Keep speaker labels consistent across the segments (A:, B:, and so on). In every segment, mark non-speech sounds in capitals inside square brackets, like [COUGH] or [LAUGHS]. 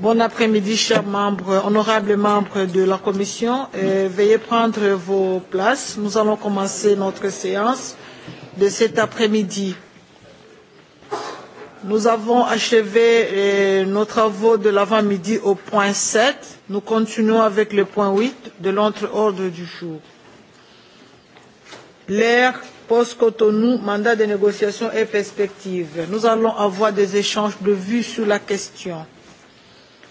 A: Bon après-midi, chers membres, honorables membres de la Commission. Et veuillez prendre vos places. Nous allons commencer notre séance de cet après-midi. Nous avons achevé eh, nos travaux de l'avant-midi au point 7. Nous continuons avec le point 8 de l'autre ordre du jour. L'ère post-Cotonou, mandat de négociation et perspectives. Nous allons avoir des échanges de vues sur la question.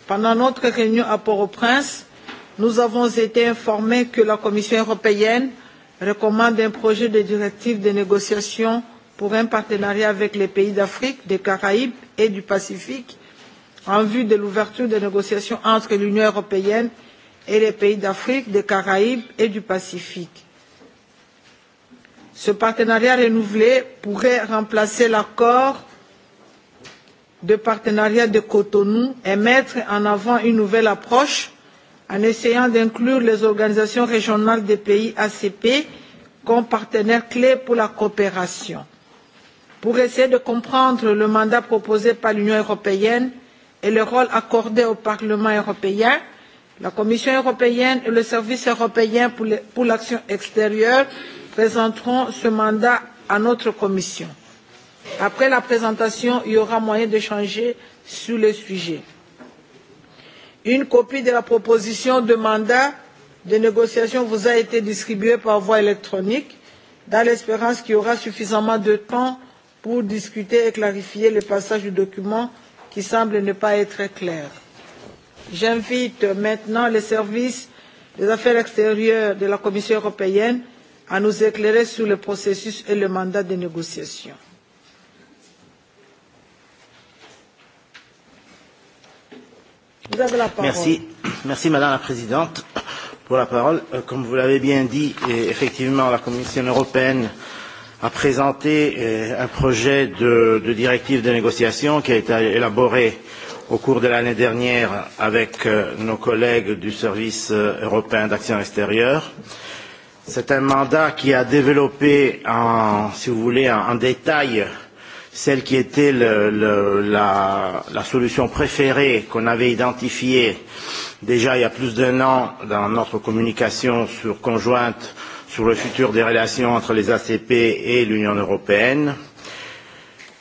A: Pendant notre réunion à Port-au-Prince, nous avons été informés que la Commission européenne recommande un projet de directive de négociation pour un partenariat avec les pays d'Afrique, des Caraïbes et du Pacifique en vue de l'ouverture des négociations entre l'Union européenne et les pays d'Afrique, des Caraïbes et du Pacifique. Ce partenariat renouvelé pourrait remplacer l'accord de partenariat de Cotonou est mettre en avant une nouvelle approche en essayant d'inclure les organisations régionales des pays ACP comme partenaires clés pour la coopération. Pour essayer de comprendre le mandat proposé par l'Union européenne et le rôle accordé au Parlement européen, la Commission européenne et le Service européen pour l'action extérieure présenteront ce mandat à notre Commission. Après la présentation, il y aura moyen de changer sur le sujet. Une copie de la proposition de mandat de négociation vous a été distribuée par voie électronique dans l'espérance qu'il y aura suffisamment de temps pour discuter et clarifier le passage du document qui semble ne pas être clair. J'invite maintenant les services des affaires extérieures de la Commission européenne à nous éclairer sur le processus et le mandat de négociation. Vous avez la
B: parole. Merci,
C: merci Madame la Présidente pour la parole. Euh, comme vous l'avez bien dit, euh, effectivement, la Commission européenne a présenté euh, un projet de, de directive de négociation qui a été élaboré au cours de l'année dernière avec nos collègues du service européen d'action extérieure. C'est un mandat qui a développé, en, si vous voulez, en, en détail euh, celle qui était le, le, la, la solution préférée qu'on avait identifiée déjà il y a plus d'un an dans notre communication sur conjointe sur le futur des relations entre les ACP et l'Union européenne.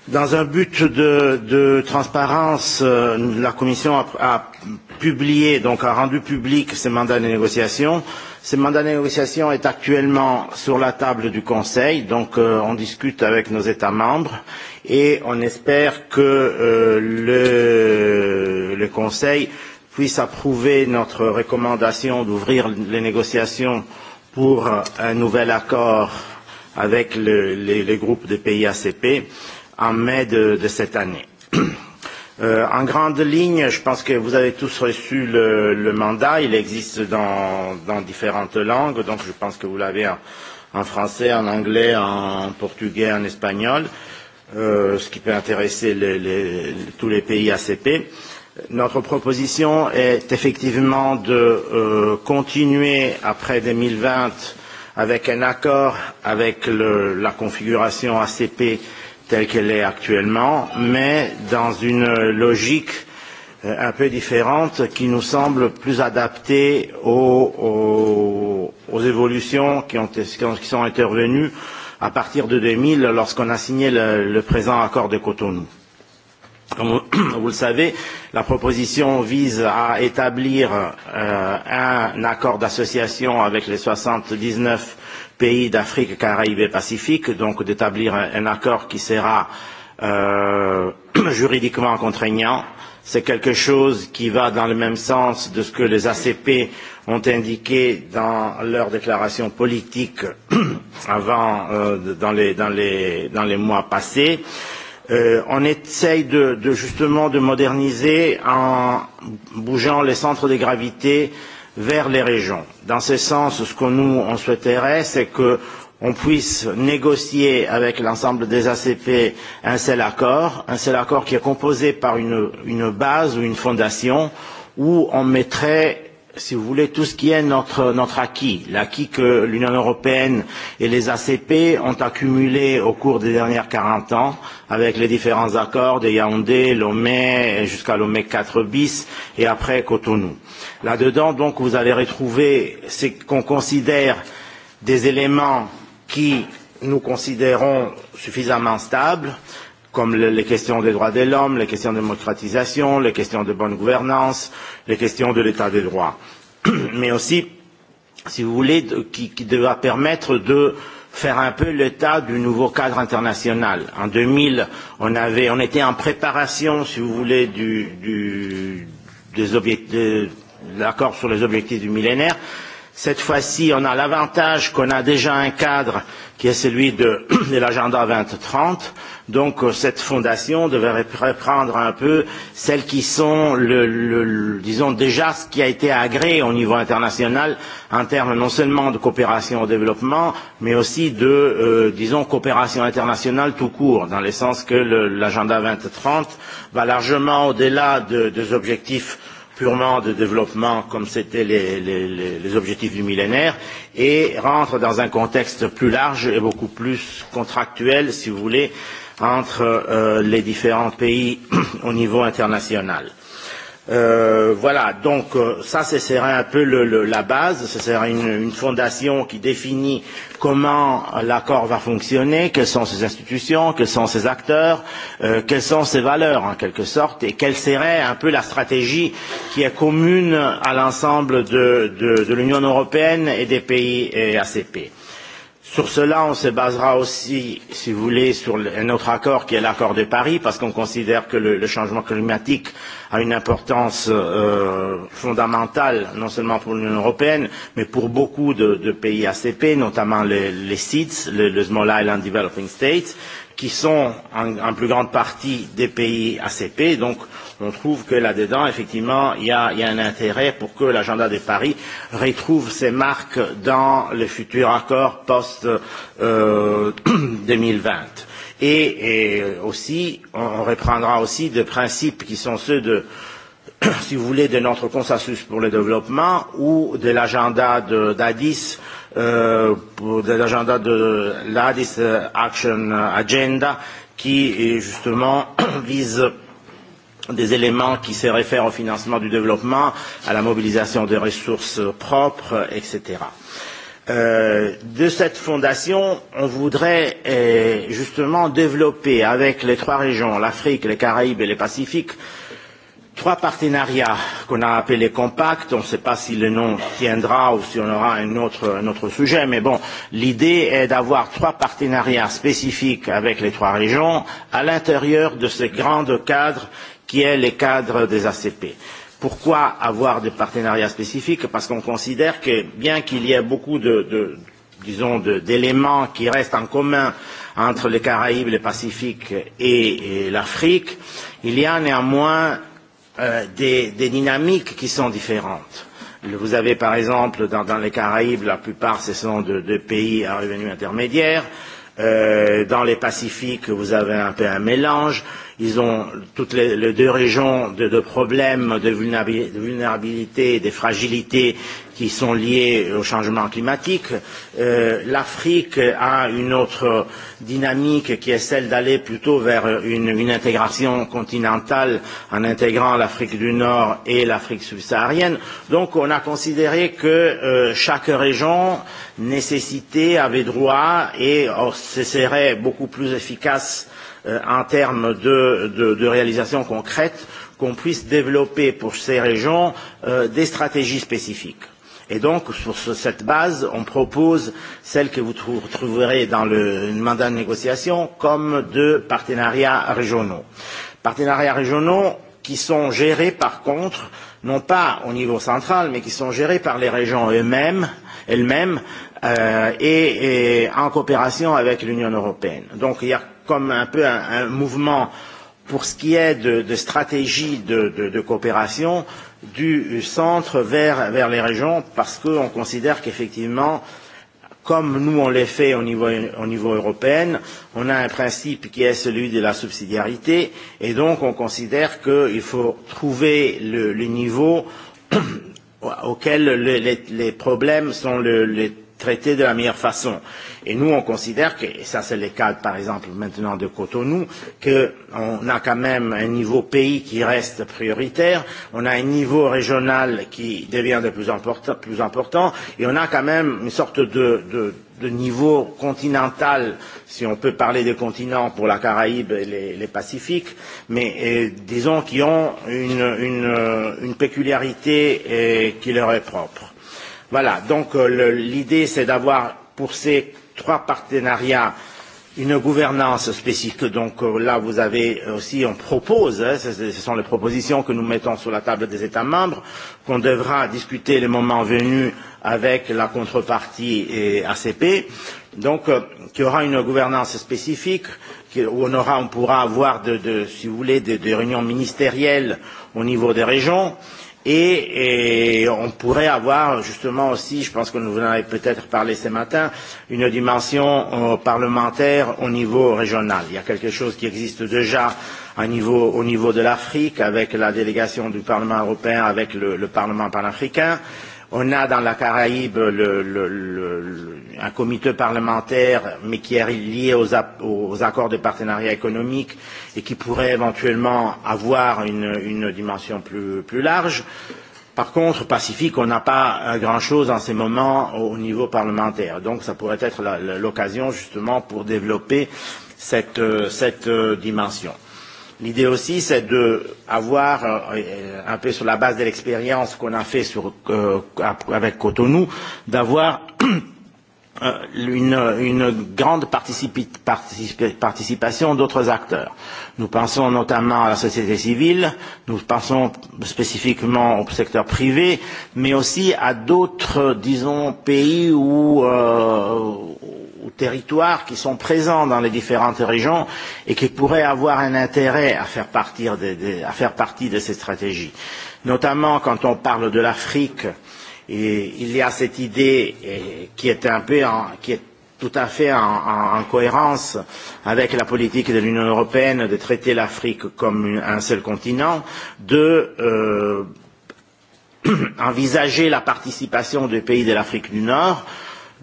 C: Dans un but de, de transparence, euh, la Commission a, a publié, donc a rendu public ces mandats de négociation Ce mandat de négociation est actuellement sur la table du Conseil, donc euh, on discute avec nos États membres et on espère que euh, le, le Conseil puisse approuver notre recommandation d'ouvrir les négociations pour un nouvel accord avec le, les, les groupes des pays ACP en mai de, de cette année. [CLEARS THROAT] Euh, en grande ligne, je pense que vous avez tous reçu le, le mandat. Il existe dans, dans différentes langues, donc je pense que vous l'avez en, en français, en anglais, en portugais, en espagnol, euh, ce qui peut intéresser les, les, tous les pays ACP. Notre proposition est effectivement de euh, continuer après 2020 avec un accord avec le, la configuration ACP telle qu'elle est actuellement, mais dans une logique euh, un peu différente qui nous semble plus adaptée aux, aux, aux évolutions qui, ont, qui sont intervenues à partir de 2000 lorsqu'on a signé le, le présent accord de Cotonou. Comme [CLEARS THROAT] vous le savez, la proposition vise à établir euh, un accord d'association avec les 79 pays d'Afrique, Caraïbes et Pacifique, donc d'établir un, accord qui sera euh, [CLEARS THROAT] juridiquement contraignant. C'est quelque chose qui va dans le même sens de ce que les ACP ont indiqué dans leur déclaration politique [CLEARS THROAT] avant, euh, dans, les, dans, les, dans les mois passés. Euh, on essaye de, de justement de moderniser en bougeant les centres de gravité euh, vers les régions. Dans ce sens, ce que nous on souhaiterait, c'est que on puisse négocier avec l'ensemble des ACP un seul accord, un seul accord qui est composé par une, une base ou une fondation où on mettrait si vous voulez, tout ce qui est notre, notre acquis, l'acquis que l'Union européenne et les ACP ont accumulé au cours des dernières 40 ans avec les différents accords de Yaoundé, Lomé, jusqu'à Lomé 4 bis et après Cotonou. Là-dedans, donc, vous allez retrouver ce qu'on considère des éléments qui nous considérons suffisamment stables, euh, comme les questions des droits de l'homme, les questions de démocratisation, les questions de bonne gouvernance, les questions de l'état des droits. [CLEARS THROAT] Mais aussi, si vous voulez, de, qui, qui devra permettre de faire un peu l'état du nouveau cadre international. En 2000, on, avait, on était en préparation, si vous voulez, du, du, des objectifs, de l'accord sur les objectifs du millénaire. Cette fois-ci, on a l'avantage qu'on a déjà un cadre qui est celui de, [CLEARS THROAT] de l'agenda 2030. Donc euh, cette fondation devrait reprendre un peu celles qui sont, le, le, le, disons, déjà ce qui a été agréé au niveau international en termes non seulement de coopération au développement, mais aussi de, euh, disons, coopération internationale tout court, dans le sens que l'agenda 2030 va largement au-delà de, des objectifs purement de développement comme c'était les, les, les objectifs du millénaire et rentre dans un contexte plus large et beaucoup plus contractuel, si vous voulez, entre euh, les différents pays [CLEARS THROAT] au niveau international. Euh, voilà, donc euh, ça, ce serait un peu le, le, la base, ce serait une, une fondation qui définit comment l'accord va fonctionner, quelles sont ses institutions, quels sont ses acteurs, euh, quelles sont ses valeurs en quelque sorte, et quelle serait un peu la stratégie qui est commune à l'ensemble de, de, de l'Union européenne et des pays et ACP. Euh, Sur cela, on se basera aussi, si vous voulez, sur un autre accord qui est l'accord de Paris, parce qu'on considère que le, le changement climatique a une importance euh, fondamentale, non seulement pour l'Union européenne, mais pour beaucoup de, de pays ACP, notamment les, les SIDS, le, le Small Island Developing States, qui sont en, en plus grande partie des pays ACP. Donc, euh, on trouve que là-dedans, effectivement, il y a, y a un intérêt pour que l'agenda de Paris retrouve ses marques dans le futur accord post-2020. Euh, 2020. [CLEARS THROAT] et, et aussi, on reprendra aussi des principes qui sont ceux de, [CLEARS THROAT] si vous voulez, de notre consensus pour le développement ou de l'agenda d'Addis euh, de l'agenda de l'Addis Action Agenda qui justement [CLEARS THROAT] vise des éléments qui se réfèrent au financement du développement, à la mobilisation de ressources propres, etc. Euh, de cette fondation, on voudrait euh, justement développer avec les trois régions, l'Afrique, les Caraïbes et le Pacifique, trois partenariats qu'on a appelés compacts. On ne sait pas si le nom tiendra ou si on aura un autre, un autre sujet, mais bon, l'idée est d'avoir trois partenariats spécifiques avec les trois régions à l'intérieur de ce grand cadre qui est le cadre des ACP. Pourquoi avoir des partenariats spécifiques Parce qu'on considère que bien qu'il y ait beaucoup de, de disons, d'éléments qui restent en commun entre les Caraïbes, le Pacifique et, et l'Afrique, il y a néanmoins euh, des, des dynamiques qui sont différentes. Vous avez par exemple dans, dans les Caraïbes, la plupart ce sont de, de pays à revenus intermédiaires. Euh, dans les Pacifiques, vous avez un peu un mélange. Euh, Ils ont toutes les, les deux régions de, de problèmes de vulnérabilité, des fragilités qui sont liées au changement climatique. Euh, L'Afrique a une autre dynamique qui est celle d'aller plutôt vers une, une intégration continentale en intégrant l'Afrique du Nord et l'Afrique subsaharienne. Donc on a considéré que euh, chaque région nécessitait, avait droit et oh, ce serait beaucoup plus efficace euh, euh, en termes de, de, de réalisation concrète, qu'on puisse développer pour ces régions euh, des stratégies spécifiques. Et donc, sur ce, cette base, on propose celle que vous trou trouverez dans le mandat de négociation comme de partenariats régionaux. Partenariats régionaux qui sont gérés, par contre, non pas au niveau central, mais qui sont gérés par les régions elles, -mêmes, elles -mêmes, euh, et, et en coopération avec l'Union européenne. Donc, il y a comme un peu un, un mouvement pour ce qui est de, de stratégie de, de, de coopération du centre vers, vers les régions parce qu'on considère qu'effectivement comme nous on l'est fait au niveau, au niveau européen, on a un principe qui est celui de la subsidiarité et donc on considère qu'il faut trouver le, le niveau [COUGHS] auquel les, les, les problèmes sont le, les traitées de la meilleure façon. Et nous, on considère que, et ça c'est le cas par exemple maintenant de Cotonou, qu'on a quand même un niveau pays qui reste prioritaire, on a un niveau régional qui devient de plus, import plus important, et on a quand même une sorte de, de, de niveau continental, si on peut parler de continent pour la Caraïbe et les, les Pacifiques, mais et, euh, disons qui ont une, une, euh, une peculiarité et, euh, qui leur est propre. Voilà, donc euh, l'idée c'est d'avoir pour ces trois partenariats une gouvernance spécifique. Donc euh, là, vous avez aussi, on propose, hein, ce, sont les propositions que nous mettons sur la table des États membres, qu'on devra discuter le moment venu avec la contrepartie et ACP. Donc, euh, qu'il y aura une gouvernance spécifique, où on, aura, on pourra avoir, de, de, si vous voulez, des de réunions ministérielles au niveau des régions Et, et on pourrait avoir justement aussi, je pense que nous en avez peut-être parlé ce matin, une dimension euh, parlementaire au niveau régional. Il y a quelque chose qui existe déjà à niveau, au niveau de l'Afrique avec la délégation du Parlement européen, avec le, le Parlement panafricain. Euh, On a dans la Caraïbe le, le, le, un comité parlementaire, mais qui est lié aux, aux accords de partenariat économique et qui pourrait éventuellement avoir une, une dimension plus, plus large. Par contre, Pacifique, on n'a pas euh, grand-chose en ces moments au niveau parlementaire. Donc, ça pourrait être l'occasion justement pour développer cette, euh, cette euh, dimension. L'idée aussi, c'est d'avoir, euh, un peu sur la base de l'expérience qu'on a fait sur, euh, avec Cotonou, d'avoir [CLEARS THROAT] euh, une, une grande participi particip, participation d'autres acteurs. Nous pensons notamment à la société civile, nous pensons spécifiquement au secteur privé, mais aussi à d'autres, disons, pays où, euh, ou territoires qui sont présents dans les différentes régions et qui pourraient avoir un intérêt à faire, partir de, de, à faire partie de ces stratégies. Notamment quand on parle de l'Afrique, il y a cette idée et, qui est un peu en, qui est tout à fait en, en, en cohérence avec la politique de l'Union européenne de traiter l'Afrique comme une, un seul continent, de euh, [CLEARS THROAT] envisager la participation des pays de l'Afrique du Nord euh,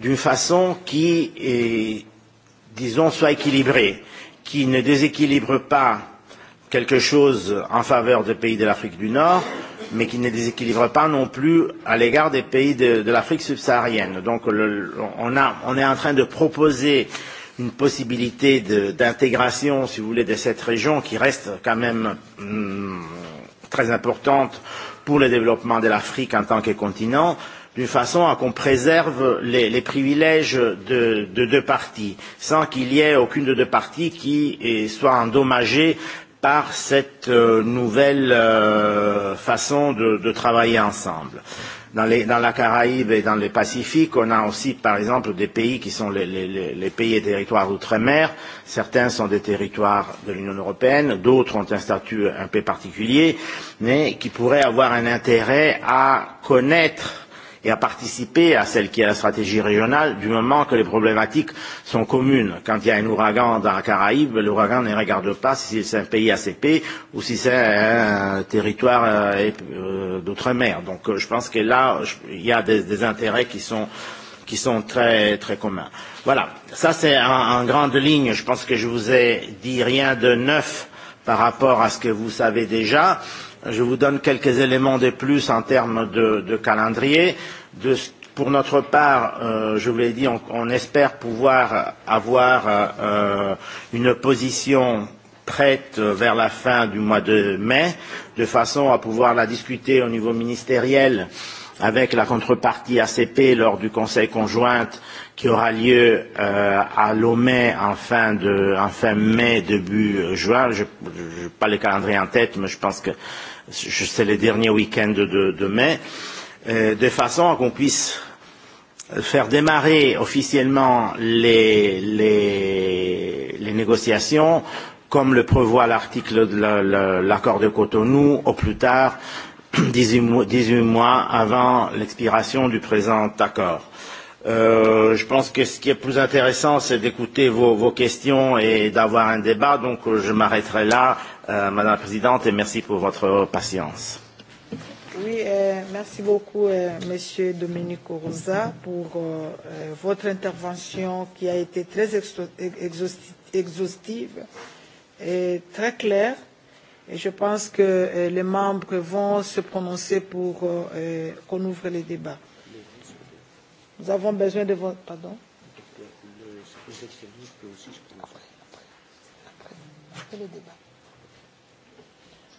C: d'une façon qui, est, disons, soit équilibrée, qui ne déséquilibre pas quelque chose en faveur des pays de l'Afrique du Nord, mais qui ne déséquilibre pas non plus à l'égard des pays de, de l'Afrique subsaharienne. Donc le, on, a, on est en train de proposer une possibilité d'intégration, si vous voulez, de cette région qui reste quand même hum, très importante pour le développement de l'Afrique en tant que continent, d'une façon à qu'on préserve les, les privilèges de, de deux parties, sans qu'il y ait aucune de deux parties qui soit endommagée par cette euh, nouvelle euh, façon de, de travailler ensemble. Dans, les, dans la Caraïbe et dans le Pacifique, on a aussi, par exemple, des pays qui sont les, les, les pays et territoires d'outre-mer. Certains sont des territoires de l'Union européenne, d'autres ont un statut un peu particulier, mais qui pourraient avoir un intérêt à connaître et à participer à celle qui est la stratégie régionale du moment que les problématiques sont communes. Quand il y a un ouragan dans la Caraïbe, l'ouragan ne regarde pas si c'est un pays ACP ou si c'est un territoire euh, euh d'outre-mer. Donc euh, je pense que là, il y a des, des intérêts qui sont qui sont très très communs. Voilà, ça c'est en, en grande ligne. Je pense que je vous ai dit rien de neuf par rapport à ce que vous savez déjà. Euh, Je vous donne quelques éléments de plus en termes de, de calendrier. De, pour notre part, euh, je vous l'ai dit, on, on espère pouvoir avoir euh, euh, une position prête vers la fin du mois de mai, de façon à pouvoir la discuter au niveau ministériel avec la contrepartie ACP lors du Conseil conjoint qui aura lieu euh, à Lomé en fin, de, en fin mai, début juin. Je n'ai pas le calendrier en tête, mais je pense que euh, c'est les derniers week-ends de, de mai, euh, de façon à qu'on puisse faire démarrer officiellement les, les, les négociations, comme le prévoit l'article de l'accord la, la, de Cotonou, au plus tard 18 [CLEARS THROAT] mois, 18 mois avant l'expiration du présent accord. Euh, Euh, je pense que ce qui est plus intéressant, c'est d'écouter vos, vos questions et d'avoir un débat. Donc, je m'arrêterai là, euh, Madame la Présidente, et merci pour votre patience.
A: Oui, euh, merci beaucoup, euh, Monsieur Domenico Rosa, pour euh, euh, votre intervention qui a été très exhaustive et très claire. Et je pense que euh, les membres vont se prononcer pour euh, euh qu'on ouvre les débats. Nous avons besoin de votre... Pardon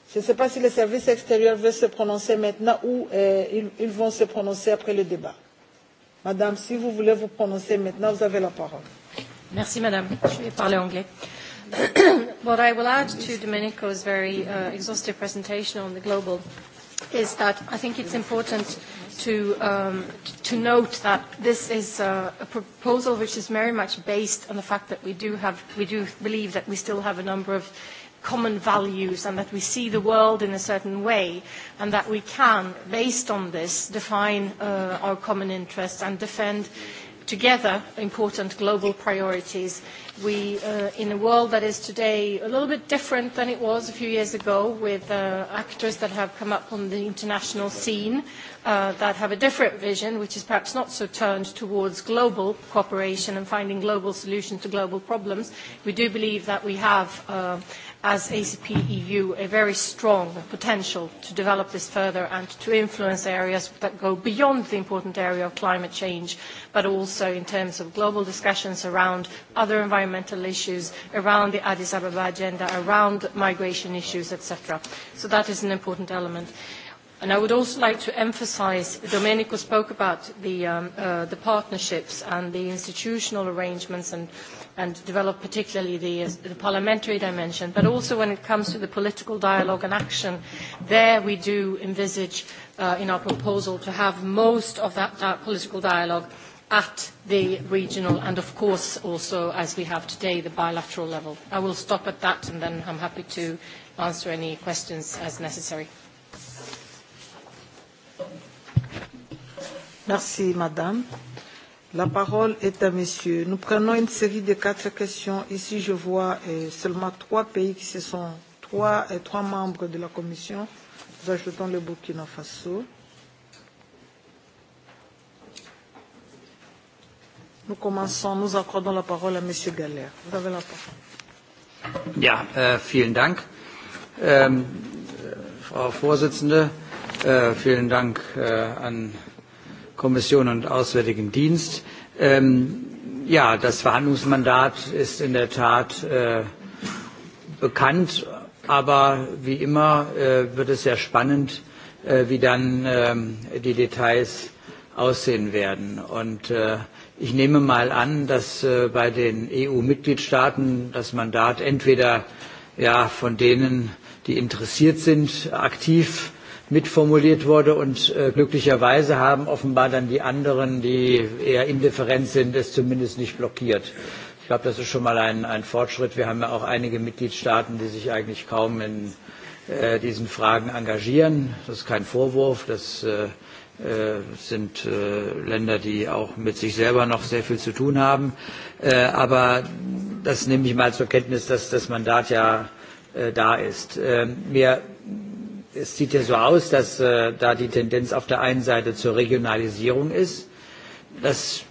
A: Je ne sais pas si le service extérieur veut se prononcer maintenant ou euh, ils, ils vont se prononcer après le débat. Madame, si vous voulez vous prononcer maintenant, vous avez la parole.
D: Merci, Madame. Je vais parler anglais. [COUGHS] What I will add to Domenico's very uh, exhaustive presentation on the global is that I think it's important to, um, to note that this is a, a proposal which is very much based on the fact that we do, have, we do believe that we still have a number of common values and that we see the world in a certain way and that we can, based on this, define uh, our common interests and defend together important global priorities. We, uh, in a world that is today a little bit different than it was a few years ago with uh, actors that have come up on the international scene, uh, that have a different vision, which is perhaps not so turned towards global cooperation and finding global solutions to global problems, we do believe that we have, uh, as ACP EU, a very strong potential to develop this further and to influence areas that go beyond the important area of climate change, but also in terms of global discussions around other environmental issues, around the Addis Ababa agenda, around migration issues, etc. So that is an important element. And I would also like to emphasize, Domenico spoke about the, um, uh, the partnerships and the institutional arrangements and, and develop particularly the, uh, the parliamentary dimension, but also when it comes to the political dialogue and action, there we do envisage uh, in our proposal to have most of that, that political dialogue at the regional and of course also as we have today the bilateral level. I will stop at that and then I'm happy to answer any questions as necessary.
A: Merci, madame. La parole est à monsieur. Nous prenons une série de quatre questions. Ici, je vois eh, seulement trois pays qui se sont, trois, eh, trois membres de la Commission. Nous ajoutons le Burkina Faso. Nous commençons, nous accordons la parole à monsieur Galère. Vous avez la parole.
E: Ja, äh, vielen Dank, ähm, äh, Frau Vorsitzende. Äh, vielen Dank äh, an Kommission und Auswärtigen Dienst. Ähm, ja, das Verhandlungsmandat ist in der Tat äh, bekannt, aber wie immer äh, wird es sehr spannend, äh, wie dann äh, die Details aussehen werden. Und äh, ich nehme mal an, dass äh, bei den EU-Mitgliedstaaten das Mandat entweder ja, von denen, die interessiert sind, aktiv mitformuliert wurde. Und äh, glücklicherweise haben offenbar dann die anderen, die eher indifferent sind, es zumindest nicht blockiert. Ich glaube, das ist schon mal ein, ein Fortschritt. Wir haben ja auch einige Mitgliedstaaten, die sich eigentlich kaum in äh, diesen Fragen engagieren. Das ist kein Vorwurf. Das äh, äh sind äh, Länder, die auch mit sich selber noch sehr viel zu tun haben. Äh, aber das nehme ich mal zur Kenntnis, dass das Mandat ja äh, da ist. Mir ähm, es sieht ja so aus, dass äh, da die Tendenz auf der einen Seite zur Regionalisierung ist. Das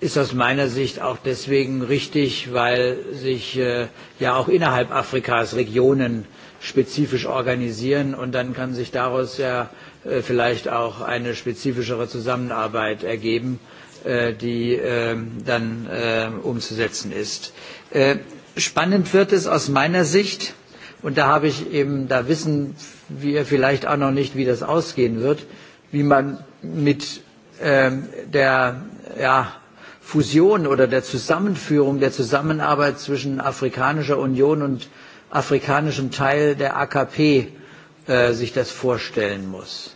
E: ist aus meiner Sicht auch deswegen richtig, weil sich äh, ja auch innerhalb Afrikas Regionen spezifisch organisieren und dann kann sich daraus ja äh, vielleicht auch eine spezifischere Zusammenarbeit ergeben, äh, die äh, dann äh, umzusetzen ist. Äh, spannend wird es aus meiner Sicht, äh, Und da habe ich eben, da wissen wir vielleicht auch noch nicht, wie das ausgehen wird, wie man mit ähm, der ja, Fusion oder der Zusammenführung, der Zusammenarbeit zwischen Afrikanischer Union und afrikanischem Teil der AKP äh, sich das vorstellen muss.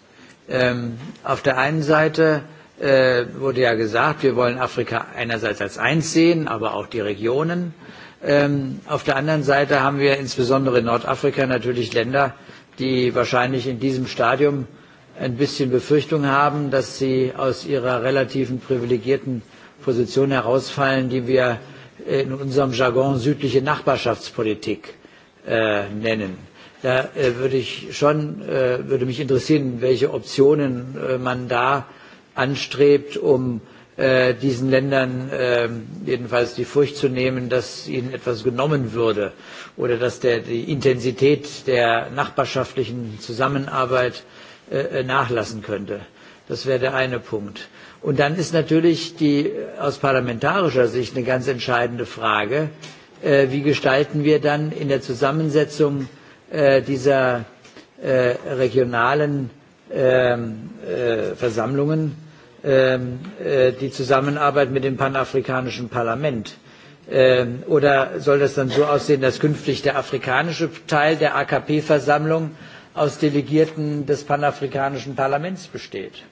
E: Ähm, auf der einen Seite äh, wurde ja gesagt, wir wollen Afrika einerseits als eins sehen, aber auch die Regionen. Ähm, auf der anderen Seite haben wir insbesondere in Nordafrika natürlich Länder, die wahrscheinlich in diesem Stadium ein bisschen Befürchtung haben, dass sie aus ihrer relativen privilegierten Position herausfallen, die wir äh, in unserem Jargon südliche Nachbarschaftspolitik äh, nennen. Da äh, würde ich schon, äh, würde mich interessieren, welche Optionen äh, man da anstrebt, um Äh, diesen Ländern ähm, jedenfalls die Furcht zu nehmen, dass ihnen etwas genommen würde oder dass der, die Intensität der nachbarschaftlichen Zusammenarbeit äh, äh, nachlassen könnte. Das wäre der eine Punkt. Und dann ist natürlich die aus parlamentarischer Sicht eine ganz entscheidende Frage, äh, wie gestalten wir dann in der Zusammensetzung äh, dieser äh, regionalen äh, äh, Versammlungen Ähm, äh, die Zusammenarbeit mit dem panafrikanischen Parlament? Ähm, oder soll das dann so aussehen, dass künftig der afrikanische Teil der AKP-Versammlung aus Delegierten des panafrikanischen Parlaments besteht?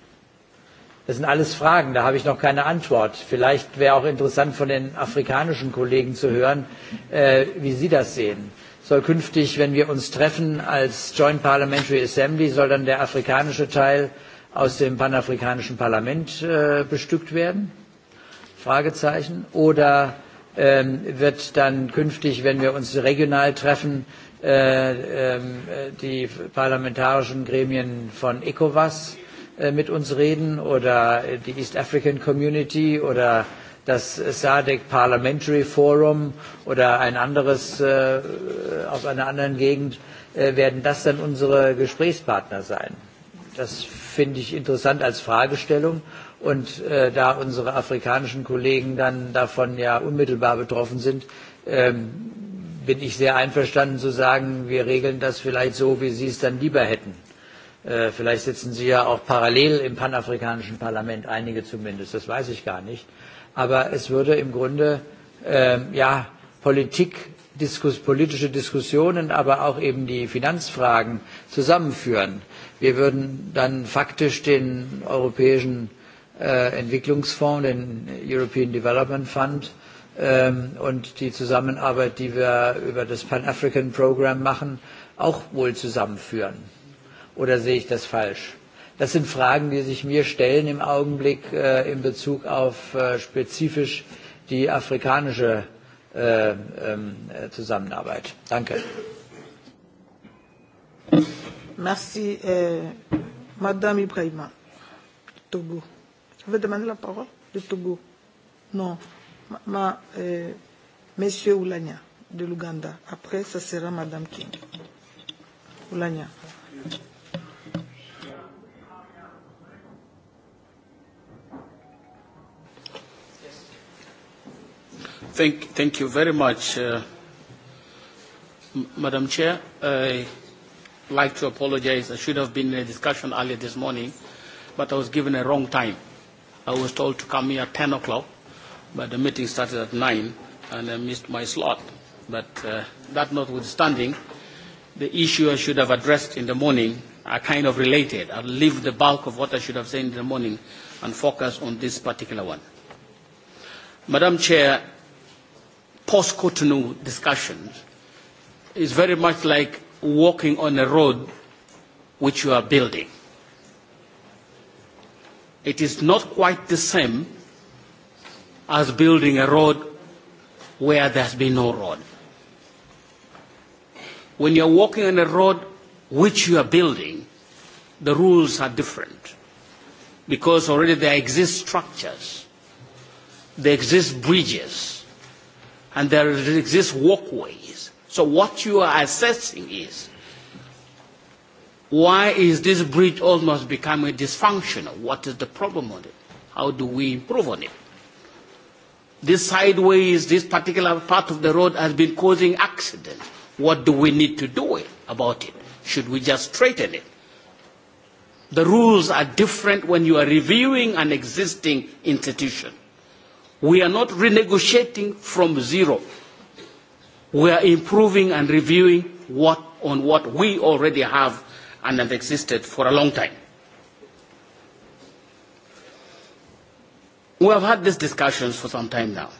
E: Das sind alles Fragen, da habe ich noch keine Antwort. Vielleicht wäre auch interessant von den afrikanischen Kollegen zu hören, äh, wie sie das sehen. Soll künftig, wenn wir uns treffen als Joint Parliamentary Assembly, soll dann der afrikanische Teil aus dem panafrikanischen Parlament äh, bestückt werden? Fragezeichen. Oder ähm, wird dann künftig, wenn wir uns regional treffen, äh, äh, die parlamentarischen Gremien von ECOWAS äh, mit uns reden oder die East African Community oder das SADC Parliamentary Forum oder ein anderes äh, aus einer anderen Gegend, äh, werden das dann unsere Gesprächspartner sein? Das finde ich interessant als Fragestellung. Und äh, da unsere afrikanischen Kollegen dann davon ja unmittelbar betroffen sind, ähm, bin ich sehr einverstanden zu sagen, wir regeln das vielleicht so, wie Sie es dann lieber hätten. Äh, vielleicht sitzen Sie ja auch parallel im panafrikanischen Parlament, einige zumindest, das weiß ich gar nicht. Aber es würde im Grunde äh, ja, Politik Diskus, politische Diskussionen, aber auch eben die Finanzfragen zusammenführen. Wir würden dann faktisch den europäischen äh, Entwicklungsfonds, den European Development Fund ähm, und die Zusammenarbeit, die wir über das Pan-African Program machen, auch wohl zusammenführen. Oder sehe ich das falsch? Das sind Fragen, die sich mir stellen im Augenblick äh, in Bezug auf äh, spezifisch die afrikanische äh, ähm, äh, Zusammenarbeit. Danke.
A: Merci. Euh, Madame Ibrahima, Togo. Je vais demander la parole de Togo. Non, ma, ma, euh, Monsieur Oulania de l'Ouganda. Après, ce sera Madame King. Oulania.
F: Thank, thank you very much, uh, Madam Chair. Uh, like to apologize. I should have been in a discussion earlier this morning, but I was given a wrong time. I was told to come here at 10 o'clock, but the meeting started at 9, and I missed my slot. But uh, that notwithstanding, the issue I should have addressed in the morning are kind of related. I'll leave the bulk of what I should have said in the morning and focus on this particular one. Madam Chair, post-Cotonou discussions is very much like walking on a road which you are building. It is not quite the same as building a road where there has been no road. When you are walking on a road which you are building, the rules are different because already there exist structures, there exist bridges, and there exist walkways So what you are assessing is why is this bridge almost becoming dysfunctional? What is the problem on it? How do we improve on it? This sideways, this particular part of the road has been causing accidents. What do we need to do about it? Should we just straighten it? The rules are different when you are reviewing an existing institution. We are not renegotiating from zero we are improving and reviewing what, on what we already have and have existed for a long time. We have had these discussions for some time now.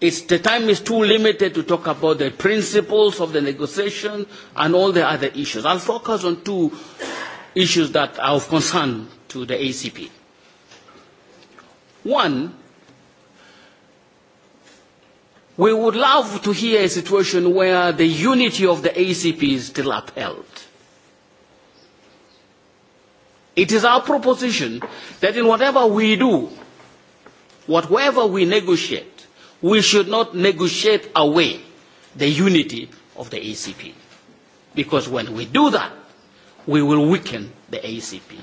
F: It's, the time is too limited to talk about the principles of the negotiation and all the other issues. I'll focus on two issues that are of concern to the ACP. One We would love to hear a situation where the unity of the ACP is still upheld. It is our proposition that in whatever we do, whatever we negotiate, we should not negotiate away the unity of the ACP. Because when we do that, we will weaken the ACP.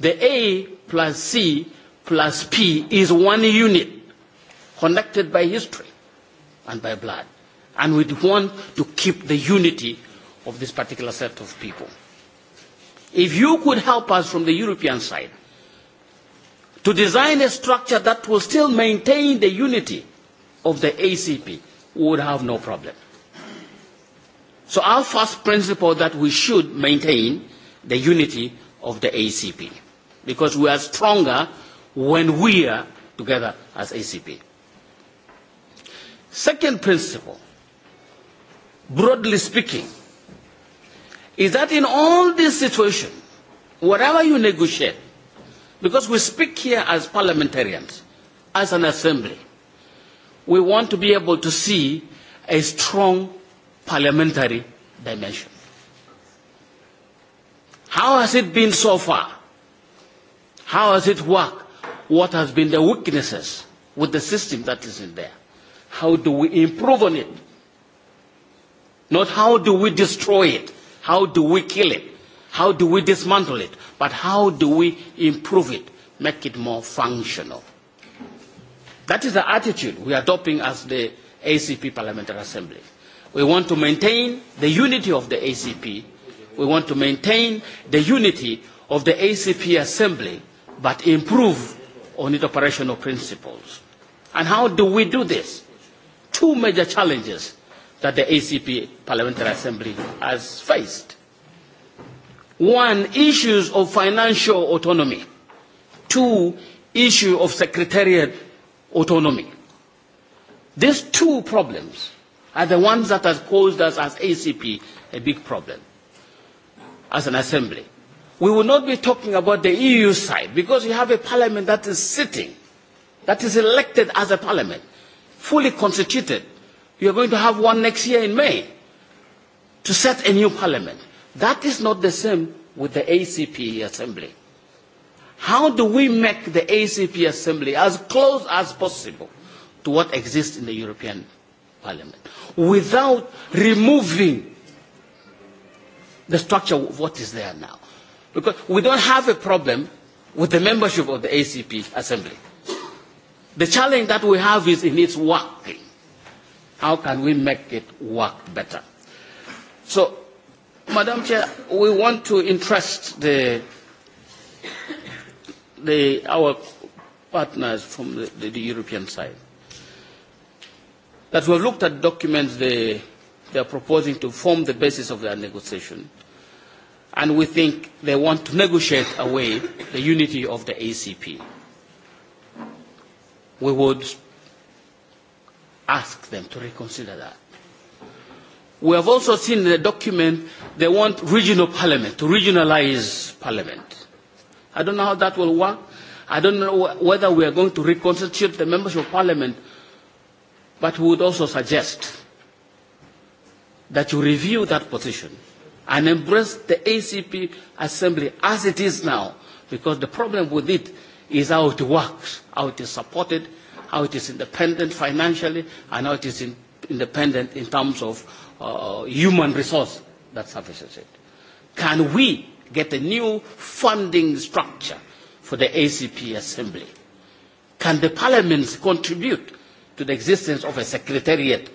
F: The A plus C plus P is one unit, connected by history and by blood. And we want to keep the unity of this particular set of people. If you could help us from the European side to design a structure that will still maintain the unity of the ACP, we would have no problem. So our first principle that we should maintain the unity of the ACP because we are stronger when we are together as ACP. Second principle, broadly speaking, is that in all this situation, whatever you negotiate, because we speak here as parliamentarians, as an assembly, we want to be able to see a strong parliamentary dimension. How has it been so far? How has it worked? What has been the weaknesses with the system that is in there? How do we improve on it? Not how do we destroy it? How do we kill it? How do we dismantle it? But how do we improve it, make it more functional? That is the attitude we are adopting as the ACP Parliamentary Assembly. We want to maintain the unity of the ACP. We want to maintain the unity of the ACP Assembly, but improve on its operational principles. And how do we do this? two major challenges that the ACP Parliamentary Assembly has faced. One, issues of financial autonomy. Two, issue of secretariat autonomy. These two problems are the ones that have caused us as ACP a big problem, as an assembly. We will not be talking about the EU side because you have a parliament that is sitting, that is elected as a parliament fully constituted. you are going to have one next year in May to set a new parliament. That is not the same with the ACP assembly. How do we make the ACP assembly as close as possible to what exists in the European Parliament without removing the structure of what is there now? Because we don't have a problem with the membership of the ACP assembly The challenge that we have is in its working. How can we make it work better? So, Madam Chair, we want to interest the, the, our partners from the, the, the European side that we have looked at documents they, they are proposing to form the basis of their negotiation. And we think they want to negotiate away the unity of the ACP we would ask them to reconsider that. We have also seen in the document they want regional parliament, to regionalize parliament. I don't know how that will work. I don't know whether we are going to reconstitute the members of parliament, but we would also suggest that you review that position and embrace the ACP assembly as it is now, because the problem with it is how it works, how it is supported, how it is independent financially, and how it is in, independent in terms of uh, human resource that services it. Can we get a new funding structure for the ACP Assembly? Can the parliaments contribute to the existence of a secretariat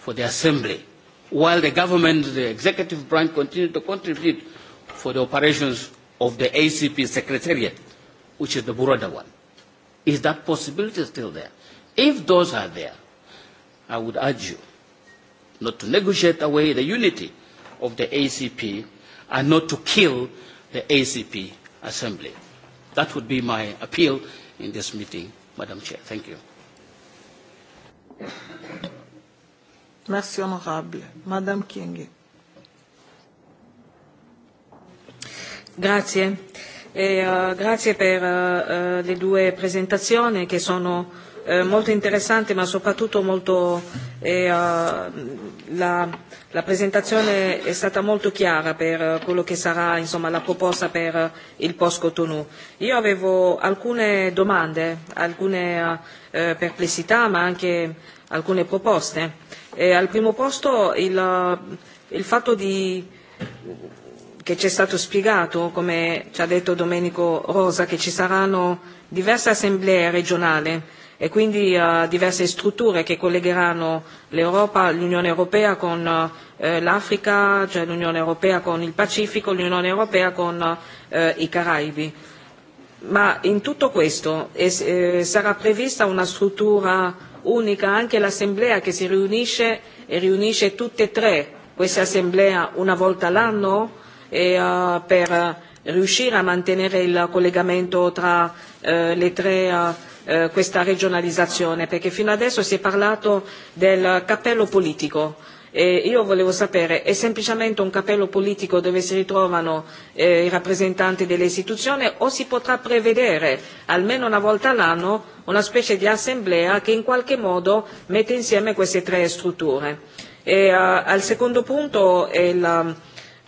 F: for the Assembly, while the government, the executive branch, continue to contribute for the operations of the ACP Secretariat? which is the Buroda one. Is that possibility still there? If those are there, I would urge you not to negotiate away the unity of the ACP and not to kill the ACP assembly. That would be my appeal in this meeting, Madam Chair. Thank you.
A: Merci, Honorable. Madam King.
G: Grazie e uh, grazie per uh, le due presentazioni che sono eh, molto interessante ma soprattutto molto, eh, uh, la, la presentazione è stata molto chiara per uh, quello che sarà insomma, la proposta per uh, il post Cotonou. Io avevo alcune domande, alcune uh, perplessità ma anche alcune proposte. E al primo posto il, uh, il fatto di che ci è stato spiegato, come ci ha detto Domenico Rosa, che ci saranno diverse assemblee regionali e quindi uh, diverse strutture che collegheranno l'Europa, l'Unione Europea con uh, l'Africa, cioè l'Unione Europea con il Pacifico, l'Unione Europea con uh, i Caraibi. Ma in tutto questo es, eh, sarà prevista una struttura unica anche l'assemblea che si riunisce e riunisce tutte e tre queste assemblee una volta l'anno? e uh, per euh, riuscire a mantenere il collegamento tra eh, le tre eh, eh, questa regionalizzazione, perché fino adesso si è parlato del cappello politico. E io volevo sapere, è semplicemente un cappello politico dove si ritrovano eh, i rappresentanti delle istituzioni o si potrà prevedere almeno una volta all'anno una specie di assemblea che in qualche modo mette insieme queste tre strutture? E, eh, al secondo punto è la,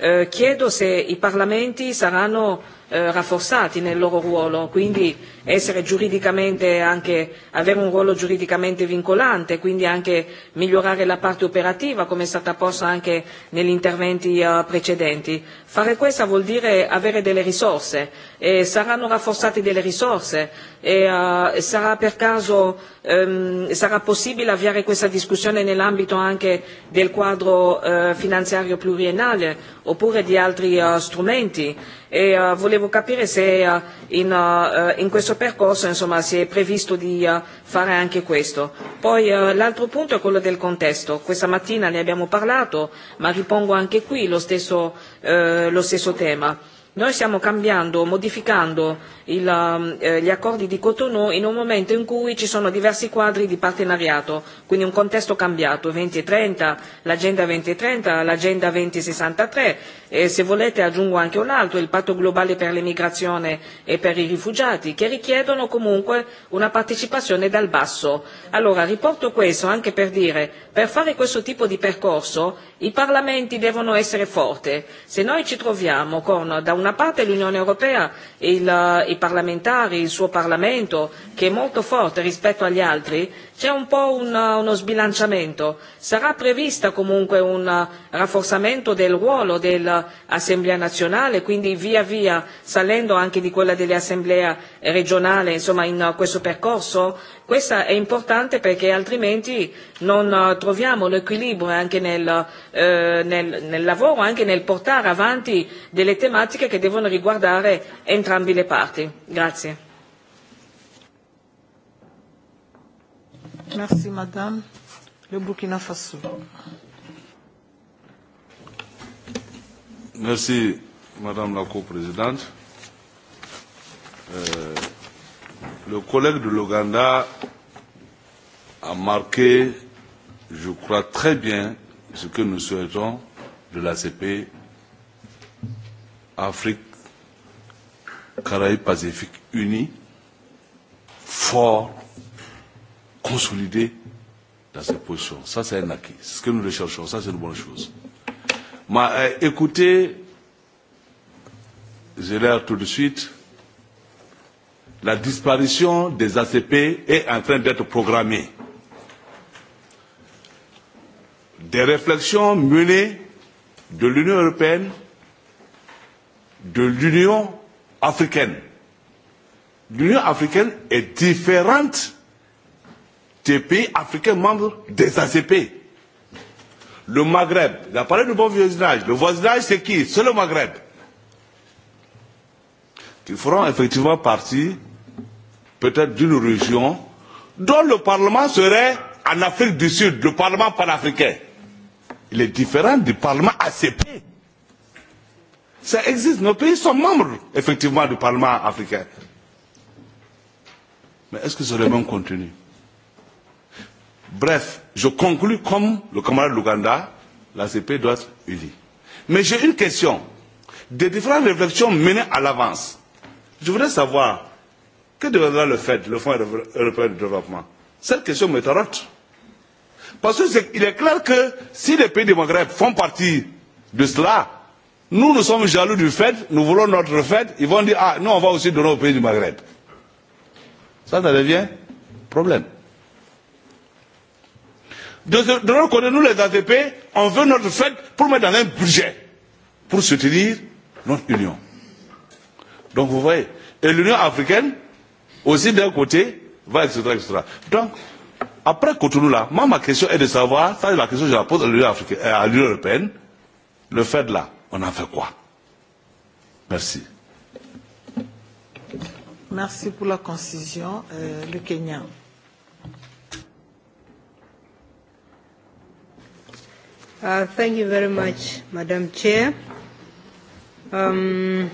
G: Eh, chiedo se i parlamenti saranno Eh, rafforzati nel loro ruolo, quindi essere giuridicamente anche, avere un ruolo giuridicamente vincolante, quindi anche migliorare la parte operativa come è stata posta anche negli interventi eh, precedenti. Fare questo vuol dire avere delle risorse e saranno rafforzate delle risorse e uh, sarà per caso um, sarà possibile avviare questa discussione nell'ambito anche del quadro uh, finanziario pluriennale oppure di altri uh, strumenti e uh, volevo capire se uh, in, uh, in questo percorso insomma, si è previsto di uh, fare anche questo. Poi uh, l'altro punto è quello del contesto. Questa mattina ne abbiamo parlato, ma ripongo anche qui lo stesso, uh, lo stesso tema Noi stiamo cambiando, modificando il, um, eh, gli accordi di Cotonou in un momento in cui ci sono diversi quadri di partenariato, quindi un contesto cambiato, 2030, e l'agenda 2030, e l'agenda 2063 e, e se volete aggiungo anche un altro, il patto globale per l'immigrazione e per i rifugiati, che richiedono comunque una partecipazione dal basso. Allora riporto questo anche per dire, per fare questo tipo di percorso i parlamenti devono essere forti. Se noi ci troviamo con da una parte l'Unione Europea, il, eh, i parlamentari, il suo Parlamento, che è molto forte rispetto agli altri c'è un po' un, uno sbilanciamento. Sarà previsto comunque un rafforzamento del ruolo dell'Assemblea nazionale, quindi via via salendo anche di quella dell'Assemblea regionale insomma, in questo percorso? Questo è importante perché altrimenti non troviamo l'equilibrio anche nel, eh, nel, nel lavoro, anche nel portare avanti delle tematiche che devono riguardare entrambi le parti. Grazie.
A: Merci, madame. Le Burkina Faso.
H: Merci, madame la coprésidente. Euh, le collègue de l'Ouganda a marqué, je crois, très bien ce que nous souhaitons de l'ACP Afrique, Caraïbes, Pacifique unie, fort consolider dans cette position. Ça, c'est un acquis. C'est ce que nous recherchons. Ça, c'est une bonne chose. Mais euh, écoutez, j'ai l'air tout de suite, la disparition des ACP est en train d'être programmée. Des réflexions menées de l'Union européenne, de l'Union africaine. L'Union africaine est différente des pays africains membres des ACP. Le Maghreb, il a parlé du bon voisinage. Le voisinage, c'est qui C'est le Maghreb. Qui feront effectivement partie peut-être d'une région dont le Parlement serait en Afrique du Sud, le Parlement panafricain. Il est différent du Parlement ACP. Ça existe. Nos pays sont membres, effectivement, du Parlement africain. Mais est-ce que c'est le même contenu Bref, je conclue comme le camarade Luganda, la CP doit être unie. Mais j'ai une question. Des différentes réflexions menées à l'avance, je voudrais savoir que deviendra le FED, le Fonds européen de développement Cette question me tarote. Parce qu'il est, est clair que si les pays du Maghreb font partie de cela, nous, nous sommes jaloux du FED, nous voulons notre FED, ils vont dire, ah, nous, on va aussi donner aux pays du Maghreb. Ça, ça devient problème. De, de de notre côté, nous les ADP, on veut notre fête pour mettre dans un budget pour soutenir notre union. Donc vous voyez, et l'Union africaine, aussi d'un côté, va, etc., etc. Donc, après Cotonou là, moi ma question est de savoir, ça c'est la question que je la pose à l'Union africaine, euh, à l'Union européenne, le fait là, on en fait quoi Merci.
A: Merci pour la concision, euh, le Kenya.
I: Uh, thank you very much, Madam Chair. Um,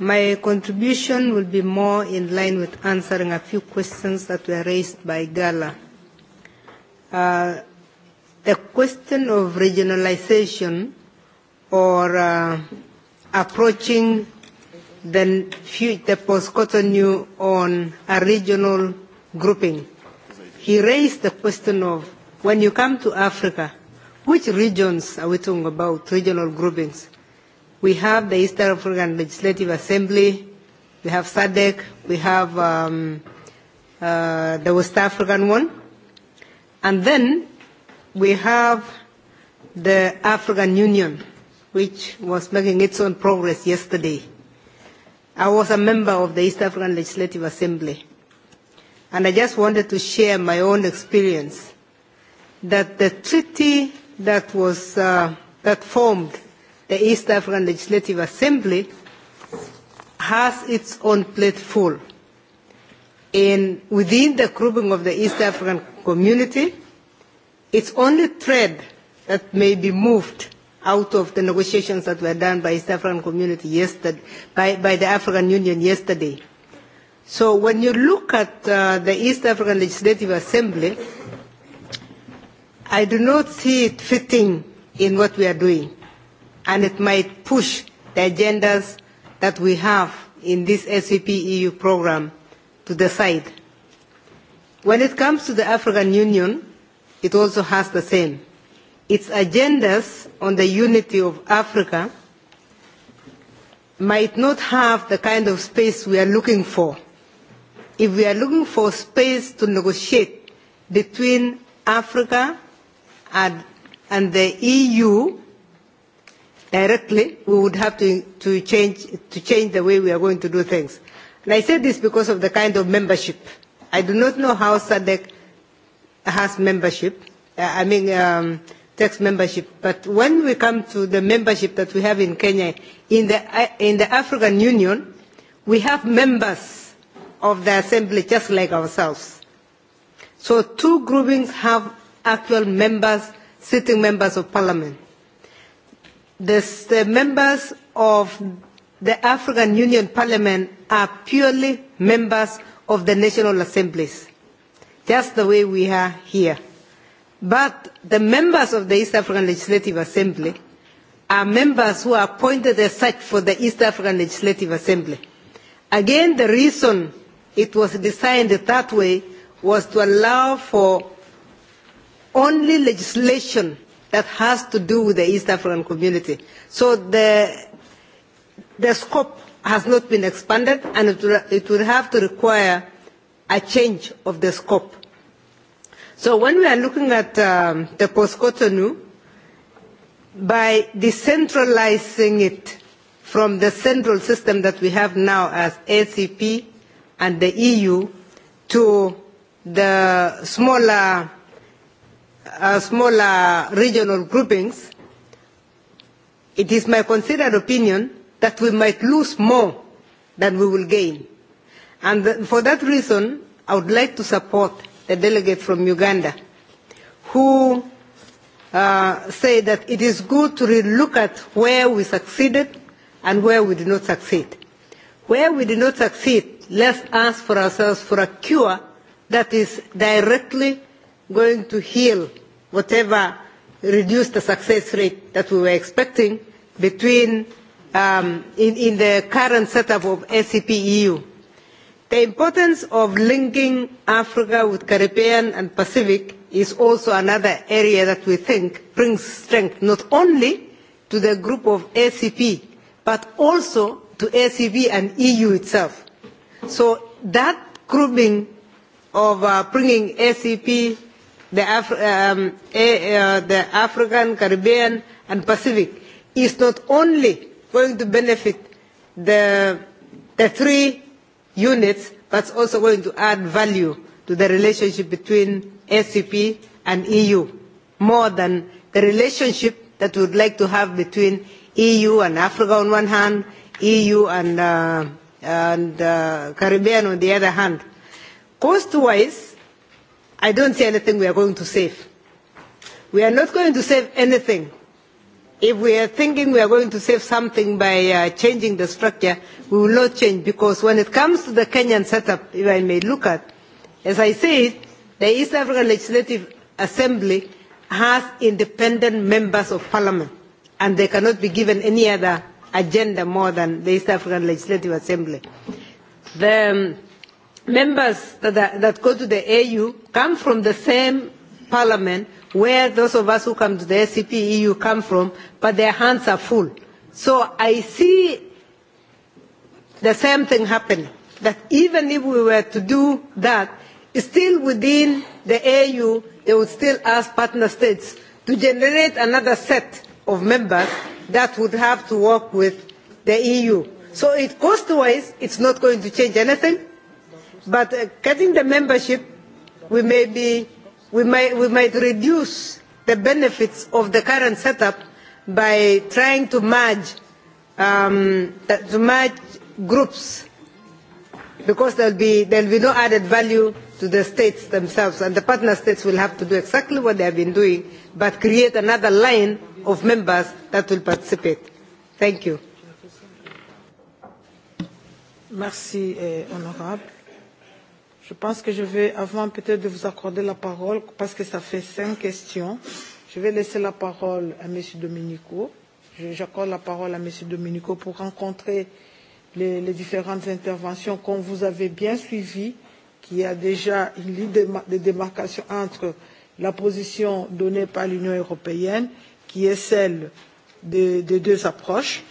I: my contribution will be more in line with answering a few questions that were raised by Gala. Uh, the question of regionalization or uh, approaching the, the post-Cotonou on a regional grouping. He raised the question of when you come to Africa, Which regions are we talking about, regional groupings? We have the East African Legislative Assembly, we have SADC, we have um, uh, the West African one, and then we have the African Union, which was making its own progress yesterday. I was a member of the East African Legislative Assembly, and I just wanted to share my own experience that the treaty that, was, uh, that formed the East African Legislative Assembly has its own plate full. And within the grouping of the East African community, it's only thread that may be moved out of the negotiations that were done by East African community yesterday, by, by the African Union yesterday. So when you look at uh, the East African Legislative Assembly, I do not see it fitting in what we are doing, and it might push the agendas that we have in this SAP EU program to the side. When it comes to the African Union, it also has the same. Its agendas on the unity of Africa might not have the kind of space we are looking for. If we are looking for space to negotiate between Africa and, and the EU directly, we would have to, to, change, to change the way we are going to do things. And I say this because of the kind of membership. I do not know how SADC has membership, uh, I mean um, tax membership, but when we come to the membership that we have in Kenya, in the, uh, in the African Union, we have members of the assembly just like ourselves. So two groupings have actual members, sitting members of parliament. This, the members of the African Union Parliament are purely members of the national assemblies, just the way we are here. But the members of the East African Legislative Assembly are members who are appointed as such for the East African Legislative Assembly. Again, the reason it was designed that way was to allow for only legislation that has to do with the East African community. So the, the scope has not been expanded and it will, it will have to require a change of the scope. So when we are looking at um, the post-Cotonou, by decentralizing it from the central system that we have now as ACP and the EU to the smaller Uh, smaller regional groupings, it is my considered opinion that we might lose more than we will gain. And for that reason, I would like to support the delegate from Uganda who uh, say that it is good to look at where we succeeded and where we did not succeed. Where we did not succeed, let's ask for ourselves for a cure that is directly going to heal whatever reduced the success rate that we were expecting between um, in, in the current setup of ACP e EU. The importance of linking Africa with Caribbean and Pacific is also another area that we think brings strength not only to the group of ACP e but also to ACP e and EU itself. So that grouping of uh, bringing ACP the, Af um, a, uh, the African, Caribbean, and Pacific is not only going to benefit the, the three units, but it's also going to add value to the relationship between ACP and EU, more than the relationship that we would like to have between EU and Africa on one hand, EU and, uh, and uh, Caribbean on the other hand. Cost-wise, I don't see anything we are going to save. We are not going to save anything. If we are thinking we are going to save something by uh, changing the structure, we will not change because when it comes to the Kenyan setup, if I may look at, as I said, the East African Legislative Assembly has independent members of parliament and they cannot be given any other agenda more than the East African Legislative Assembly. The, um, members that, that go to the au come from the same parliament where those of us who come to the acp eu come from but their hands are full. so i see the same thing happening that even if we were to do that still within the au they would still ask partner states to generate another set of members that would have to work with the eu. so it cost wise it's not going to change anything But uh, cutting the membership, we may be, we might, we might reduce the benefits of the current setup by trying to merge, um, to merge groups, because there'll be there'll be no added value to the states themselves, and the partner states will have to do exactly what they have been doing, but create another line of members that will participate. Thank you.
A: Merci, eh, honorable. Je pense que je vais, avant peut-être de vous accorder la parole, parce que ça fait cinq questions, je vais laisser la parole à M. Dominico. J'accorde la parole à M. Dominico pour rencontrer les, les différentes interventions qu'on vous avez bien suivies, qu'il y a déjà une ligne de, de démarcation entre la position donnée par l'Union européenne, qui est celle des de deux approches.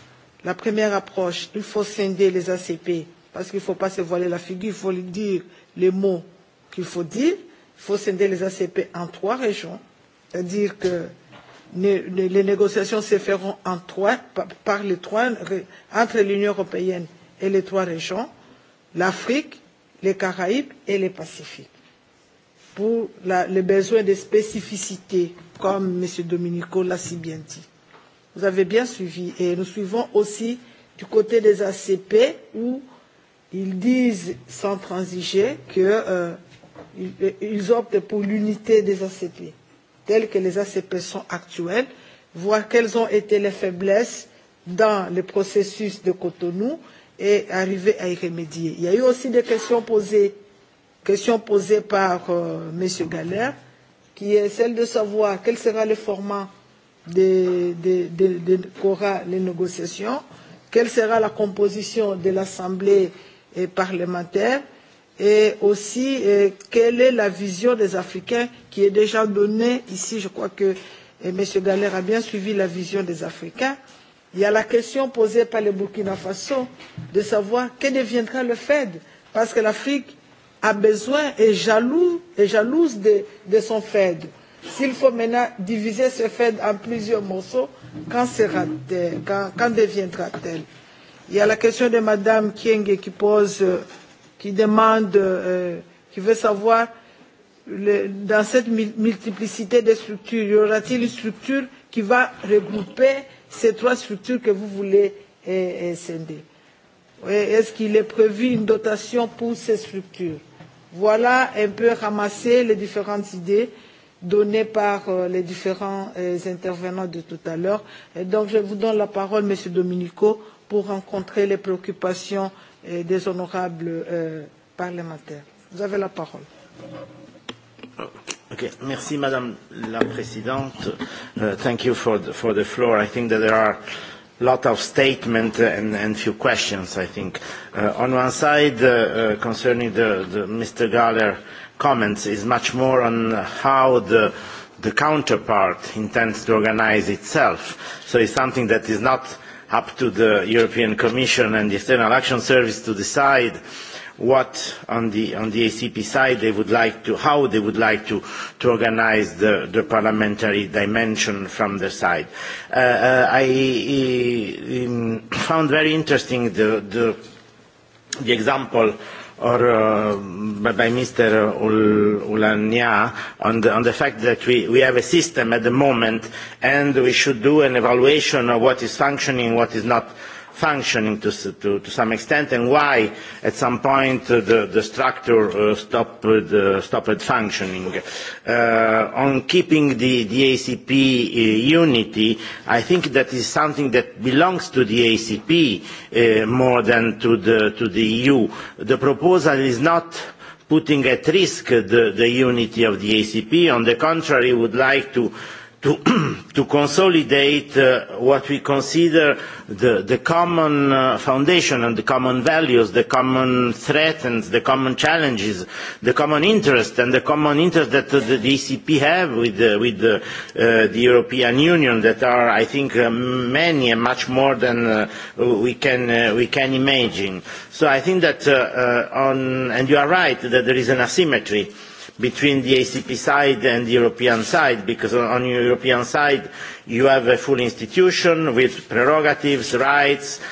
A: La première approche, il faut scinder les ACP, parce qu'il ne faut pas se voiler la figure, il faut le dire, les mots qu'il faut dire. Il faut scinder les ACP en trois régions, c'est-à-dire que les négociations se feront en trois, par, les trois, entre l'Union européenne et les trois régions, l'Afrique, les Caraïbes et les Pacifiques. Pour la, les besoins de spécificité, comme M. Dominico l'a si bien dit. Vous avez bien suivi et nous suivons aussi du côté des ACP où ils disent sans transiger qu'ils euh, optent pour l'unité des ACP, telles que les ACP sont actuelles, voir quelles ont été les faiblesses dans le processus de Cotonou et arriver à y remédier. Il y a eu aussi des questions posées, questions posées par euh, M. Galère, qui est celle de savoir quel sera le format de, de, de, de, de qu'aura les négociations, quelle sera la composition de l'Assemblée euh, parlementaire et aussi euh, quelle est la vision des Africains qui est déjà donnée ici. Je crois que euh, M. Galère a bien suivi la vision des Africains. Il y a la question posée par le Burkina Faso de savoir que deviendra le Fed parce que l'Afrique a besoin et jaloux, est jalouse de, de son Fed. S'il faut maintenant diviser ce Fed en plusieurs morceaux, quand, sera t quand, quand deviendra-t-elle Il y a la question de Madame Kieng qui pose, euh, qui demande, euh, qui veut savoir le, dans cette multiplicité de structures, y aura-t-il une structure qui va regrouper ces trois structures que vous voulez eh, eh, scinder Est-ce qu'il est prévu une dotation pour ces structures Voilà un peu ramasser les différentes idées donnée par euh, les différents euh, intervenants de tout à l'heure. Donc je vous donne la parole, Monsieur Dominico, pour rencontrer les préoccupations euh, des honorables parlementaires. Vous avez la parole.
C: Oh, okay. Merci, Madame la Présidente. Uh, thank you for the, for the floor. I think that there are a lot of statements and, and few questions, I think. Uh, on one side, uh, uh, concerning the, the Mr. Galler, comments is much more on how the, the counterpart intends to organise itself. So it's something that is not up to the European Commission and the External Action Service to decide what on the, on the ACP side they would like to, how they would like to, to organise the, the, parliamentary dimension from their side. uh, uh I, I, um, found very interesting the, the, the example or uh, by Mr. Ulania on the, on the fact that we, we have a system at the moment and we should do an evaluation of what is functioning, what is not functioning to, to, to some extent and why at some point uh, the, the structure uh, stopped, uh, stopped functioning. Uh, on keeping the, the ACP uh, unity, I think that is something that belongs to the ACP uh, more than to the, to the EU. The proposal is not putting at risk the, the unity of the ACP. On the contrary, would like to to, [CLEARS THROAT] to consolidate uh, what we consider the, the common uh, foundation and the common values, the common threats and the common challenges, the common interest and the common interest that uh, the, the ECP have with, uh, with uh, uh, the European Union that are, I think, uh, many and much more than uh, we, can, uh, we can imagine. So I think that uh, uh, on, and you are right that there is an asymmetry uh, between the ACP side and the European side, because on the European side you have a full institution with prerogatives, rights, uh,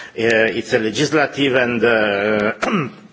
C: it's a legislative and uh, [CLEARS THROAT]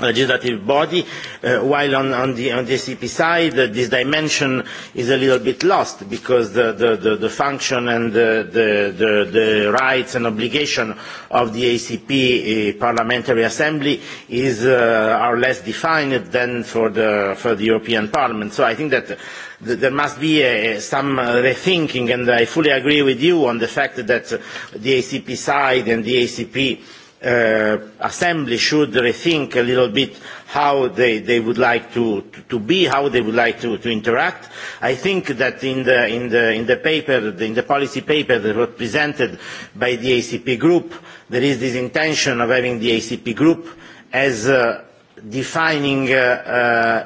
C: legislative body uh, while on, on, the, on the ACP side uh, this dimension is a little bit lost because the, the, the, the function and the, the, the, the rights and obligation of the ACP uh, Parliamentary Assembly is, uh, are less defined than for the, for the European Parliament. So I think that there must be a, some uh, rethinking and I fully agree with you on the fact that the ACP side and the ACP uh, assembly should rethink a little bit how they, they would like to, to, to be, how they would like to, to interact. I think that in the, in the, in the paper, the, in the policy paper that was presented by the ACP group, there is this intention of having the ACP group as uh, defining uh,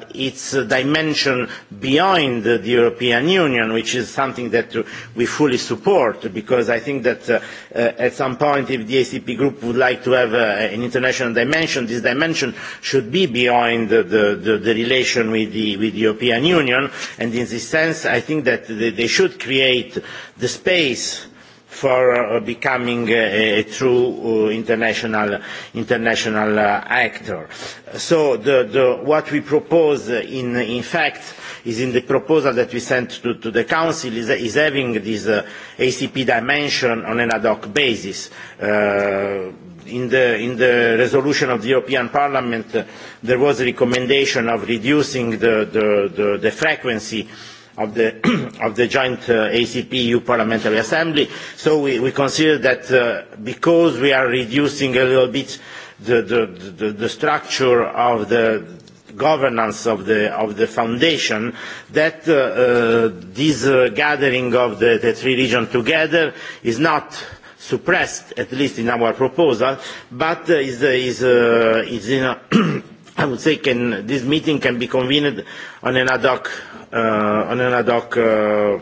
C: uh, its dimension beyond the European Union, which is something that we fully support, because I think that uh, at some point, if the ACP group would like to have uh, an international dimension, this dimension should be beyond the, the, the relation with the, with the, European Union. And in this sense, I think that they should create the space for uh, becoming a, a true uh, international, international uh, actor. So the, the, what we propose in, in fact is in the proposal that we sent to, to the Council is, is having this uh, ACP dimension on an ad hoc basis. Uh, in the, in the resolution of the European Parliament, uh, there was a recommendation of reducing the, the, the, the frequency uh, of the, [CLEARS THROAT] of the joint uh, ACP-EU Parliamentary Assembly. So we, we consider that uh, because we are reducing a little bit the, the, the, the structure of the governance of the, of the foundation, that uh, uh, this uh, gathering of the, the three regions together is not suppressed, at least in our proposal, but uh, is, uh, is, uh, is in a [CLEARS THROAT] I would say can, this meeting can be convened on an ad hoc uh, on an ad hoc uh,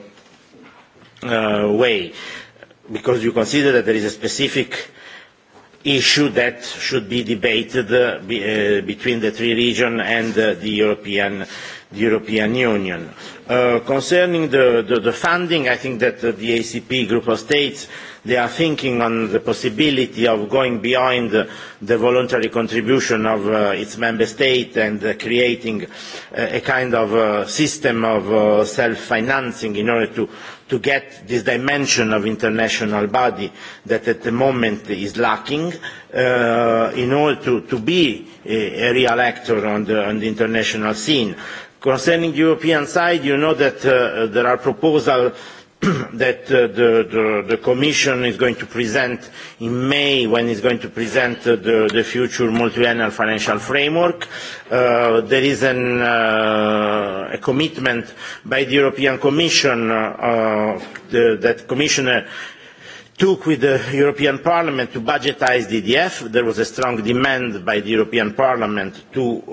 C: uh, way, because you consider that there is a specific issue that should be debated uh, be, uh, between the three regions and uh, the, European, the European Union Uh, concerning the, the, the funding, I think that uh, the ACP group of states, they are thinking on the possibility of going beyond the, the voluntary contribution of uh, its member state and uh, creating uh, a kind of uh, system of uh, self-financing in order to, to get this dimension of international body that at the moment is lacking uh, in order to, to be a, a real actor on the, on the international scene. Concerning the European side, you know that uh, there are proposals [CLEARS THROAT] that uh, the, the, the Commission is going to present in May when it's going to present uh, the, the future multiannual financial framework. Uh, there is an, uh, a commitment by the European Commission uh, uh, the, that Commissioner took with the European Parliament to budgetise the edf. There was a strong demand by the European Parliament for uh,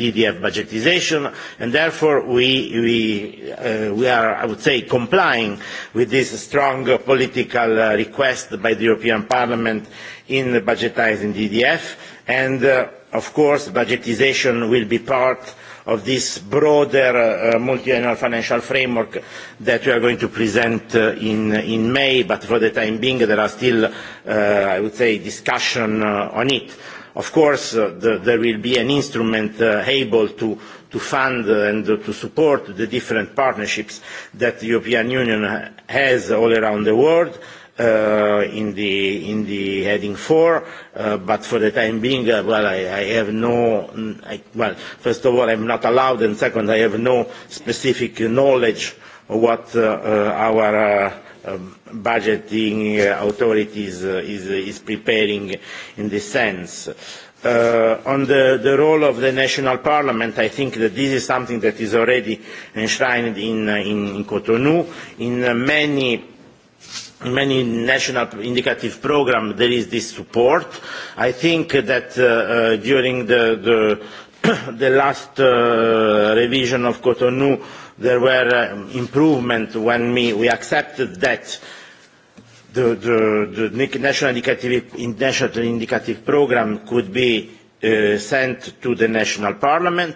C: DDF budgetisation, and therefore we, we, uh, we are, I would say, complying with this strong political uh, request by the European Parliament in budgetising the edf And, uh, of course, budgetisation will be part of this broader uh, multi-annual financial framework that we are going to present uh, in, in May, but for the time being there are still, uh, I would say, discussion uh, on it. Of course, uh, the, there will be an instrument uh, able to, to fund uh, and to support the different partnerships that the European Union has all around the world uh, in the in the heading four. Uh, but for the time being, uh, well, I, I have no. I, well, first of all, I'm not allowed, and second, I have no specific knowledge of what uh, uh, our. Uh, um, budgeting uh, authorities uh, is, uh, is preparing in this sense. Uh, on the, the role of the national parliament, I think that this is something that is already enshrined in, uh, in, in Cotonou. In uh, many many national indicative programs there is this support. I think that uh, uh during the, the, [COUGHS] the last uh, revision of Cotonou there were uh, improvements when we, we accepted that the, the, the national indicative, national indicative program could be uh, sent to the national parliament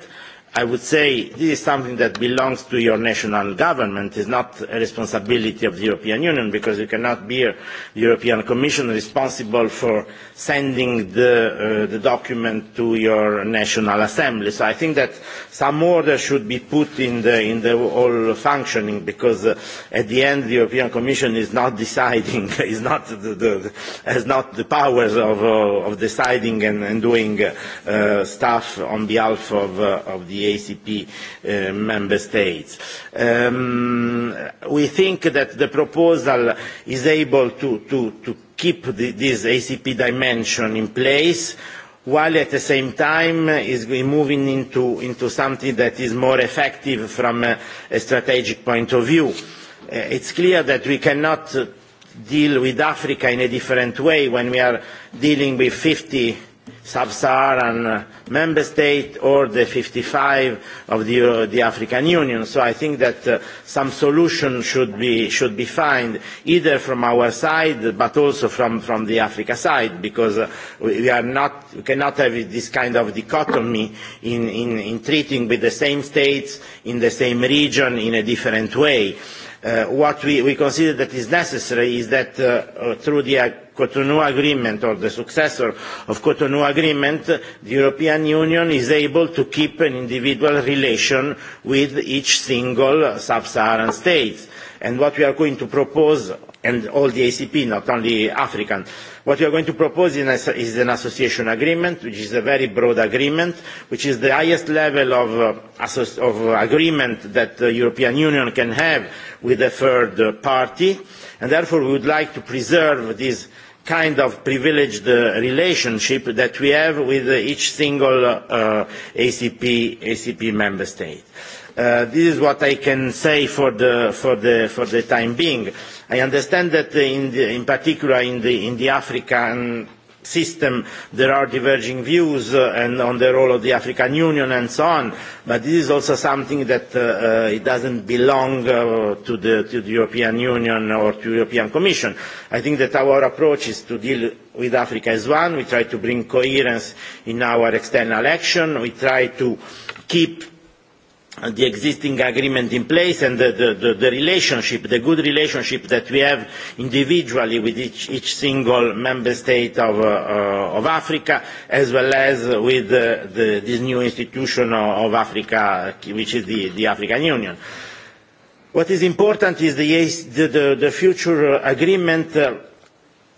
C: I would say this is something that belongs to your national government, is not a responsibility of the European Union, because you cannot be the European Commission responsible for sending the, uh, the document to your national assembly. So I think that some order should be put in the, in the whole functioning, because uh, at the end the European Commission is not [LAUGHS] deciding, is not the, the, the, has not the powers of, uh, of deciding and, and doing uh, uh stuff on behalf of, uh, of the the ACP uh, member states. Um, we think that the proposal is able to, to, to keep the, this ACP dimension in place while at the same time is moving into, into something that is more effective from a, a strategic point of view. Uh, it's clear that we cannot uh, deal with Africa in a different way when we are dealing with 50 sub-Saharan member state or the 55 of the, uh, the African Union. So I think that uh, some solution should be, should be found either from our side but also from, from the Africa side because uh, we, are not, we cannot have this kind of dichotomy in, in, in treating with the same states in the same region in a different way. Uh, what we, we consider that is necessary is that uh, uh through the Cotonou Agreement or the successor of Cotonou Agreement, the European Union is able to keep an individual relation with each single sub-Saharan state. And what we are going to propose, and all the ACP, not only African, what we are going to propose is an association agreement, which is a very broad agreement, which is the highest level of, uh, of agreement that the European Union can have with a third party, and therefore we would like to preserve this kind of privileged uh, relationship that we have with uh, each single uh, ACP, ACP member state. Uh, this is what I can say for the, for the, for the time being. I understand that in, the, in particular in the, in the African system there are diverging views uh, and on the role of the African Union and so on but this is also something that uh, uh, it doesn't belong uh, to, the, to the European Union or to European Commission. I think that our approach is to deal with Africa as one. We try to bring coherence in our external action. We try to keep the existing agreement in place and the, the, the, the relationship, the good relationship that we have individually with each, each single member state of, uh, uh, of Africa, as well as with uh, the, this new institution of Africa, which is the, the African Union. What is important is the, the, the, the future agreement. Uh,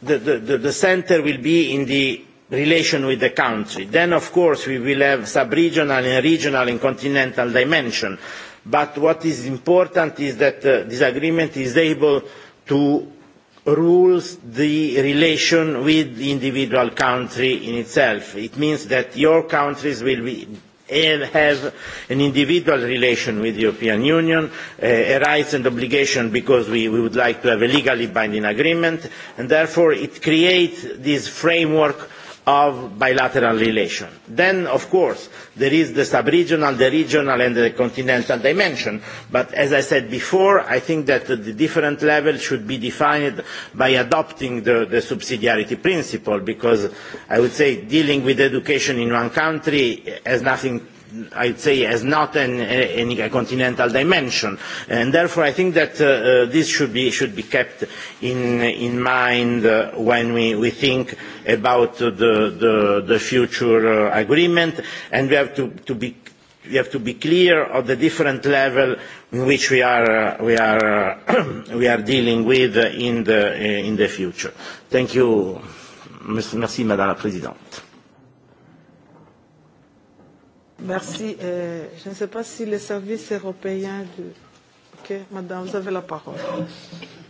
C: the, the, the center will be in the relation with the country. Then, of course, we will have sub-regional and regional and continental dimension. But what is important is that uh, this agreement is able to rule the relation with the individual country in itself. It means that your countries will be and have an individual relation with the European Union, uh, a rights and obligation because we, we would like to have a legally binding agreement, and therefore it creates this framework of bilateral relations. Then, of course, there is the sub-regional, the regional, and the continental dimension. But as I said before, I think that the different levels should be defined by adopting the, the subsidiarity principle, because I would say dealing with education in one country has nothing I'd say, has not an, an, a continental dimension. And therefore, I think that uh, uh, this should be, should be kept in, in mind uh, when we, we think about the, the, the future uh, agreement. And we have to, to be we have to be clear of the different level in which we are, uh, we are, uh, [COUGHS] we are dealing with in the, uh, in the future. Thank you. Merci, Madame la Présidente.
A: Merci. Euh, je ne sais pas si le service européen de... Ok, madame, vous avez la parole.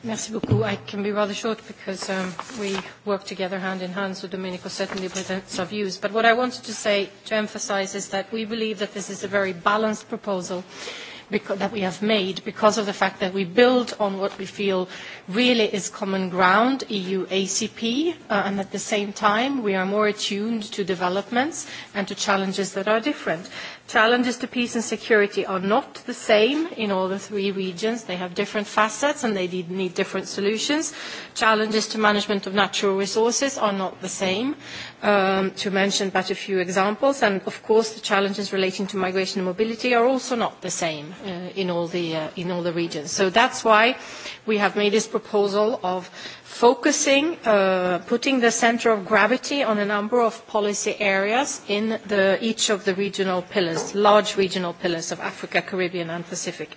D: Merci beaucoup. I can be rather short because um, we work together hand in hand, so Domenico certainly presents our views. But what I wanted to say, to emphasize, is that we believe that this is a very balanced proposal. Uh, that we have made because of the fact that we build on what we feel really is common ground, EU ACP, uh, and at the same time we are more attuned to developments and to challenges that are different. Challenges to peace and security are not the same in all the three regions. They have different facets and they need different solutions. Challenges to management of natural resources are not the same, um, to mention but a few examples. And of course, the challenges relating to migration and mobility are also not the same uh, in, all the, uh, in all the regions. So that's why we have made this proposal of focusing, uh, putting the center of gravity on a number of policy areas in the, each of the regional pillars, large regional pillars of Africa, Caribbean and Pacific.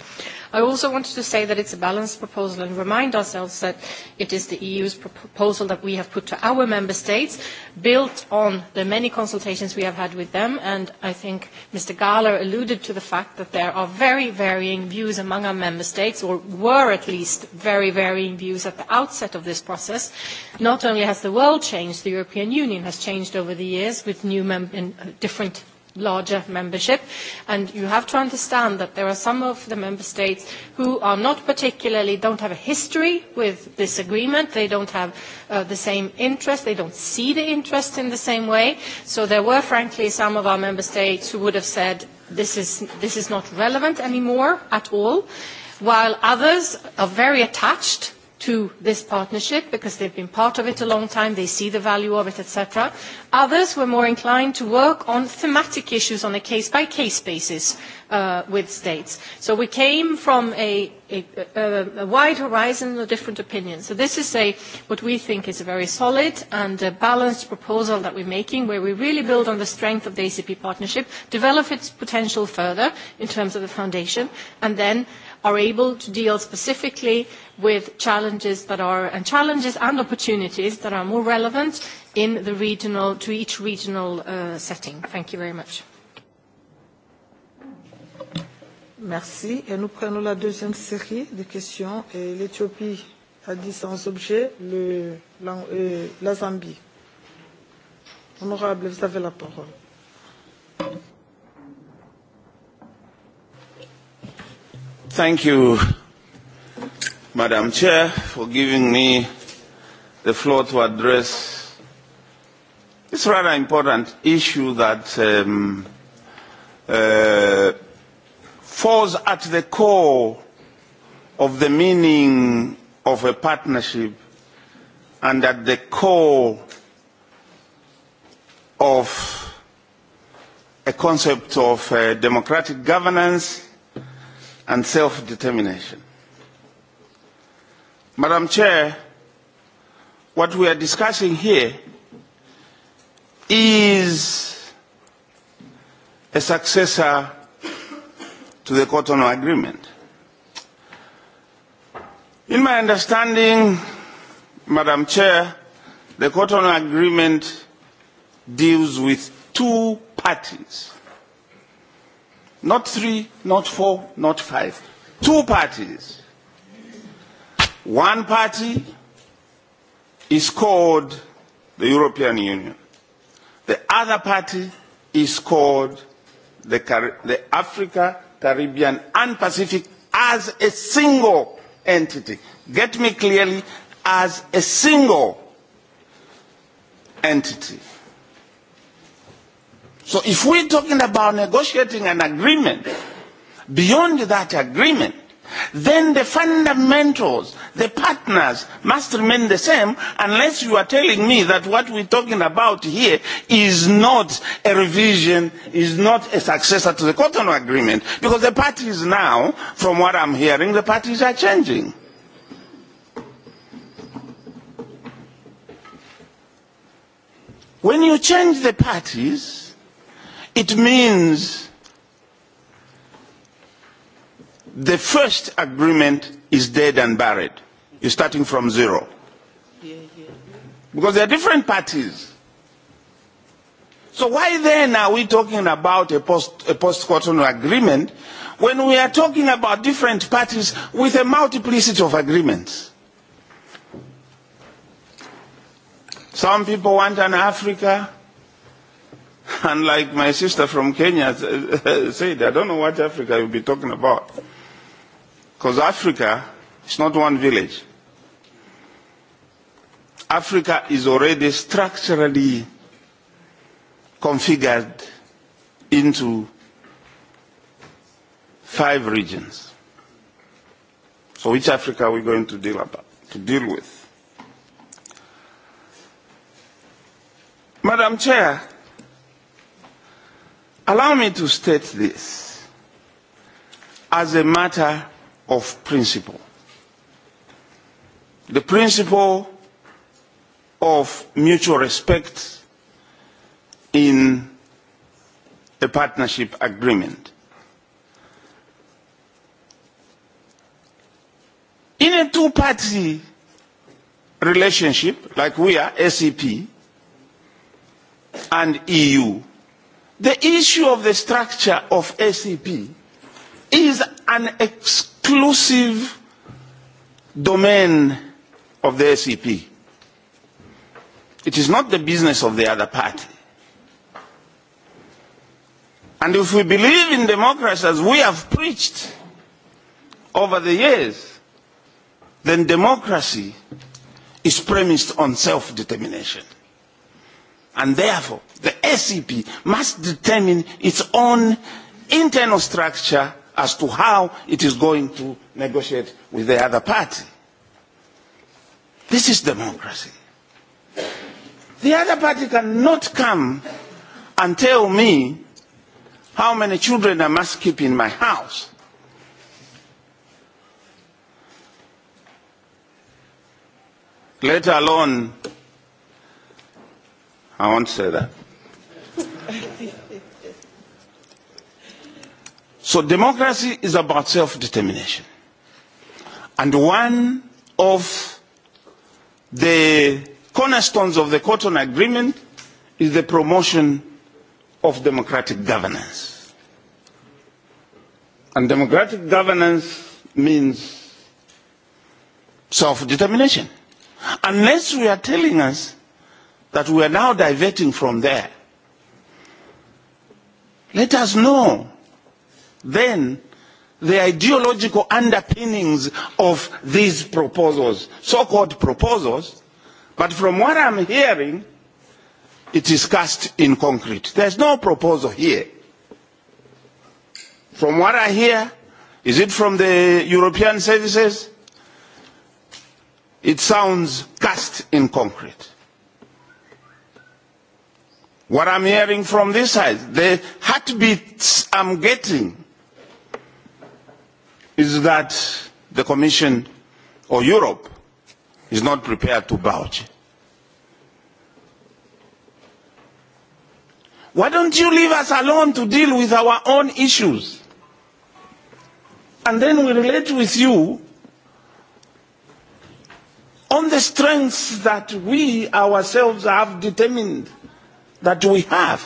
D: I also wanted to say that it's a balanced proposal and remind ourselves that it is the EU's proposal that we have put to our member states, built on the many consultations we have had with them. And I think Mr. Gahler alluded to the fact that there are very varying views among our member states, or were at least very varying views at the outset of this process. Not only has the world changed, the European Union has changed over the years with new mem- uh, different larger membership. And you have to understand that there are some of the member states who are not particularly, don't have a history with this agreement. They don't have uh, the same interest. They don't see the interest in the same way. So there were, frankly, some of our member states who would have said, this is, this is not relevant anymore at all, while others are very attached to this partnership because they've been part of it a long time, they see the value of it, etc. Others were more inclined to work on thematic issues on a case-by-case basis uh, with states. So we came from a, a, a, a wide horizon of different opinions. So this is a, what we think is a very solid and a balanced proposal that we're making where we really build on the strength of the ACP partnership, develop its potential further in terms of the foundation, and then are able to deal specifically with challenges that are and challenges and opportunities that are more relevant in the regional to each regional uh, setting. Thank you very much.
A: Merci. Et nous prenons la deuxième série de questions. Et l'Éthiopie a dit sans objet, le, la, euh, la Zambie. Honorable, vous avez la parole.
J: Thank you, Madam Chair, for giving me the floor to address this rather important issue that um, uh, falls at the core of the meaning of a partnership and at the core of a concept of uh, democratic governance and self-determination. Madam Chair, what we are discussing here is a successor to the Cotonou Agreement. In my understanding, Madam Chair, the Cotonou Agreement deals with two parties Not three, not four, not five. Two parties. One party is called the European Union. The other party is called the, Car- the Africa, Caribbean and Pacific as a single entity. Get me clearly, as a single entity. So if we're talking about negotiating an agreement, beyond that agreement, then the fundamentals, the partners must remain the same unless you are telling me that what we're talking about here is not a revision, is not a successor to the Cotonou Agreement. Because the parties now, from what I'm hearing, the parties are changing. When you change the parties, It means the first agreement is dead and buried. You're starting from zero. Because there are different parties. So why then are we talking about a post a post Cotonou agreement when we are talking about different parties with a multiplicity of agreements? Some people want an Africa And [LAUGHS] like my sister from Kenya [LAUGHS] said, I don't know what Africa you'll be talking about. Because Africa is not one village. Africa is already structurally configured into five regions. So which Africa are we going to deal about, to deal with? Madam Chair, Allow me to state this as a matter of principle. The principle of mutual respect in a partnership agreement. In a two-party relationship like we are, SEP and EU, The issue of the structure of ACP is an exclusive domain of the ACP. It is not the business of the other party. And if we believe in democracy as we have preached over the years, then democracy is premised on self-determination. And therefore, the SCP e must determine its own internal structure as to how it is going to negotiate with the other party. This is democracy. The other party cannot come and tell me how many children I must keep in my house. Let alone I won't say that. so democracy is about self-determination. And one of the cornerstones of the Cotton Agreement is the promotion of democratic governance. And democratic governance means self-determination. Unless we are telling us that we are now diverting from there. Let us know then the ideological underpinnings of these proposals, so-called proposals, but from what I'm hearing, it is cast in concrete. There's no proposal here. From what I hear, is it from the European services? It sounds cast in concrete. What I'm hearing from this side, the heartbeats I'm getting is that the Commission or Europe is not prepared to budge. Why don't you leave us alone to deal with our own issues? And then we relate with you on the strengths that we ourselves have determined that we have.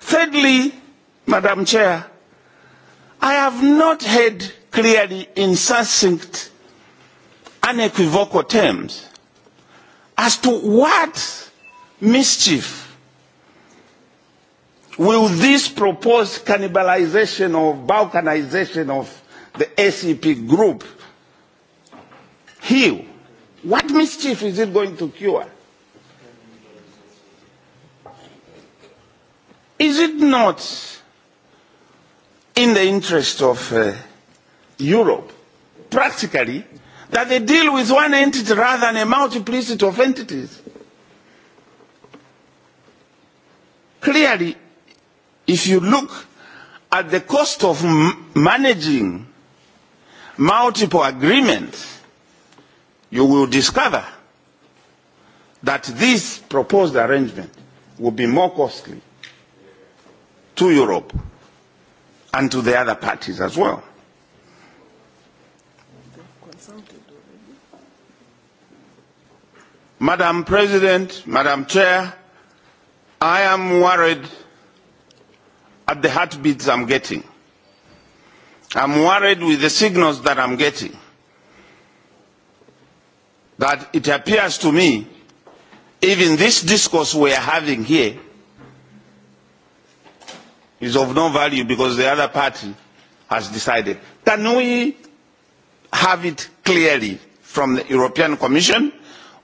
J: Thirdly, Madam Chair, I have not heard clearly in succinct, unequivocal terms as to what mischief will this proposed cannibalization or balkanization of the ACP group heal. What mischief is it going to cure? Is it not in the interest of uh, Europe, practically, that they deal with one entity rather than a multiplicity of entities? Clearly, if you look at the cost of managing multiple agreements, you will discover that this proposed arrangement will be more costly to Europe and to the other parties as well. Madam President, Madam Chair, I am worried at the heartbeats I'm getting. I'm worried with the signals that I'm getting that it appears to me, even this discourse we are having here is of no value because the other party has decided. Can we have it clearly from the European Commission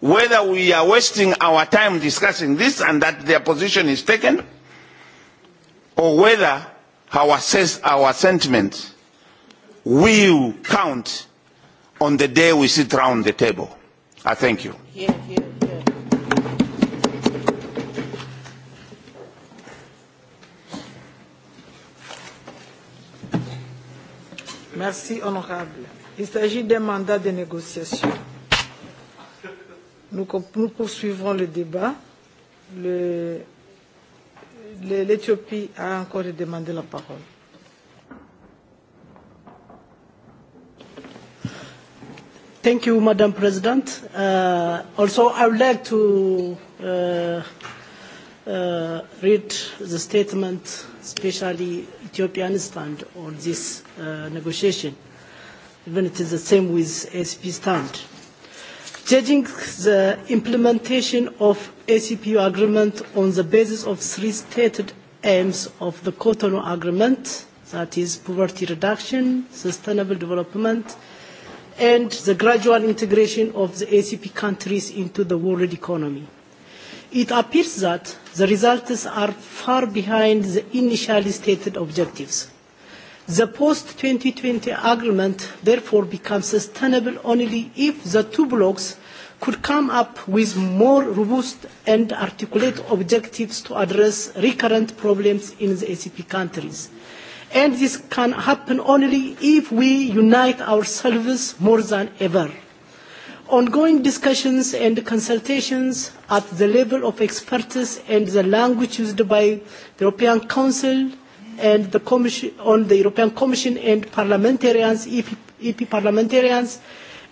J: whether we are wasting our time discussing this and that their position is taken or whether our, ses- our sentiment will count on the day we sit round the table? I ah, thank you.
A: Merci, honorable. Il s'agit d'un mandat de négociation. Nous, nous poursuivrons le débat. L'Éthiopie a encore demandé la parole. Thank
B: you, Madam President. Uh, also, I would like to uh, uh, read the statement, especially Ethiopian stand on this uh, negotiation, even it is the same with ACP stand. Judging the implementation of ACPU agreement on the basis of three stated aims of the Cotonou agreement, that is poverty reduction, sustainable development, and the gradual integration of the ACP countries into the world economy. It appears that the results are far behind the initially stated objectives. The post-2020 agreement therefore becomes sustainable only if the two blocs could come up with more robust and articulate objectives to address recurrent problems in the ACP countries And this can happen only if we unite ourselves more than ever. Ongoing discussions and consultations at the level of experts and the language used by the European Council and the Commission, on the European Commission and parliamentarians, EP, EP parliamentarians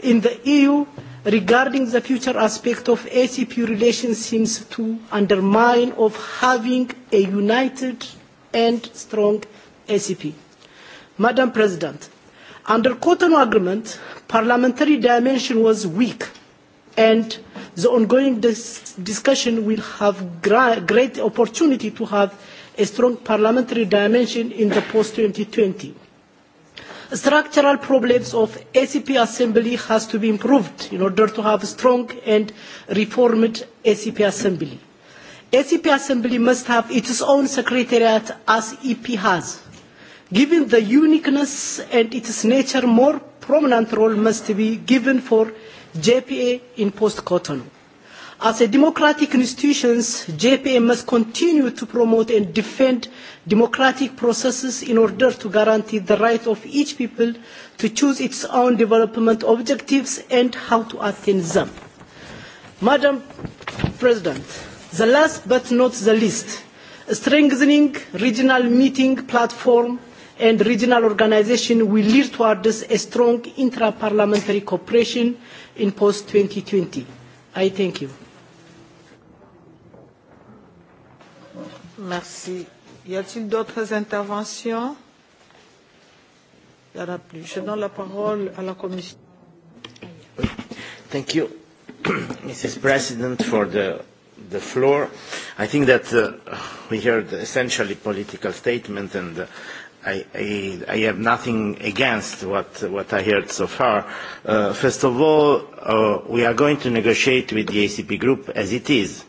B: in the EU regarding the future aspect of ACP relations seems to undermine of having a united and strong ACP. Madam President, under Cotonou Agreement, parliamentary dimension was weak and the ongoing dis discussion will have great opportunity to have a strong parliamentary dimension in the post-2020. Structural problems of ACP Assembly has to be improved in order to have a strong and reformed ACP Assembly. ACP Assembly must have its own secretariat as EP has Given the uniqueness and its nature, more prominent role must be given for JPA in post-Cotonou. As a democratic institution, JPA must continue to promote and defend democratic processes in order to guarantee the right of each people to choose its own development objectives and how to attain them. Madam President, the last but not the least, strengthening regional meeting platform and regional organisation will lead towards a strong intra-parliamentary cooperation in post-2020. I thank you.
A: Merci. Y a-t-il d'autres interventions Il n'y en a plus. Je donne la parole à la Commission.
C: Thank you, Mrs. [COUGHS] President, for the the floor. I think that uh, we heard essentially political statement and uh, I, I, I have nothing against what, what I heard so far. Uh, first of all, uh, we are going to negotiate with the ACP group as it is.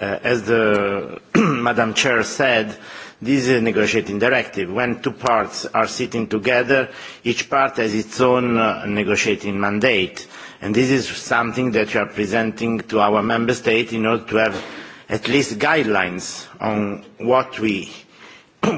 C: Uh, as the [CLEARS THROAT] Madam Chair said, this is a negotiating directive. When two parts are sitting together, each part has its own uh, negotiating mandate. And this is something that we are presenting to our member state in order to have at least guidelines on what we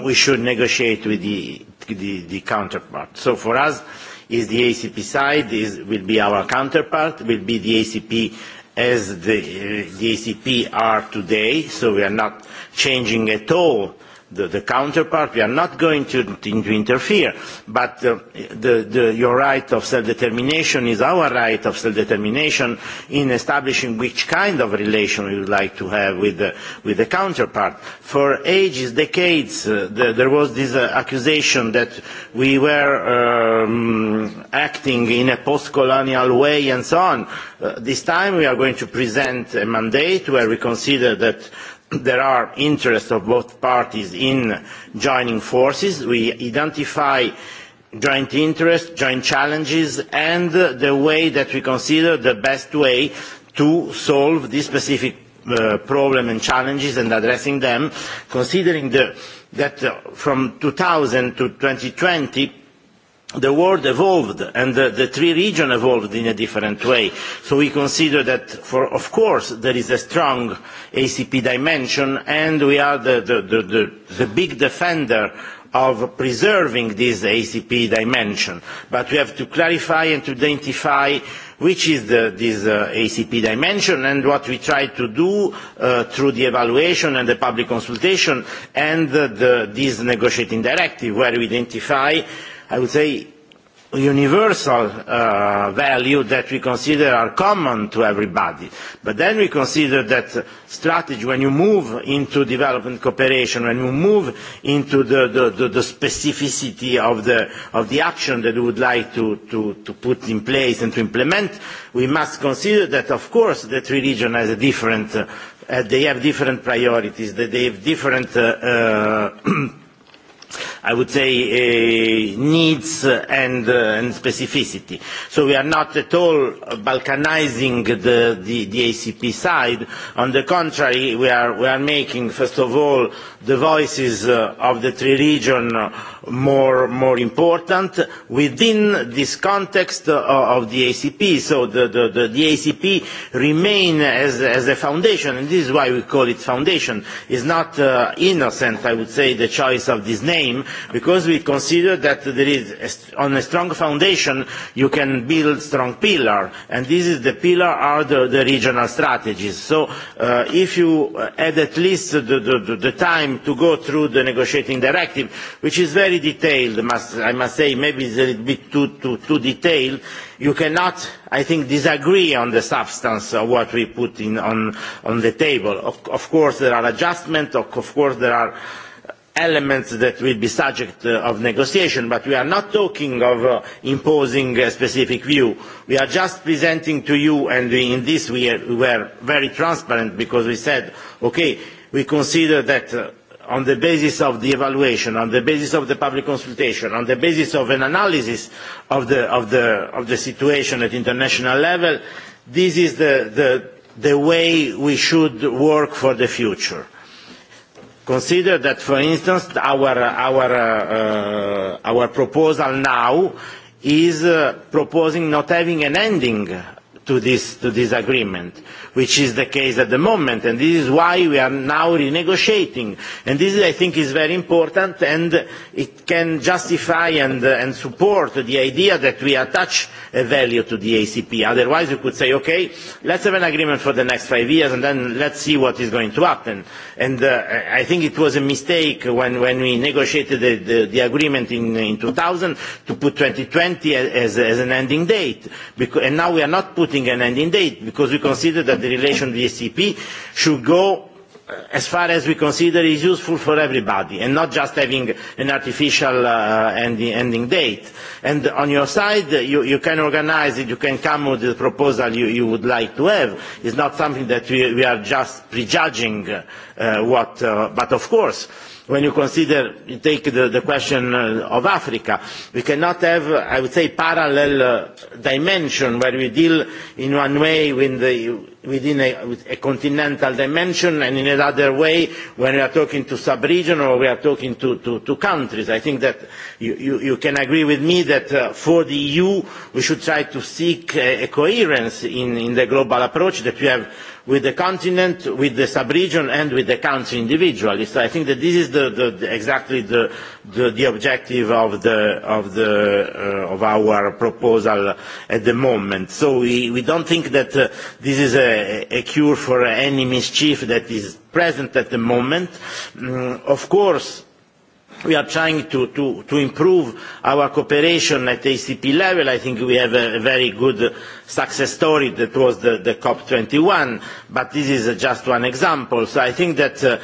C: we should negotiate with the, the, the counterpart. So for us, is the ACP side is, will be our counterpart, will be the ACP as the, uh, the ACP are today. So we are not changing at all the, the counterpart. We are not going to, to, interfere, but uh, the, the, your right of self-determination is our right of self-determination in establishing which kind of relation we would like to have with the, with the counterpart. For ages, decades, uh, the, there was this uh, accusation that we were um, acting in a post-colonial way and so on. Uh, this time we are going to present a mandate where we consider that there are interests of both parties in joining forces. We identify joint interests, joint challenges, and the way that we consider the best way to solve these specific uh, problems and challenges and addressing them, considering the, that uh, from 2000 to 2020, the world evolved and the, the three regions evolved in a different way. So we consider that, for, of course, there is a strong ACP dimension and we are the, the, the, the, the big defender of preserving this ACP dimension. But we have to clarify and to identify which is the, this uh, ACP dimension and what we try to do uh, through the evaluation and the public consultation and uh, the, this negotiating directive where we identify uh, I would say, universal uh, value that we consider are common to everybody. But then we consider that strategy, when you move into development cooperation, when you move into the, the, the, the specificity of the, of the action that we would like to, to, to put in place and to implement, we must consider that, of course, that religion has a different, uh, they have different priorities, that they have different uh, uh, [CLEARS THROAT] I would say, uh, needs and, uh, and specificity. So we are not at all balkanizing the, the, the ACP side. On the contrary, we are, we are making, first of all, the voices uh, of the three regions more, more important within this context of, uh, of the ACP. So the, the, the, the ACP remain as, as a foundation, and this is why we call it foundation. It's not uh, innocent, I would say, the choice of this name, because we consider that there is a, on a strong foundation you can build strong pillar, and this is the pillar are the, the regional strategies. So uh, if you add at least the, the, the time to go through the negotiating directive, which is very detailed, must, I must say, maybe it's a little bit too, too, too detailed, you cannot, I think, disagree on the substance of what we put in on, on the table. Of, of course, there are adjustments, of, of course, there are elements that will be subject uh, of negotiation, but we are not talking of uh, imposing a specific view. We are just presenting to you, and we, in this we, uh, are, we were very transparent because we said, okay, we consider that uh, on the basis of the evaluation, on the basis of the public consultation, on the basis of an analysis of the, of the, of the situation at international level, this is the, the, the way we should work for the future Consider that, for instance, our, our, uh, our proposal now is uh, proposing not having an ending to this, to this agreement, which is the case at the moment. And this is why we are now renegotiating. And this, I think, is very important, and it can justify and, uh, and support the idea that we attach a value to the ACP. Otherwise, you could say, okay, let's have an agreement for the next five years, and then let's see what is going to happen. And uh, I think it was a mistake when, when we negotiated the, the, the agreement in, in 2000 to put 2020 as, as an ending date. Because, and now we are not putting putting an end in date because we consider that the relation with the ACP should go uh, as far as we consider is useful for everybody and not just having an artificial uh, ending, ending date. And on your side, uh, you, you can organize it, you can come with the proposal you, you would like to have. It's not something that we, we are just prejudging uh, what, uh, but of course, when you consider, you take the, the question uh, of Africa, we cannot have, I would say, parallel uh, dimension where we deal in one way with the, within a, with a continental dimension and in another way when we are talking to sub-region or we are talking to, to, to countries. I think that you, you, you can agree with me that uh, for the EU we should try to seek a, a coherence in, in the global approach that we have with the continent, with the sub-region, and with the country individually. So I think that this is the, the, the, exactly the, the, the objective of, the, of, the, uh, of our proposal at the moment. So we, we don't think that uh, this is a, a cure for any mischief that is present at the moment. Mm, of course, we are trying to, to, to improve our cooperation at ACP level. I think we have a very good success story that was the, the COP21, but this is just one example. So I think that uh,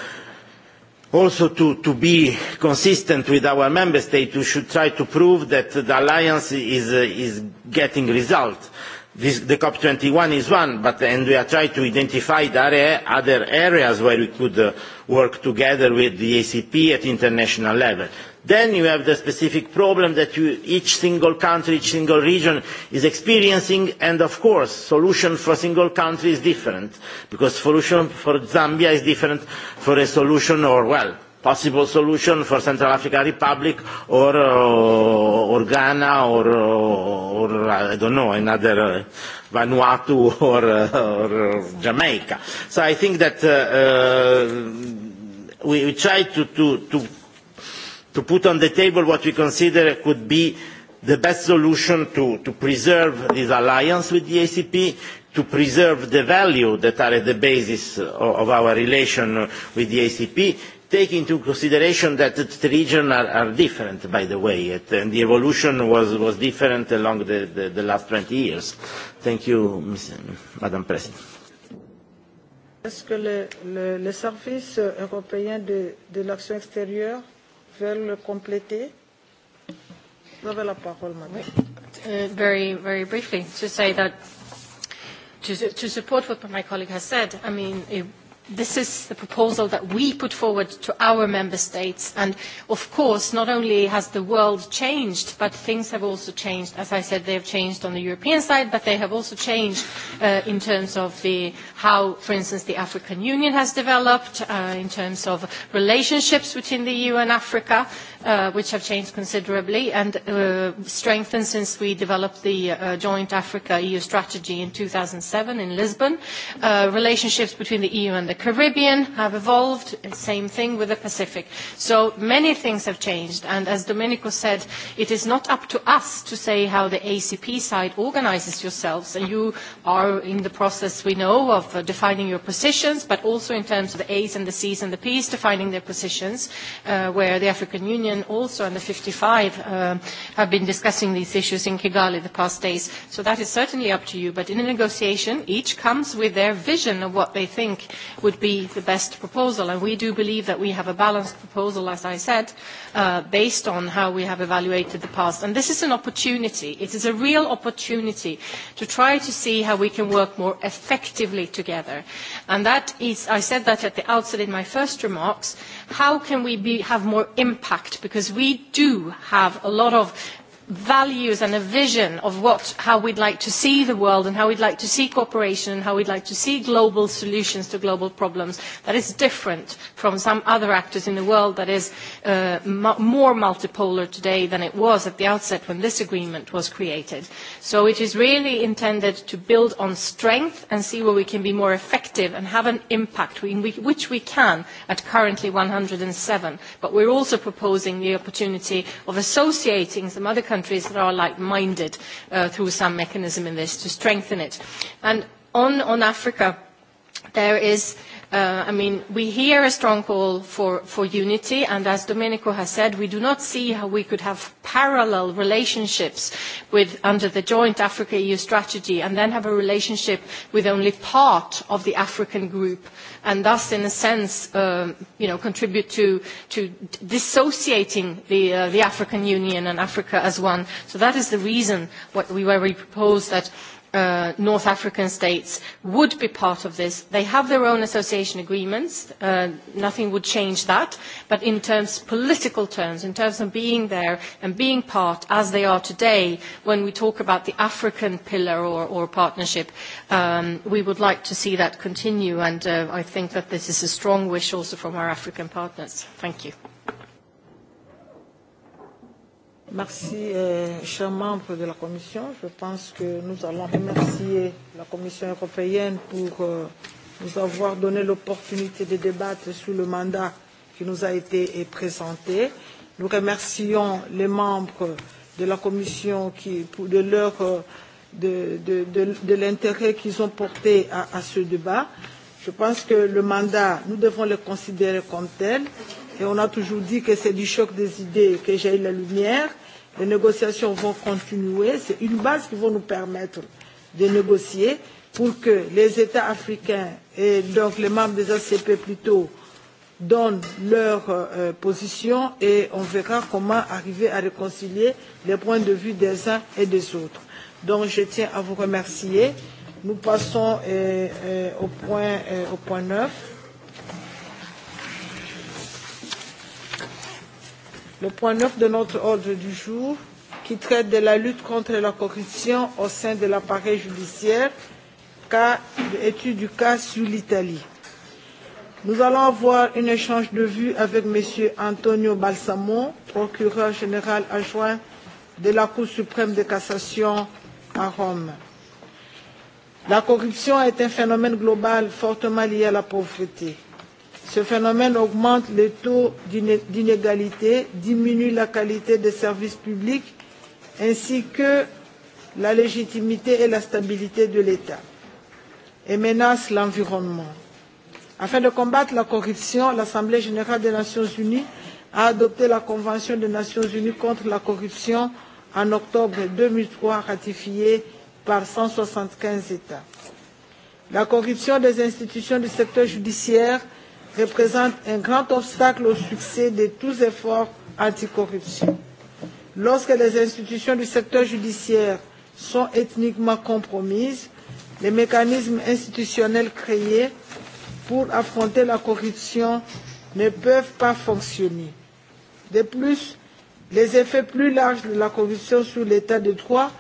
C: also to, to be consistent with our member states, we should try to prove that the alliance is, uh, is getting results This, the COP21 is one, but and we are trying to identify there are other areas where we could uh, work together with the ACP at international level. Then you have the specific problem that you, each single country, each single region is experiencing, and of course, solution for a single country is different, because solution for Zambia is different for a solution or, well, possible solution for Central African Republic or uh, or Ghana or uh, or uh, I don't know another uh, Vanuatu [LAUGHS] or, uh, or uh, Jamaica. So I think that uh, uh, we, we try to, to to to put on the table what we consider could be the best solution to, to preserve this alliance with the ACP, to preserve the value that are at the basis of, of our relation with the ACP, take into consideration that the regions are, are different, by the way, it, and the evolution was, was different along the, the, the last 20 years. Thank you, Ms. Madam President.
A: Est-ce que le, le, le service européen de, de l'action extérieure veut le compléter Vous
D: avez la parole, madame. Uh, very, very briefly, to say that to, to support what my colleague has said, I mean, it, this is the proposal that we put forward to our member states. And of course, not only has the world changed, but things have also changed. As I said, they have changed on the European side, but they have also changed uh, in terms of the, how, for instance, the African Union has developed uh, in terms of relationships between the EU and Africa, uh, which have changed considerably and uh, strengthened since we developed the uh, joint Africa-EU strategy in 2007 in Lisbon. Uh, relationships between the EU and the Caribbean have evolved, same thing with the Pacific. So many things have changed, and as Domenico said, it is not up to us to say how the ACP side organizes yourselves, and you are in the process, we know, of of uh, defining your positions, but also in terms of the A's and the C's and the P's defining their positions, uh, where the African Union also and the 55 uh, have been discussing these issues in Kigali the past days. So that is certainly up to you. But in a negotiation, each comes with their vision of what they think would be the best proposal. And we do believe that we have a balanced proposal, as I said, uh, based on how we have evaluated the past. And this is an opportunity. It is a real opportunity to try to see how we can work more effectively together. And that is, I said that at the outset in my first remarks, how can we be, have more impact? Because we do have a lot of values and a vision of what, how we'd like to see the world and how we'd like to see cooperation and how we'd like to see global solutions to global problems that is different from some other actors in the world that is uh, mu more multipolar today than it was at the outset when this agreement was created. So it is really intended to build on strength and see where we can be more effective and have an impact, we, which we can at currently 107. But we're also proposing the opportunity of associating some other countries countries that are like-minded uh, through some mechanism in this to strengthen it. And on, on Africa, there is Uh, I mean, we hear a strong call for, for unity, and as Domenico has said, we do not see how we could have parallel relationships with, under the joint Africa-EU strategy and then have a relationship with only part of the African group and thus, in a sense, um, you know, contribute to, to dissociating the, uh, the African Union and Africa as one. So that is the reason what we, why we propose that uh, North African states would be part of this. They have their own association agreements. Uh, nothing would change that. But in terms, political terms, in terms of being there and being part as they are today, when we talk about the African pillar or, or partnership, um, we would like to see that continue. And uh, I think that this is a strong wish also from our African partners. Thank you.
A: Merci, euh, chers membres de la Commission. Je pense que nous allons remercier la Commission européenne pour euh, nous avoir donné l'opportunité de débattre sur le mandat qui nous a été présenté. Nous remercions les membres de la Commission qui, pour, de leur euh, de, de, de, de l'intérêt qu'ils ont porté à, à ce débat. Euh, Je pense que le mandat, nous devons le considérer comme tel. Et on a toujours dit que c'est du choc des idées que j'ai eu la lumière. Les négociations vont continuer. C'est une base qui va nous permettre de négocier pour que les États africains et donc les membres des ACP plutôt donnent leur euh, position et on verra comment arriver à réconcilier les points de vue des uns et des autres. Donc je tiens à vous remercier. Nous passons eh, eh, au, point, eh, au point 9. Le point 9 de notre ordre du jour, qui traite de la lutte contre la corruption au sein de l'appareil judiciaire, cas, étude du cas sur l'Italie. Nous allons avoir un échange de vues avec M. Antonio Balsamo, procureur général adjoint de la Cour suprême de cassation à Rome. La corruption est un phénomène global fortement lié à la pauvreté. Ce phénomène augmente le taux d'inégalité, diminue la qualité des services publics ainsi que la légitimité et la stabilité de l'État et menace l'environnement. Afin de combattre la corruption, l'Assemblée générale des Nations unies a adopté la Convention des Nations unies contre la corruption en octobre 2003, ratifiée par 175 États. La corruption des institutions du secteur judiciaire représente un grand obstacle au succès de tous efforts anticorruption. Lorsque les institutions du secteur judiciaire sont ethniquement compromises, les mécanismes institutionnels créés pour affronter la corruption ne peuvent pas fonctionner. De plus, les effets plus larges de la corruption sur l'état de droit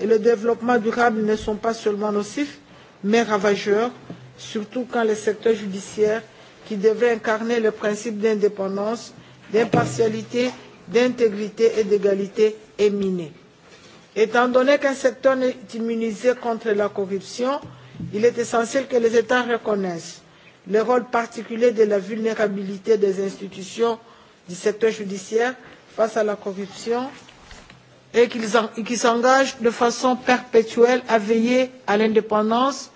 A: et le développement durable ne sont pas seulement nocifs, mais ravageurs, surtout quand le secteur judiciaire, qui devrait incarner le principe d'indépendance, d'impartialité, d'intégrité et d'égalité, est miné. Étant donné qu'un secteur n'est immunisé contre la corruption, il est essentiel que les États reconnaissent le rôle particulier de la vulnérabilité des institutions du secteur judiciaire face à la corruption et qui s'engage de façon perpétuelle à veiller à l'indépendance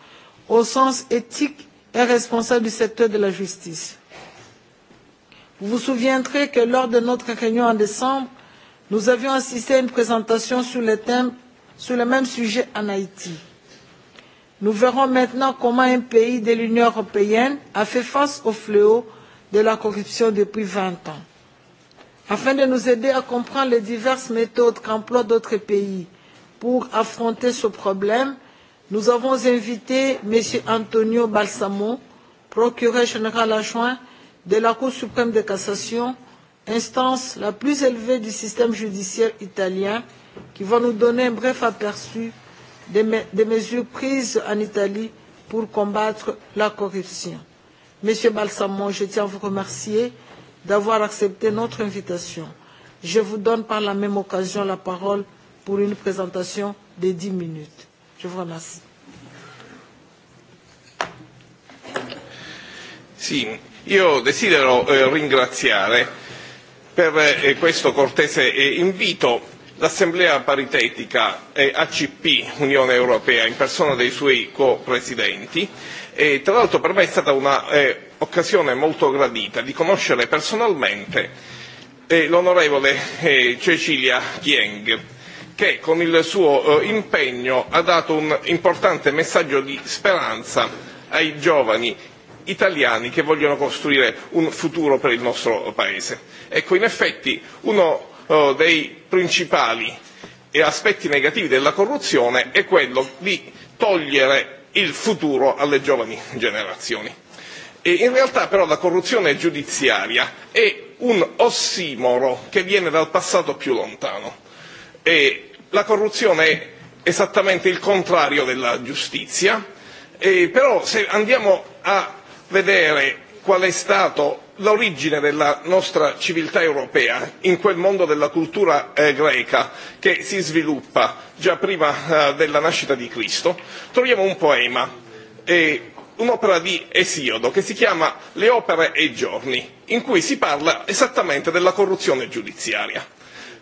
A: au sens éthique et responsable du secteur de la justice. Vous vous souviendrez que lors de notre réunion en décembre, nous avions assisté à une présentation sur le, thème, sur le même sujet en Haïti. Nous verrons maintenant comment un pays de l'Union européenne a fait face au fléau de la corruption depuis 20 ans afin de nous aider à comprendre les diverses méthodes qu'emploient d'autres pays pour affronter ce problème nous avons invité m. antonio balsamo procureur général adjoint de la cour suprême de cassation instance la plus élevée du système judiciaire italien qui va nous donner un bref aperçu des, me des mesures prises en italie pour combattre la corruption. monsieur balsamo je tiens à vous remercier d'avoir accepté notre invitation. Je vous donne par la même occasion la parole pour une présentation de 10 minutes. Je vous remercie.
K: Sì, io desidero eh, ringraziare per eh, questo cortese eh, invito l'assemblea paritetica eh, ACP Unione Europea in persona dei suoi co-presidenti E, tra l'altro per me è stata un'occasione eh, molto gradita di conoscere personalmente eh, l'onorevole eh, Cecilia Chieng, che con il suo eh, impegno ha dato un importante messaggio di speranza ai giovani italiani che vogliono costruire un futuro per il nostro paese. Ecco, in effetti uno eh, dei principali eh, aspetti negativi della corruzione è quello di togliere il futuro alle giovani generazioni. E in realtà però la corruzione giudiziaria è un ossimoro che viene dal passato più lontano. E la corruzione è esattamente il contrario della giustizia, e però se andiamo a vedere qual è stato l'origine della nostra civiltà europea in quel mondo della cultura eh, greca che si sviluppa già prima eh, della nascita di Cristo, troviamo un poema, e un'opera di Esiodo che si chiama Le opere e i giorni, in cui si parla esattamente della corruzione giudiziaria.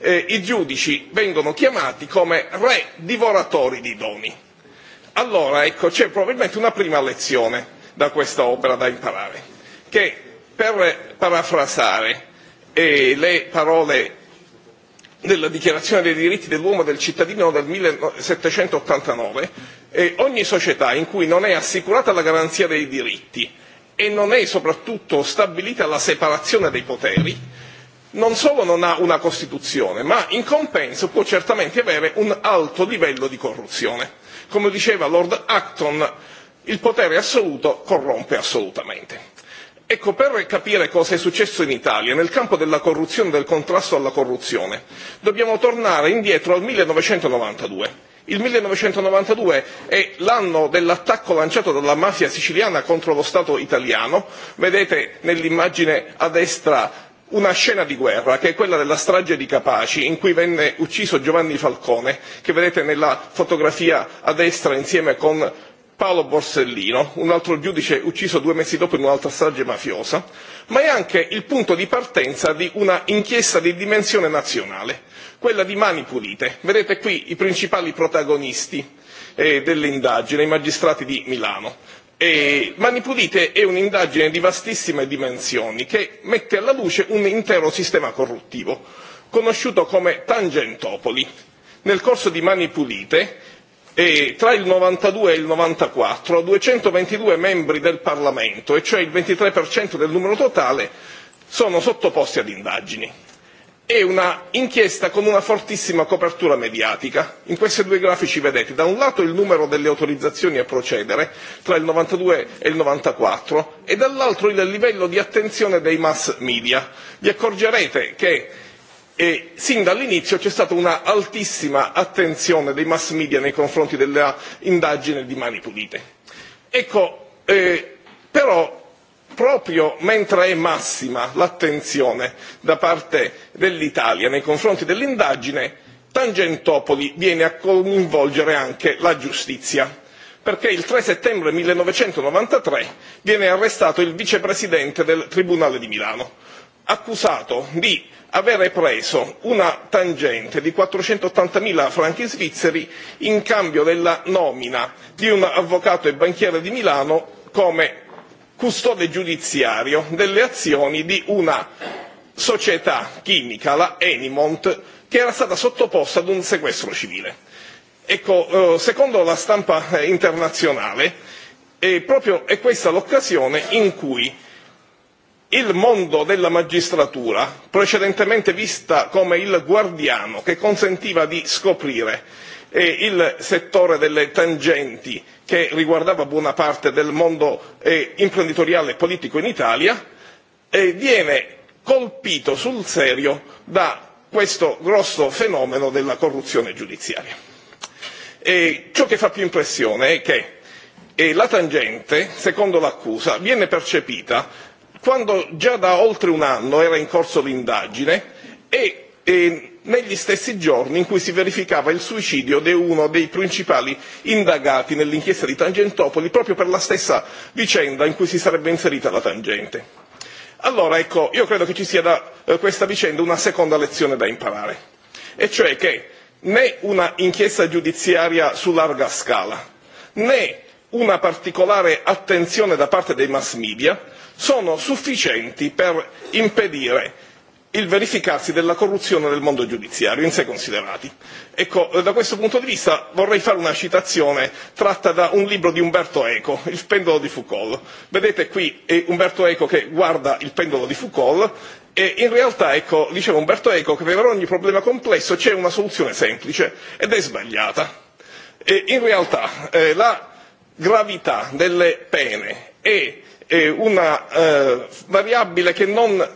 K: E I giudici vengono chiamati come re divoratori di doni. Allora, ecco, c'è probabilmente una prima lezione da questa opera da imparare, che per parafrasare eh, le parole della dichiarazione dei diritti dell'uomo e del cittadino del 1789, eh, ogni società in cui non è assicurata la garanzia dei diritti e non è soprattutto stabilita la separazione dei poteri, non solo non ha una Costituzione, ma in compenso può certamente avere un alto livello di corruzione. Come diceva Lord Acton, il potere assoluto corrompe assolutamente. Ecco, per capire cosa è successo in Italia nel campo della corruzione e del contrasto alla corruzione, dobbiamo tornare indietro al 1992. Il 1992 è l'anno dell'attacco lanciato dalla mafia siciliana contro lo Stato italiano. Vedete nell'immagine a destra una scena di guerra che è quella della strage di Capaci in cui venne ucciso Giovanni Falcone che vedete nella fotografia a destra insieme con Paolo Borsellino, un altro giudice ucciso due mesi dopo in un'altra strage mafiosa, ma è anche il punto di partenza di una inchiesta di dimensione nazionale, quella di Mani Pulite. Vedete qui i principali protagonisti eh, dell'indagine, i magistrati di Milano. E Mani Pulite è un'indagine di vastissime dimensioni che mette alla luce un intero sistema corruttivo, conosciuto come Tangentopoli. Nel corso di Mani Pulite e tra il novantadue e il novantaquattro duecentoventidue membri del parlamento e cioè il ventitré del numero totale sono sottoposti ad indagini è e un'inchiesta con una fortissima copertura mediatica. in questi due grafici vedete da un lato il numero delle autorizzazioni a procedere tra il novantadue e il novantaquattro e dall'altro il livello di attenzione dei mass media. vi accorgerete che e sin dall'inizio c'è stata un'altissima attenzione dei mass media nei confronti dell'indagine di mani pulite. Ecco, eh, però proprio mentre è massima l'attenzione da parte dell'Italia nei confronti dell'indagine, Tangentopoli viene a coinvolgere anche la giustizia perché il 3 settembre 1993 viene arrestato il vicepresidente del Tribunale di Milano, accusato di avere preso una tangente di 480.000 franchi svizzeri in cambio della nomina di un avvocato e banchiere di milano come custode giudiziario delle azioni di una società chimica la enimont che era stata sottoposta ad un sequestro civile. Ecco, eh, secondo la stampa eh, internazionale è e proprio è questa l'occasione in cui il mondo della magistratura precedentemente vista come il guardiano che consentiva di scoprire e il settore delle tangenti che riguardava buona parte del mondo eh, imprenditoriale e politico in italia e viene colpito sul serio da questo grosso fenomeno della corruzione giudiziaria. E ciò che fa più impressione è che eh, la tangente secondo l'accusa viene percepita quando già da oltre un anno era in corso l'indagine e, e negli stessi giorni in cui si verificava il suicidio di uno dei principali indagati nell'inchiesta di Tangentopoli proprio per la stessa vicenda in cui si sarebbe inserita la tangente. Allora ecco, io credo che ci sia da eh, questa vicenda una seconda lezione da imparare, e cioè che né una inchiesta giudiziaria su larga scala, né una particolare attenzione da parte dei mass media sono sufficienti per impedire il verificarsi della corruzione del mondo giudiziario in sé considerati. Ecco, da questo punto di vista vorrei fare una citazione tratta da un libro di Umberto Eco, Il pendolo di Foucault. Vedete qui è eh, Umberto Eco che guarda il pendolo di Foucault e in realtà ecco, diceva Umberto Eco che per ogni problema complesso c'è una soluzione semplice ed è sbagliata. E in realtà eh, la gravità delle pene è e, e una eh, variabile che non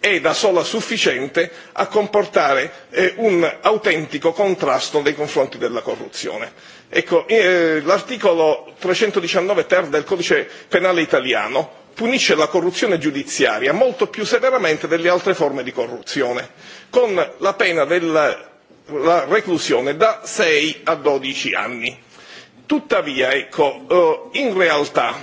K: è da sola sufficiente a comportare eh, un autentico contrasto nei confronti della corruzione. Eh, l'articolo trecentodiciannove ter del codice penale italiano punisce la corruzione giudiziaria molto più severamente delle altre forme di corruzione con la pena della reclusione da sei a dodici anni tuttavia ecco, eh, in realtà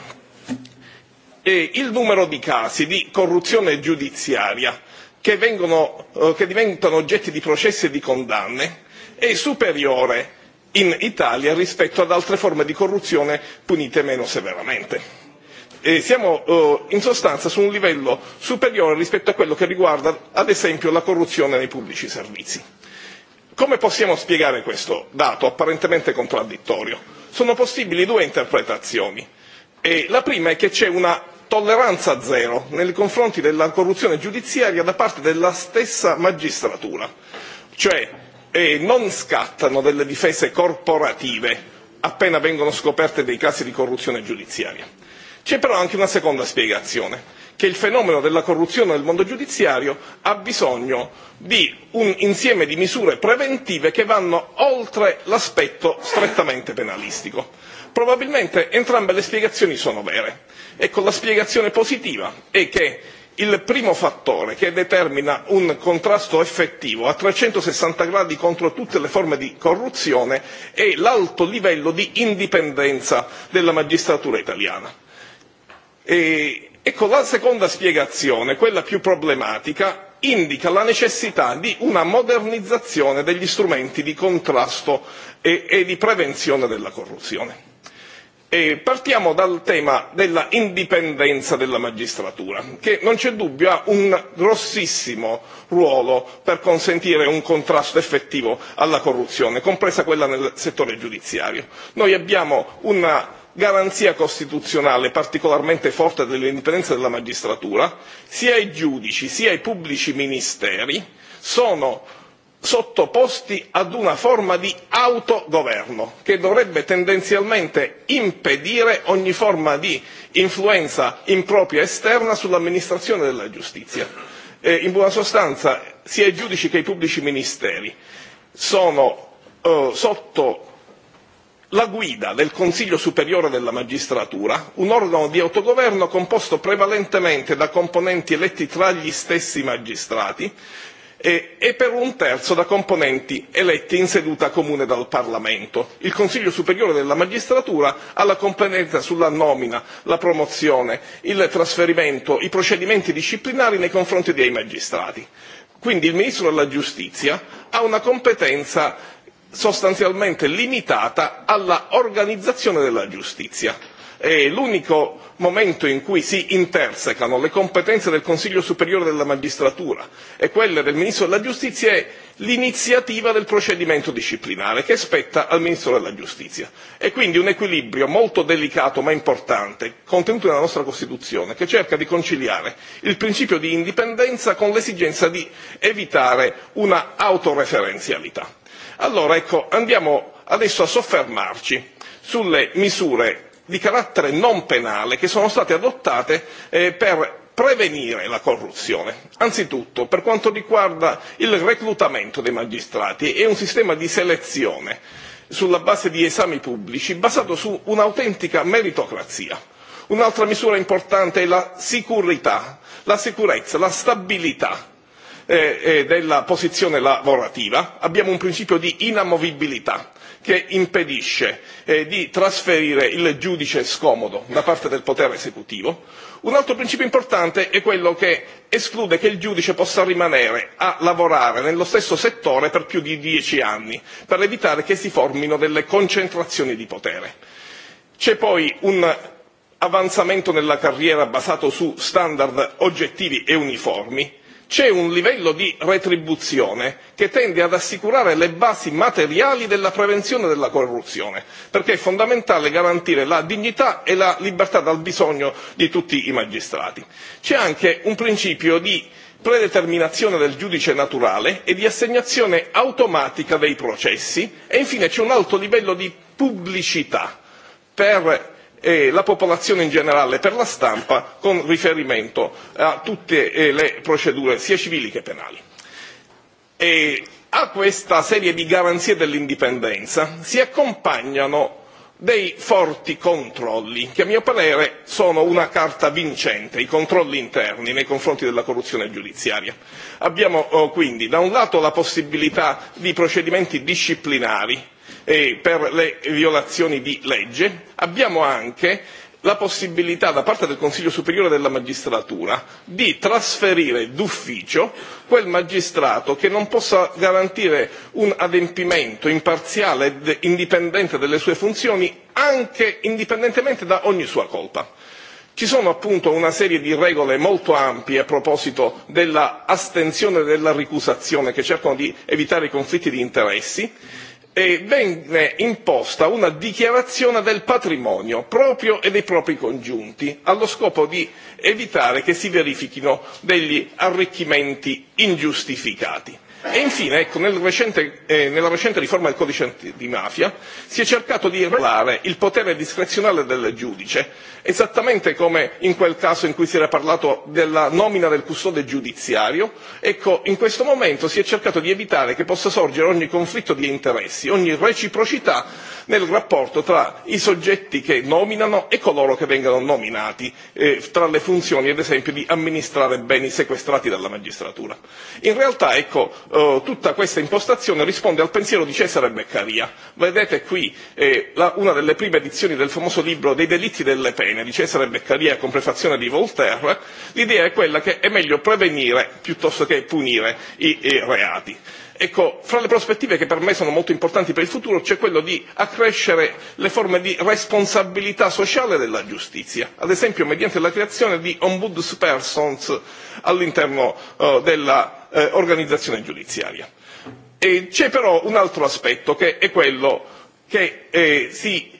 K: eh, il numero di casi di corruzione giudiziaria che, eh, diventano oggetto di processi e di condanne è superiore in Italia rispetto ad altre forme di corruzione punite meno severamente. E siamo in sostanza su un livello superiore rispetto a quello che riguarda ad esempio la corruzione nei pubblici servizi. Come possiamo spiegare questo dato apparentemente contraddittorio? sono possibili due interpretazioni e la prima è che c'è una tolleranza zero nei confronti della corruzione giudiziaria da parte della stessa magistratura cioè eh, non scattano delle difese corporative appena vengono scoperte dei casi di corruzione giudiziaria. C'è però anche una seconda spiegazione che il fenomeno della corruzione nel mondo giudiziario ha bisogno di un insieme di misure preventive che vanno oltre l'aspetto strettamente penalistico. probabilmente entrambe le spiegazioni sono vere. ecco la spiegazione positiva è che il primo fattore che determina un contrasto effettivo a trecentosessanta gradi contro tutte le forme di corruzione è l'alto livello di indipendenza della magistratura italiana. E ecco la seconda spiegazione quella più problematica indica la necessità di una modernizzazione degli strumenti di contrasto e, e di prevenzione della corruzione. E partiamo dal tema della indipendenza della magistratura che non c'è dubbio ha un grossissimo ruolo per consentire un contrasto effettivo alla corruzione compresa quella nel settore giudiziario. noi abbiamo una garanzia costituzionale particolarmente forte dell'indipendenza della magistratura sia i giudici sia i pubblici ministeri sono sottoposti ad una forma di autogoverno che dovrebbe tendenzialmente impedire ogni forma di influenza impropria esterna sull'amministrazione della giustizia. Eh, in buona sostanza sia i giudici che i pubblici ministeri sono eh, sotto la guida del Consiglio superiore della magistratura, un organo di autogoverno composto prevalentemente da componenti eletti tra gli stessi magistrati e, e, per un terzo da componenti eletti in seduta comune dal Parlamento. Il Consiglio superiore della magistratura ha la competenza sulla nomina, la promozione, il trasferimento, i procedimenti disciplinari nei confronti dei magistrati. Quindi il Ministro della Giustizia ha una competenza sostanzialmente limitata all'organizzazione della giustizia è l'unico momento in cui si intersecano le competenze del consiglio superiore della magistratura e quelle del ministro della giustizia è e l'iniziativa del procedimento disciplinare che spetta al ministro della giustizia e quindi un equilibrio molto delicato ma importante contenuto nella nostra costituzione che cerca di conciliare il principio di indipendenza con l'esigenza di evitare una autoreferenzialità allora ecco andiamo adesso a soffermarci sulle misure di carattere non penale che sono state adottate eh, per prevenire la corruzione anzitutto per quanto riguarda il reclutamento dei magistrati e un sistema di selezione sulla base di esami pubblici basato su un'autentica meritocrazia. un'altra misura importante è la la sicurezza la stabilità. Eh, eh, della posizione lavorativa abbiamo un principio di inamovibilità che impedisce eh, di trasferire il giudice scomodo da parte del potere esecutivo. Un altro principio importante è quello che esclude che il giudice possa rimanere a lavorare nello stesso settore per più di dieci anni, per evitare che si formino delle concentrazioni di potere. C'è poi un avanzamento nella carriera basato su standard oggettivi e uniformi c'è un livello di retribuzione che tende ad assicurare le basi materiali della prevenzione della corruzione perché è fondamentale garantire la dignità e la libertà dal bisogno di tutti i magistrati. c'è anche un principio di predeterminazione del giudice naturale e di assegnazione automatica dei processi e infine c'è un alto livello di pubblicità per e la popolazione in generale per la stampa con riferimento a tutte eh, le procedure sia civili che penali. E a questa serie di garanzie dell'indipendenza si accompagnano dei forti controlli che a mio parere sono una carta vincente i controlli interni nei confronti della corruzione giudiziaria. abbiamo oh, quindi da un lato la possibilità di procedimenti disciplinari eh, per le violazioni di legge abbiamo anche la possibilità da parte del consiglio superiore della magistratura di trasferire d'ufficio quel magistrato che non possa garantire un adempimento imparziale ed indipendente delle sue funzioni anche indipendentemente da ogni sua colpa. Ci sono appunto una serie di regole molto ampie a proposito dell'astensione e della ricusazione che cercano di evitare i conflitti di interessi eh, venne imposta una dichiarazione del patrimonio proprio e dei propri congiunti allo scopo di evitare che si verifichino degli arricchimenti ingiustificati. E infine, ecco, nel recente, eh, nella recente riforma del codice di mafia si è cercato di regolare il potere discrezionale del giudice, esattamente come in quel caso in cui si era parlato della nomina del custode giudiziario. Ecco, in questo momento si è cercato di evitare che possa sorgere ogni conflitto di interessi, ogni reciprocità nel rapporto tra i soggetti che nominano e coloro che vengono nominati, eh, tra le funzioni ad esempio di amministrare beni sequestrati dalla magistratura. In realtà, ecco, Eh, tutta questa impostazione risponde al pensiero di Cesare Beccaria. Vedete qui eh, la, una delle prime edizioni del famoso libro dei delitti delle pene di Cesare Beccaria con prefazione di Voltaire, l'idea è quella che è meglio prevenire piuttosto che punire i, i reati. Ecco, fra le prospettive che per me sono molto importanti per il futuro c'è quello di accrescere le forme di responsabilità sociale della giustizia, ad esempio mediante la creazione di ombudspersons all'interno eh, della eh, organizzazione giudiziaria. E c'è però un altro aspetto che è quello che eh, si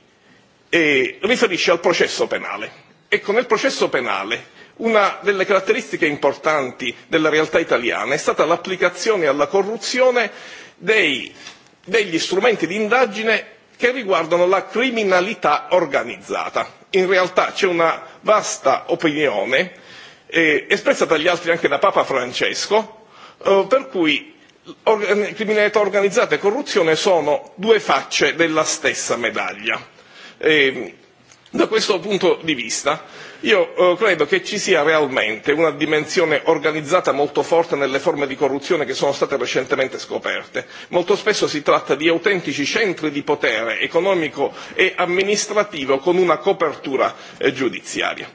K: eh, riferisce al processo penale. Ecco, nel processo penale una delle caratteristiche importanti della realtà italiana è stata l'applicazione alla corruzione dei, degli strumenti di indagine che riguardano la criminalità organizzata. In realtà c'è una vasta opinione eh, espressa dagli altri anche da Papa Francesco Eh, per cui criminalità organizzata e corruzione sono due facce della stessa medaglia. E, da questo punto di vista io eh, credo che ci sia realmente una dimensione organizzata molto forte nelle forme di corruzione che sono state recentemente scoperte. molto spesso si tratta di autentici centri di potere economico e amministrativo con una copertura eh, giudiziaria.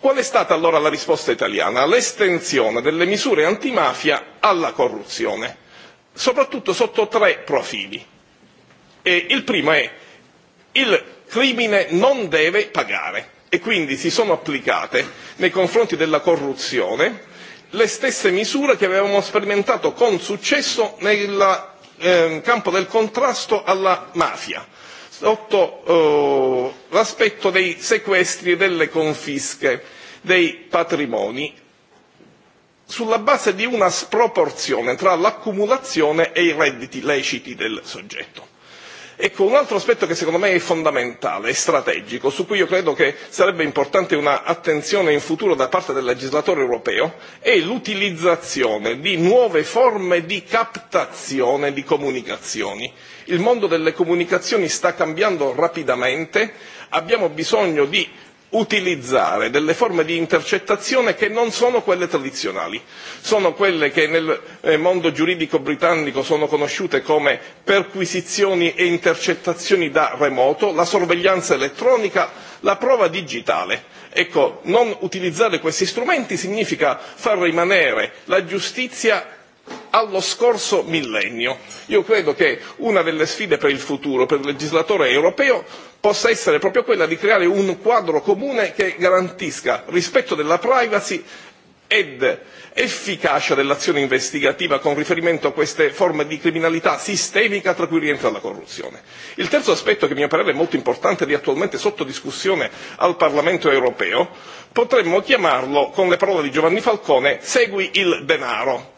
K: Qual è stata allora la risposta italiana? L'estensione delle misure antimafia alla corruzione, soprattutto sotto tre profili. E il primo è il crimine non deve pagare e quindi si sono applicate nei confronti della corruzione le stesse misure che avevamo sperimentato con successo nel eh, campo del contrasto alla mafia sotto oh, l'aspetto dei sequestri e delle confische dei patrimoni sulla base di una sproporzione tra l'accumulazione e i redditi leciti del soggetto Ecco, un altro aspetto che secondo me è fondamentale e strategico, su cui io credo che sarebbe importante un'attenzione in futuro da parte del legislatore europeo, è l'utilizzazione di nuove forme di captazione di comunicazioni. Il mondo delle comunicazioni sta cambiando rapidamente, abbiamo bisogno di utilizzare delle forme di intercettazione che non sono quelle tradizionali sono quelle che nel eh, mondo giuridico britannico sono conosciute come perquisizioni e intercettazioni da remoto la sorveglianza elettronica la prova digitale. ecco non utilizzare questi strumenti significa far rimanere la giustizia allo scorso millennio. Io credo che una delle sfide per il futuro, per il legislatore europeo, possa essere proprio quella di creare un quadro comune che garantisca rispetto della privacy ed efficacia dell'azione investigativa con riferimento a queste forme di criminalità sistemica tra cui rientra la corruzione. Il terzo aspetto che a mio parere è molto importante ed è attualmente sotto discussione al Parlamento europeo potremmo chiamarlo, con le parole di Giovanni Falcone, segui il denaro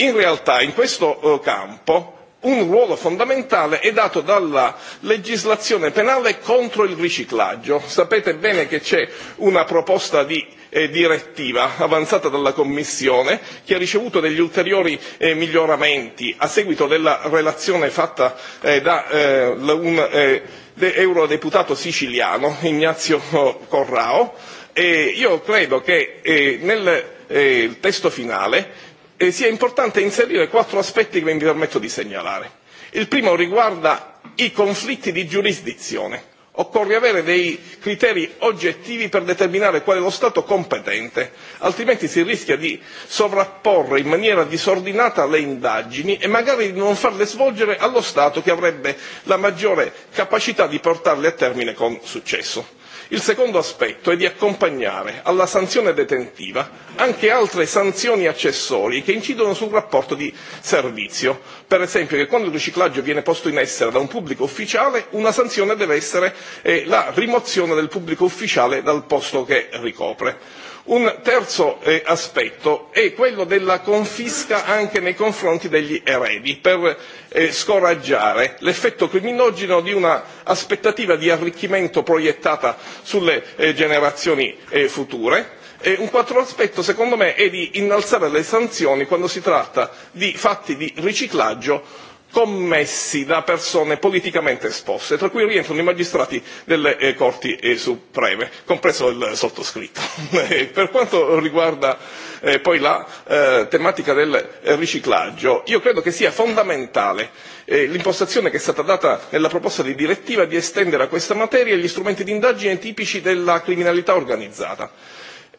K: in realtà in questo eh, campo un ruolo fondamentale è dato dalla legislazione penale contro il riciclaggio sapete bene che c'è una proposta di eh, direttiva avanzata dalla commissione che ha ricevuto degli ulteriori eh, miglioramenti a seguito della relazione fatta da un eurodeputato siciliano ignazio corrao e io credo che nel testo finale E sia importante inserire quattro aspetti che mi permetto di segnalare. Il primo riguarda i conflitti di giurisdizione. Occorre avere dei criteri oggettivi per determinare qual è lo Stato competente, altrimenti si rischia di sovrapporre in maniera disordinata le indagini e magari di non farle svolgere allo Stato che avrebbe la maggiore capacità di portarle a termine con successo Il secondo aspetto è di accompagnare alla sanzione detentiva anche altre sanzioni accessorie che incidono sul rapporto di servizio. Per esempio che quando il riciclaggio viene posto in essere da un pubblico ufficiale una sanzione deve essere eh, la rimozione del pubblico ufficiale dal posto che ricopre un terzo eh, aspetto è quello della confisca anche nei confronti degli eredi per eh, scoraggiare l'effetto criminogeno di un'aspettativa di arricchimento proiettata sulle eh, generazioni future e un quarto aspetto secondo me è di innalzare le sanzioni quando si tratta di fatti di riciclaggio commessi da persone politicamente esposte, tra cui rientrano i magistrati delle eh, Corti eh, Supreme, compreso il sottoscritto. [LAUGHS] Eh, per quanto riguarda eh, poi la eh, tematica del riciclaggio, io credo che sia fondamentale eh, l'impostazione che è stata data nella proposta di direttiva di estendere a questa materia gli strumenti di indagine tipici della criminalità organizzata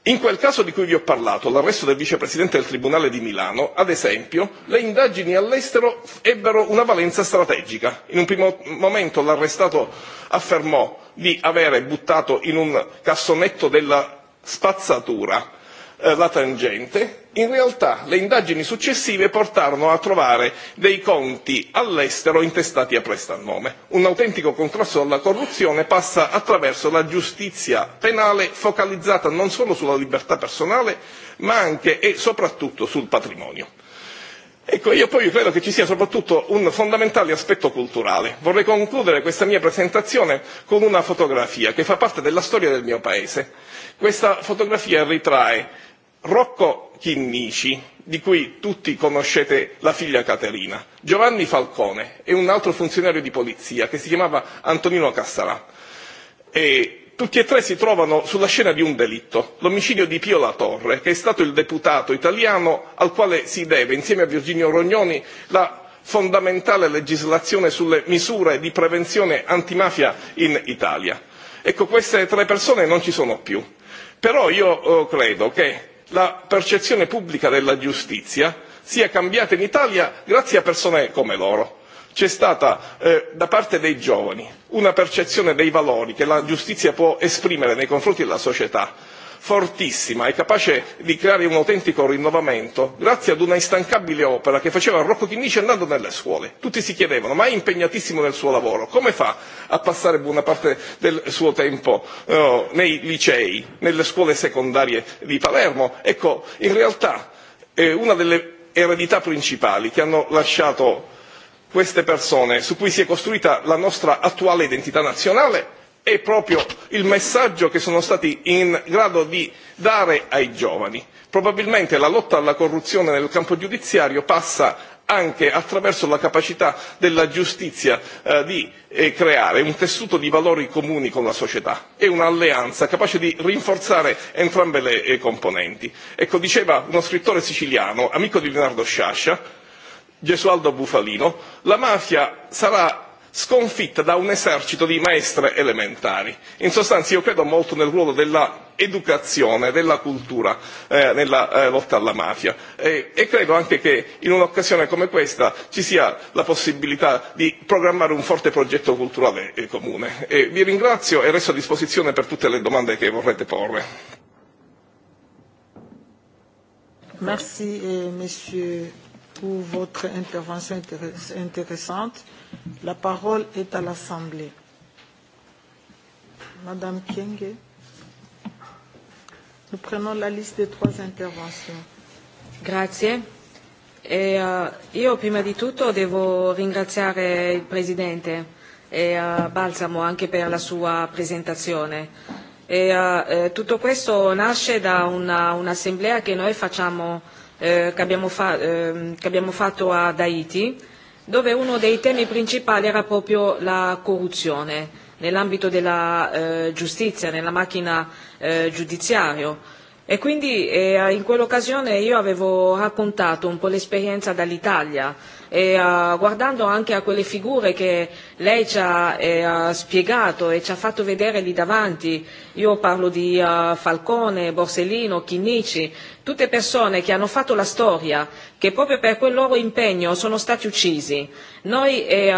K: in quel caso di cui vi ho parlato l'arresto del vicepresidente del tribunale di milano ad esempio le indagini all'estero ebbero una valenza strategica in un primo momento l'arrestato affermò di avere buttato in un cassonetto della spazzatura Eh, la tangente, in realtà le indagini successive portarono a trovare dei conti all'estero intestati a prestanome. Un autentico contrasto alla corruzione passa attraverso la giustizia penale focalizzata non solo sulla libertà personale, ma anche e soprattutto sul patrimonio. Ecco, io poi credo che ci sia soprattutto un fondamentale aspetto culturale. Vorrei concludere questa mia presentazione con una fotografia che fa parte della storia del mio paese. Questa fotografia ritrae Rocco Chinnici, di cui tutti conoscete la figlia Caterina, Giovanni Falcone e un altro funzionario di polizia che si chiamava Antonino Cassarà. E tutti e tre si trovano sulla scena di un delitto, l'omicidio di Pio La Torre, che è stato il deputato italiano al quale si deve, insieme a Virginio Rognoni, la fondamentale legislazione sulle misure di prevenzione antimafia in Italia. Ecco, queste tre persone non ci sono più. Però io eh, credo che la percezione pubblica della giustizia sia cambiata in italia grazie a persone come loro. c'è stata eh, da parte dei giovani una percezione dei valori che la giustizia può esprimere nei confronti della società fortissima e capace di creare un autentico rinnovamento grazie ad una instancabile opera che faceva Rocco Chinnici andando nelle scuole. Tutti si chiedevano, ma è impegnatissimo nel suo lavoro, come fa a passare buona parte del suo tempo eh, nei licei, nelle scuole secondarie di Palermo? Ecco, in realtà eh, una delle eredità principali che hanno lasciato queste persone su cui si è costruita la nostra attuale identità nazionale è proprio il messaggio che sono stati in grado di dare ai giovani. Probabilmente la lotta alla corruzione nel campo giudiziario passa anche attraverso la capacità della giustizia eh, di eh, creare un tessuto di valori comuni con la società e un'alleanza capace di rinforzare entrambe le eh, componenti. Ecco, diceva uno scrittore siciliano, amico di Leonardo Sciascia, Gesualdo Bufalino, la mafia sarà sconfitta da un esercito di maestre elementari. In sostanza io credo molto nel ruolo dell'educazione, della cultura eh, nella eh, lotta alla mafia e, e credo anche che in un'occasione come questa ci sia la possibilità di programmare un forte progetto culturale eh, comune. E vi ringrazio e resto a disposizione per tutte le domande che vorrete porre.
J: Merci,
A: eh, monsieur pour votre intervention intéressante. La parole est à l'Assemblée. Madame Kienge, nous prenons la liste des trois interventions.
G: Grazie. E, uh, io prima di tutto devo ringraziare il Presidente e uh, Balsamo anche per la sua presentazione. E, uh, eh, tutto questo nasce da una, un'assemblea che noi facciamo Eh, che, abbiamo fa- eh, che abbiamo fatto ad Haiti, dove uno dei temi principali era proprio la corruzione nell'ambito della eh, giustizia, nella macchina eh, giudiziaria. E quindi eh, in quell'occasione io avevo raccontato un po' l'esperienza dall'Italia, e uh, guardando anche a quelle figure che lei ci ha eh, spiegato e ci ha fatto vedere lì davanti, io parlo di uh, Falcone, Borsellino, Chinnici, tutte persone che hanno fatto la storia, che proprio per quel loro impegno sono stati uccisi. Noi e, eh,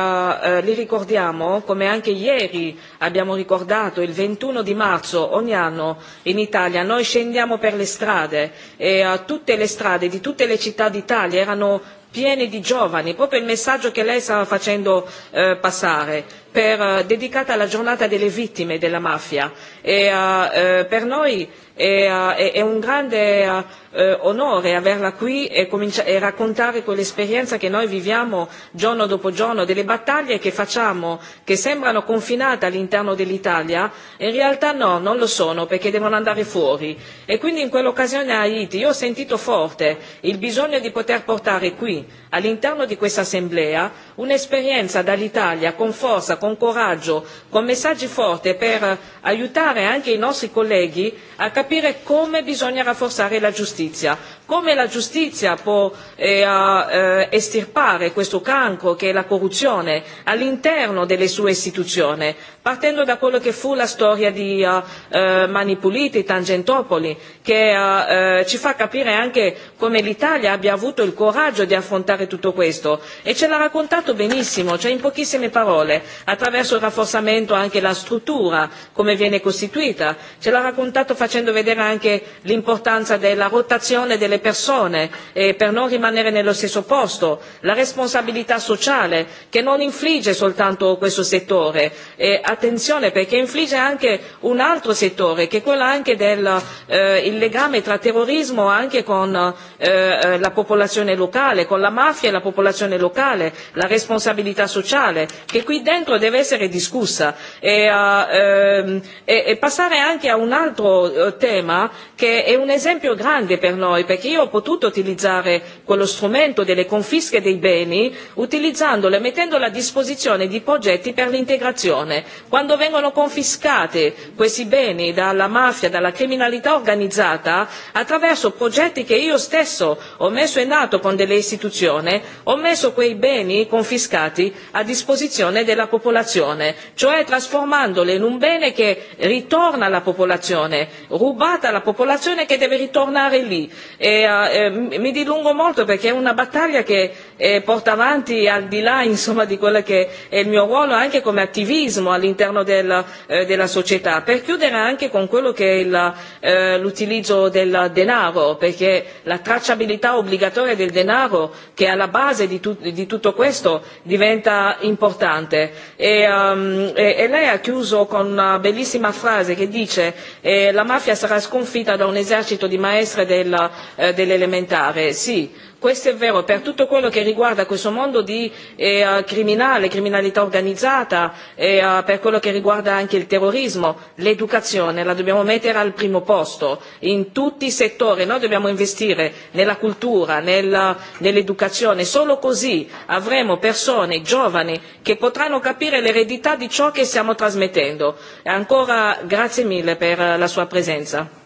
G: uh, li ricordiamo, come anche ieri abbiamo ricordato, il 21 di marzo ogni anno in Italia noi scendiamo per le strade e uh, tutte le strade di tutte le città d'Italia erano piene di giovani, proprio il messaggio che lei stava facendo eh, passare, per, eh, dedicata alla giornata delle vittime della mafia. E, eh, eh per noi eh, è, è un grande eh, eh, onore averla qui e, e raccontare quell'esperienza che noi viviamo giorno dopo giorno, delle battaglie che facciamo, che sembrano confinate all'interno dell'Italia, in realtà no, non lo sono perché devono andare fuori. E quindi in quell'occasione a Haiti io ho sentito forte il bisogno di poter portare qui, all'interno di questa Assemblea, un'esperienza dall'Italia con forza, con coraggio, con messaggi forti per aiutare anche i nostri colleghi a capire come bisogna rafforzare la giustizia giustizia come la giustizia può eh, eh, estirpare questo cancro che è la corruzione all'interno delle sue istituzioni, partendo da quello che fu la storia di eh, eh Mani Pulite, Tangentopoli, che eh, eh, ci fa capire anche come l'Italia abbia avuto il coraggio di affrontare tutto questo e ce l'ha raccontato benissimo, cioè in pochissime parole, attraverso il rafforzamento anche della struttura, come viene costituita, ce l'ha raccontato facendo vedere anche l'importanza della rotazione delle delle persone e per non rimanere nello stesso posto la responsabilità sociale che non infligge soltanto questo settore e attenzione perché infligge anche un altro settore che è quello anche del eh, il legame tra terrorismo anche con eh, eh, la popolazione locale con la mafia e la popolazione locale la responsabilità sociale che qui dentro deve essere discussa e, eh, ehm, e, e passare anche a un altro tema che è un esempio grande per noi che io ho potuto utilizzare quello strumento delle confische dei beni utilizzandolo e mettendolo a disposizione di progetti per l'integrazione. Quando vengono confiscati questi beni dalla mafia, dalla criminalità organizzata, attraverso progetti che io stesso ho messo in atto con delle istituzioni, ho messo quei beni confiscati a disposizione della popolazione, cioè trasformandoli in un bene che ritorna alla popolazione, rubata alla popolazione che deve ritornare lì. E e, eh, mi dilungo molto perché è una battaglia che eh, porta avanti al di là insomma, di quello che è il mio ruolo anche come attivismo all'interno del, eh, della società. Per chiudere anche con quello che è il, eh, l'utilizzo del denaro, perché la tracciabilità obbligatoria del denaro che è alla base di, tu, di tutto questo diventa importante. E, um, e, e lei ha chiuso con una bellissima frase che dice eh, la mafia sarà sconfitta da un esercito di maestre del, eh, dell'elementare. Sì, questo è vero per tutto quello che riguarda questo mondo di eh, criminale, criminalità organizzata, eh, per quello che riguarda anche il terrorismo, l'educazione la dobbiamo mettere al primo posto in tutti i settori, noi dobbiamo investire nella cultura, nella, nell'educazione, solo così avremo persone giovani che potranno capire l'eredità di ciò che stiamo trasmettendo. Ancora grazie mille per la sua presenza.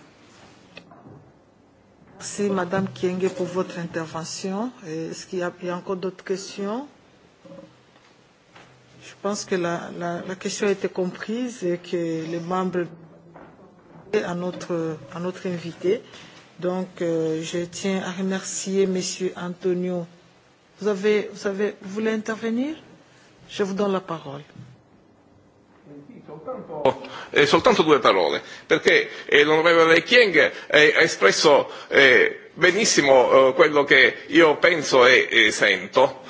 A: Merci Madame Kienge pour votre intervention. Est-ce qu'il y, a, il y a encore d'autres questions Je pense que la, la, la question a été comprise et que les membres à notre, à notre invité. Donc euh, je tiens à remercier Monsieur Antonio. Vous, avez, vous, avez, vous voulez intervenir Je vous donne la
K: parole soltanto, eh, soltanto due parole, perché eh, l'onorevole Chieng eh, ha espresso eh, benissimo eh, quello che io penso e, e sento.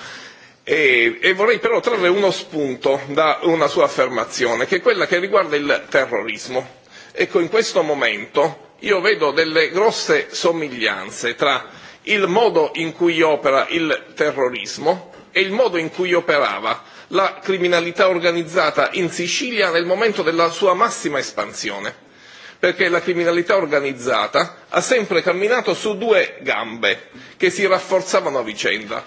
K: E, e vorrei però trarre uno spunto da una sua affermazione, che è quella che riguarda il terrorismo. Ecco, in questo momento io vedo delle grosse somiglianze tra il modo in cui opera il terrorismo e il modo in cui operava la criminalità organizzata in Sicilia nel momento della sua massima espansione perché la criminalità organizzata ha sempre camminato su due gambe che si rafforzavano a vicenda.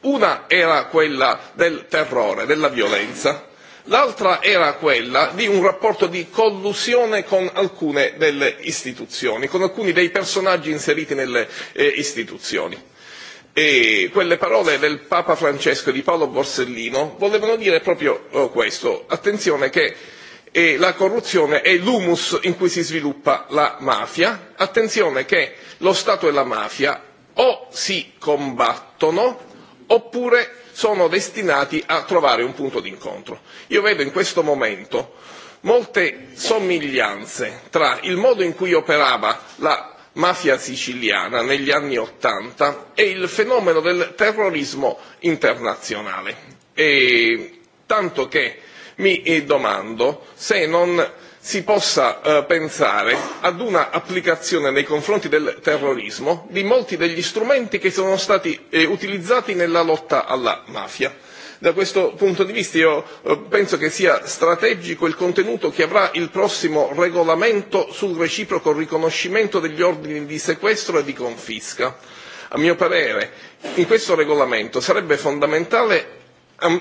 K: Una era quella del terrore, della violenza, l'altra era quella di un rapporto di collusione con alcune delle istituzioni, con alcuni dei personaggi inseriti nelle eh, istituzioni E quelle parole del Papa Francesco di Paolo Borsellino volevano dire proprio oh, questo. Attenzione che eh, la corruzione è l'humus in cui si sviluppa la mafia. Attenzione che lo Stato e la mafia o si combattono oppure sono destinati a trovare un punto d'incontro. Io vedo in questo momento molte somiglianze tra il modo in cui operava la mafia siciliana negli anni ottanta e il fenomeno del terrorismo internazionale e tanto che mi domando se non si possa eh, pensare ad una applicazione nei confronti del terrorismo di molti degli strumenti che sono stati eh, utilizzati nella lotta alla mafia da questo punto di vista io eh, penso che sia strategico il contenuto che avrà il prossimo regolamento sul reciproco riconoscimento degli ordini di sequestro e di confisca. a mio parere in questo regolamento sarebbe fondamentale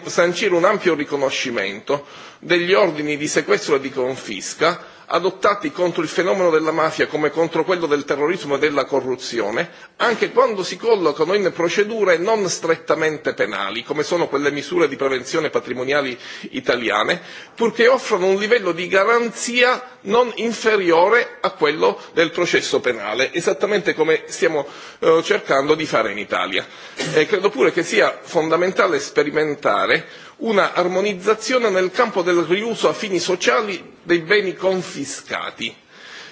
K: sancire un ampio riconoscimento degli ordini di sequestro e di confisca adottati contro il fenomeno della mafia come contro quello del terrorismo e della corruzione anche quando si collocano in procedure non strettamente penali come sono quelle misure di prevenzione patrimoniali italiane purché offrano un livello di garanzia non inferiore a quello del processo penale esattamente come stiamo eh, cercando di fare in italia. E credo pure che sia fondamentale sperimentare implementare una armonizzazione nel campo del riuso a fini sociali dei beni confiscati.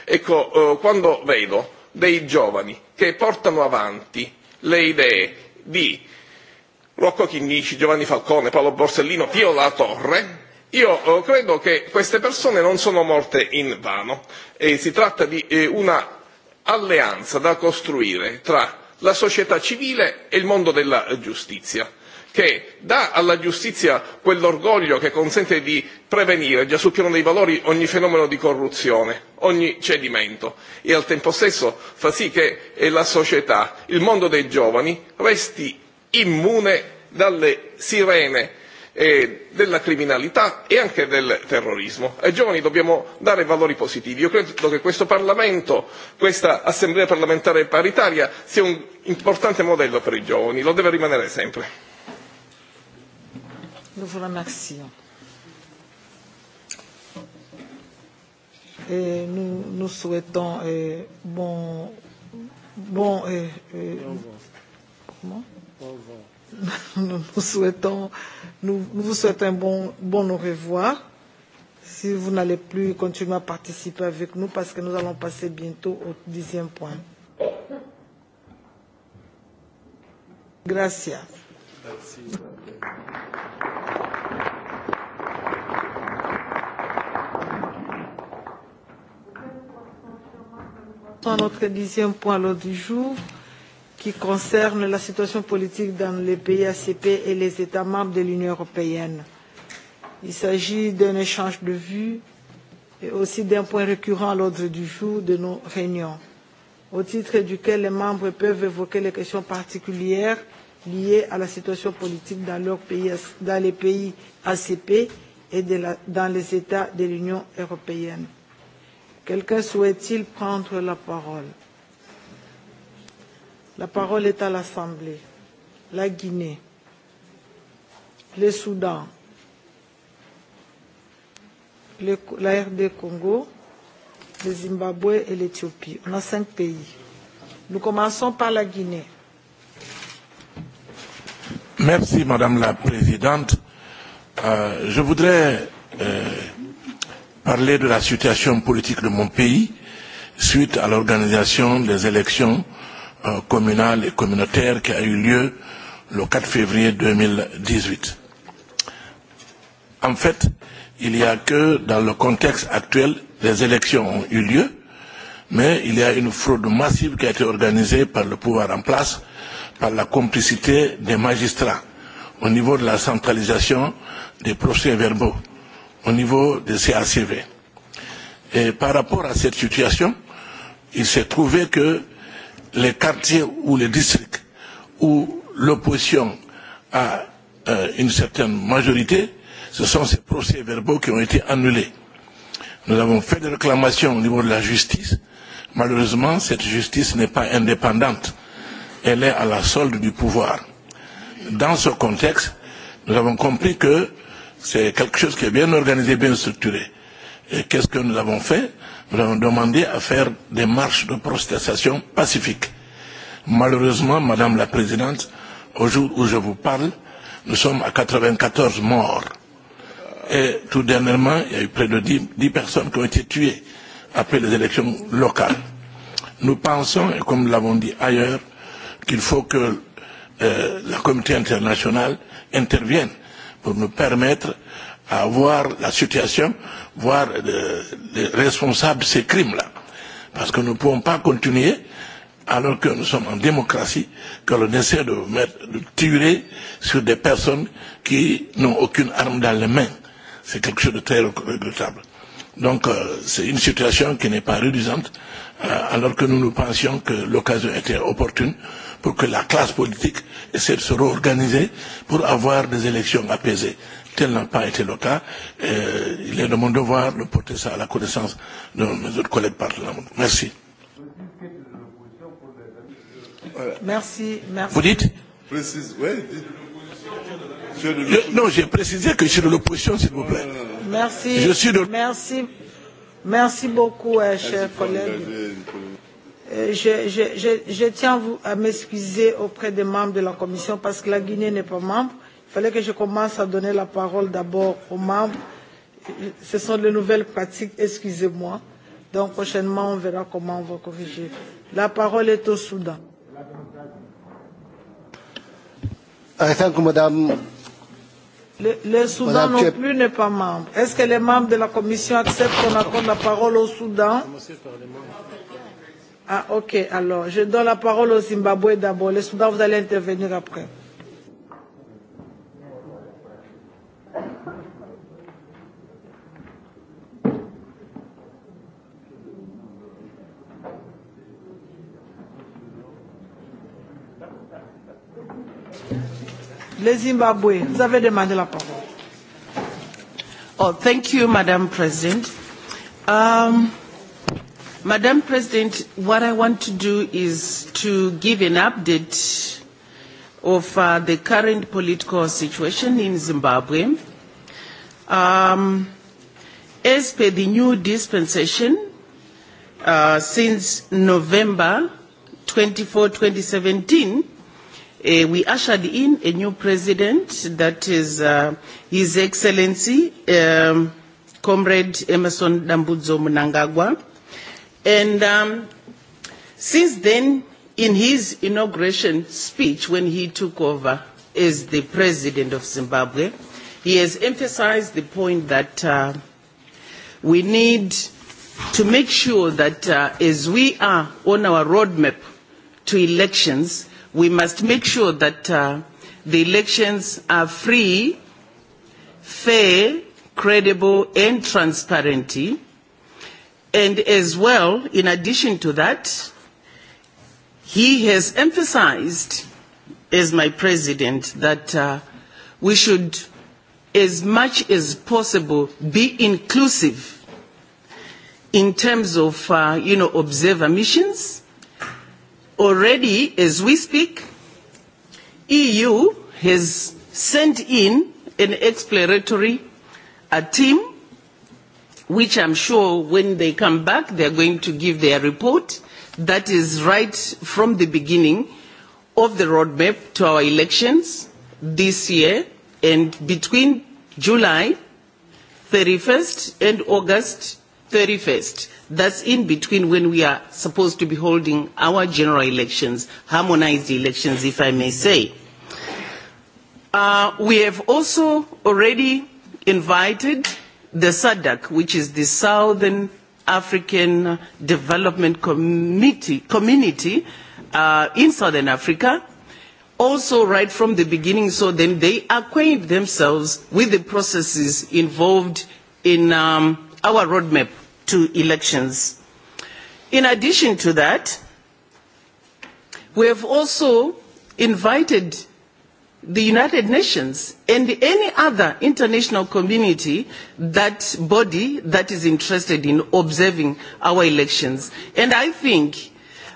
K: Ecco, eh, quando vedo dei giovani che portano avanti le idee di Rocco Chinnici, Giovanni Falcone, Paolo Borsellino, Pio La Torre, io eh, credo che queste persone non sono morte invano e si tratta di eh, una alleanza da costruire tra la società civile e il mondo della giustizia che dà alla giustizia quell'orgoglio che consente di prevenire già sul piano dei valori ogni fenomeno di corruzione ogni cedimento e al tempo stesso fa sì che eh, la società il mondo dei giovani resti immune dalle sirene eh, della criminalità e anche del terrorismo. ai giovani dobbiamo dare valori positivi. io credo che questo parlamento questa assemblea parlamentare paritaria sia un importante modello per i giovani lo deve rimanere sempre.
A: Nous vous remercions. Et nous, nous souhaitons euh, bon, bon, euh, euh, comment nous, nous souhaitons, nous, nous vous souhaitons un bon, bon au revoir. Si vous n'allez plus continuer à participer avec nous, parce que nous allons passer bientôt au dixième point. Gracias. Merci. maintenant notre dixième point à l'ordre du jour qui concerne la situation politique dans les pays ACP et les États membres de l'Union européenne. Il s'agit d'un échange de vues et aussi d'un point récurrent à l'ordre du jour de nos réunions, au titre duquel les membres peuvent évoquer les questions particulières liées à la situation politique dans, leur pays, dans les pays ACP et de la, dans les États de l'Union européenne. Quelqu'un souhaite-t-il prendre la parole La parole est à l'Assemblée. La Guinée, le Soudan, le, la RD Congo, le Zimbabwe et l'Éthiopie. On a cinq pays. Nous commençons par la Guinée.
L: Merci, Madame la Présidente. Euh, je voudrais euh, parler de la situation politique de mon pays suite à l'organisation des élections euh, communales et communautaires qui a eu lieu le 4 février 2018. En fait, il n'y a que dans le contexte actuel, les élections ont eu lieu, mais il y a une fraude massive qui a été organisée par le pouvoir en place, par la complicité des magistrats au niveau de la centralisation des procès verbaux au niveau de CACV. Et par rapport à cette situation, il s'est trouvé que les quartiers ou les districts où l'opposition a euh, une certaine majorité, ce sont ces procès-verbaux qui ont été annulés. Nous avons fait des réclamations au niveau de la justice. Malheureusement, cette justice n'est pas indépendante. Elle est à la solde du pouvoir. Dans ce contexte, nous avons compris que euh, C'est quelque chose qui est bien organisé, bien structuré. Et qu'est-ce que nous avons fait Nous avons demandé à faire des marches de protestation pacifiques. Malheureusement, Madame la Présidente, au jour où je vous parle, nous sommes à 94 morts. Et tout dernièrement, il y a eu près de 10, 10 personnes qui ont été tuées après les élections locales. Nous pensons, et comme nous l'avons dit ailleurs, qu'il faut que euh, la communauté internationale intervienne pour nous permettre à voir la situation, voir euh, les responsables de ces crimes-là. Parce que nous ne pouvons pas continuer, alors que nous sommes en démocratie, que l'on essaie de, mettre, de tirer sur des personnes qui n'ont aucune arme dans les mains. C'est quelque chose de très regrettable. Donc euh, c'est une situation qui n'est pas réduisante, euh, alors que nous nous pensions que l'occasion était opportune pour que la classe politique essaie de se réorganiser pour avoir des élections apaisées. Tel n'a pas été le cas. Euh, il est de mon devoir de porter ça à la connaissance de mes autres collègues parlementaires. Merci.
A: Merci, merci. Vous dites
L: Précise, oui, dites. Je, non, j'ai précisé que je suis de l'opposition, s'il vous plaît.
A: Merci. Je suis de... Merci. Merci beaucoup, euh, cher collègue. Euh, je, je, je, je tiens vous à m'excuser auprès des membres de la Commission parce que la Guinée n'est pas membre. Il fallait que je commence à donner la parole d'abord aux membres. Ce sont les nouvelles pratiques, excusez-moi. Donc prochainement, on verra comment on va corriger. La parole est au Soudan. Madame. Le, le Soudan Madame non Chep... plus n'est pas membre. Est-ce que les membres de la Commission acceptent qu'on accorde la parole au Soudan? Commencez Ah, ok. Alors, je donne la parole au Zimbabwe d'abord. Le Soudan, vous allez intervenir après.
M: Le Zimbabwe, vous avez demandé la parole. Oh, thank you, Madame President. Um, Madam President, what I want to do is to give an update of uh, the current political situation in Zimbabwe. Um, as per the new dispensation, uh, since November 24, 2017, uh, we ushered in a new president, that is uh, His Excellency um, Comrade Emerson Dambudzo Mnangagwa And um, since then, in his inauguration speech when he took over as the president of Zimbabwe, he has emphasized the point that uh, we need to make sure that uh, as we are on our roadmap to elections, we must make sure that uh, the elections are free, fair, credible, and transparent And as well, in addition to that, he has emphasized, as my president, that uh, we should, as much as possible, be inclusive in terms of, uh, you know, observer missions. Already, as we speak, EU has sent in an exploratory a team which I'm sure when they come back, they're going to give their report that is right from the beginning of the roadmap to our elections this year and between July 31st and August 31st. That's in between when we are supposed to be holding our general elections, harmonized elections, if I may say. Uh, we have also already invited the SADC, which is the Southern African Development Committee, Community uh, in Southern Africa, also right from the beginning, so then they acquaint themselves with the processes involved in um, our roadmap to elections. In addition to that, we have also invited the United Nations and any other international community that body that is interested in observing our elections. And I think,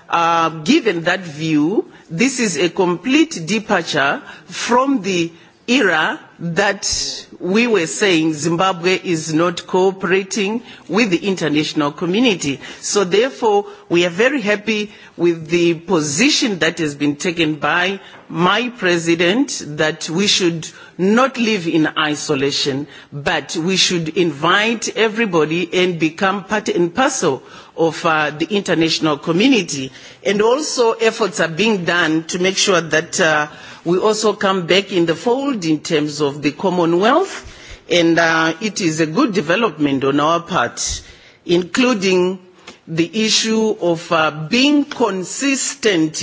M: uh, given that view, this is a complete departure from the era that we were saying Zimbabwe is not cooperating with the international community. So therefore, we are very happy with the position that has been taken by my president that we should not live in isolation, but we should invite everybody and become part and parcel of uh, the international community. And also efforts are being done to make sure that uh, we also come back in the fold in terms of the Commonwealth. And uh, it is a good development on our part, including the issue of uh, being consistent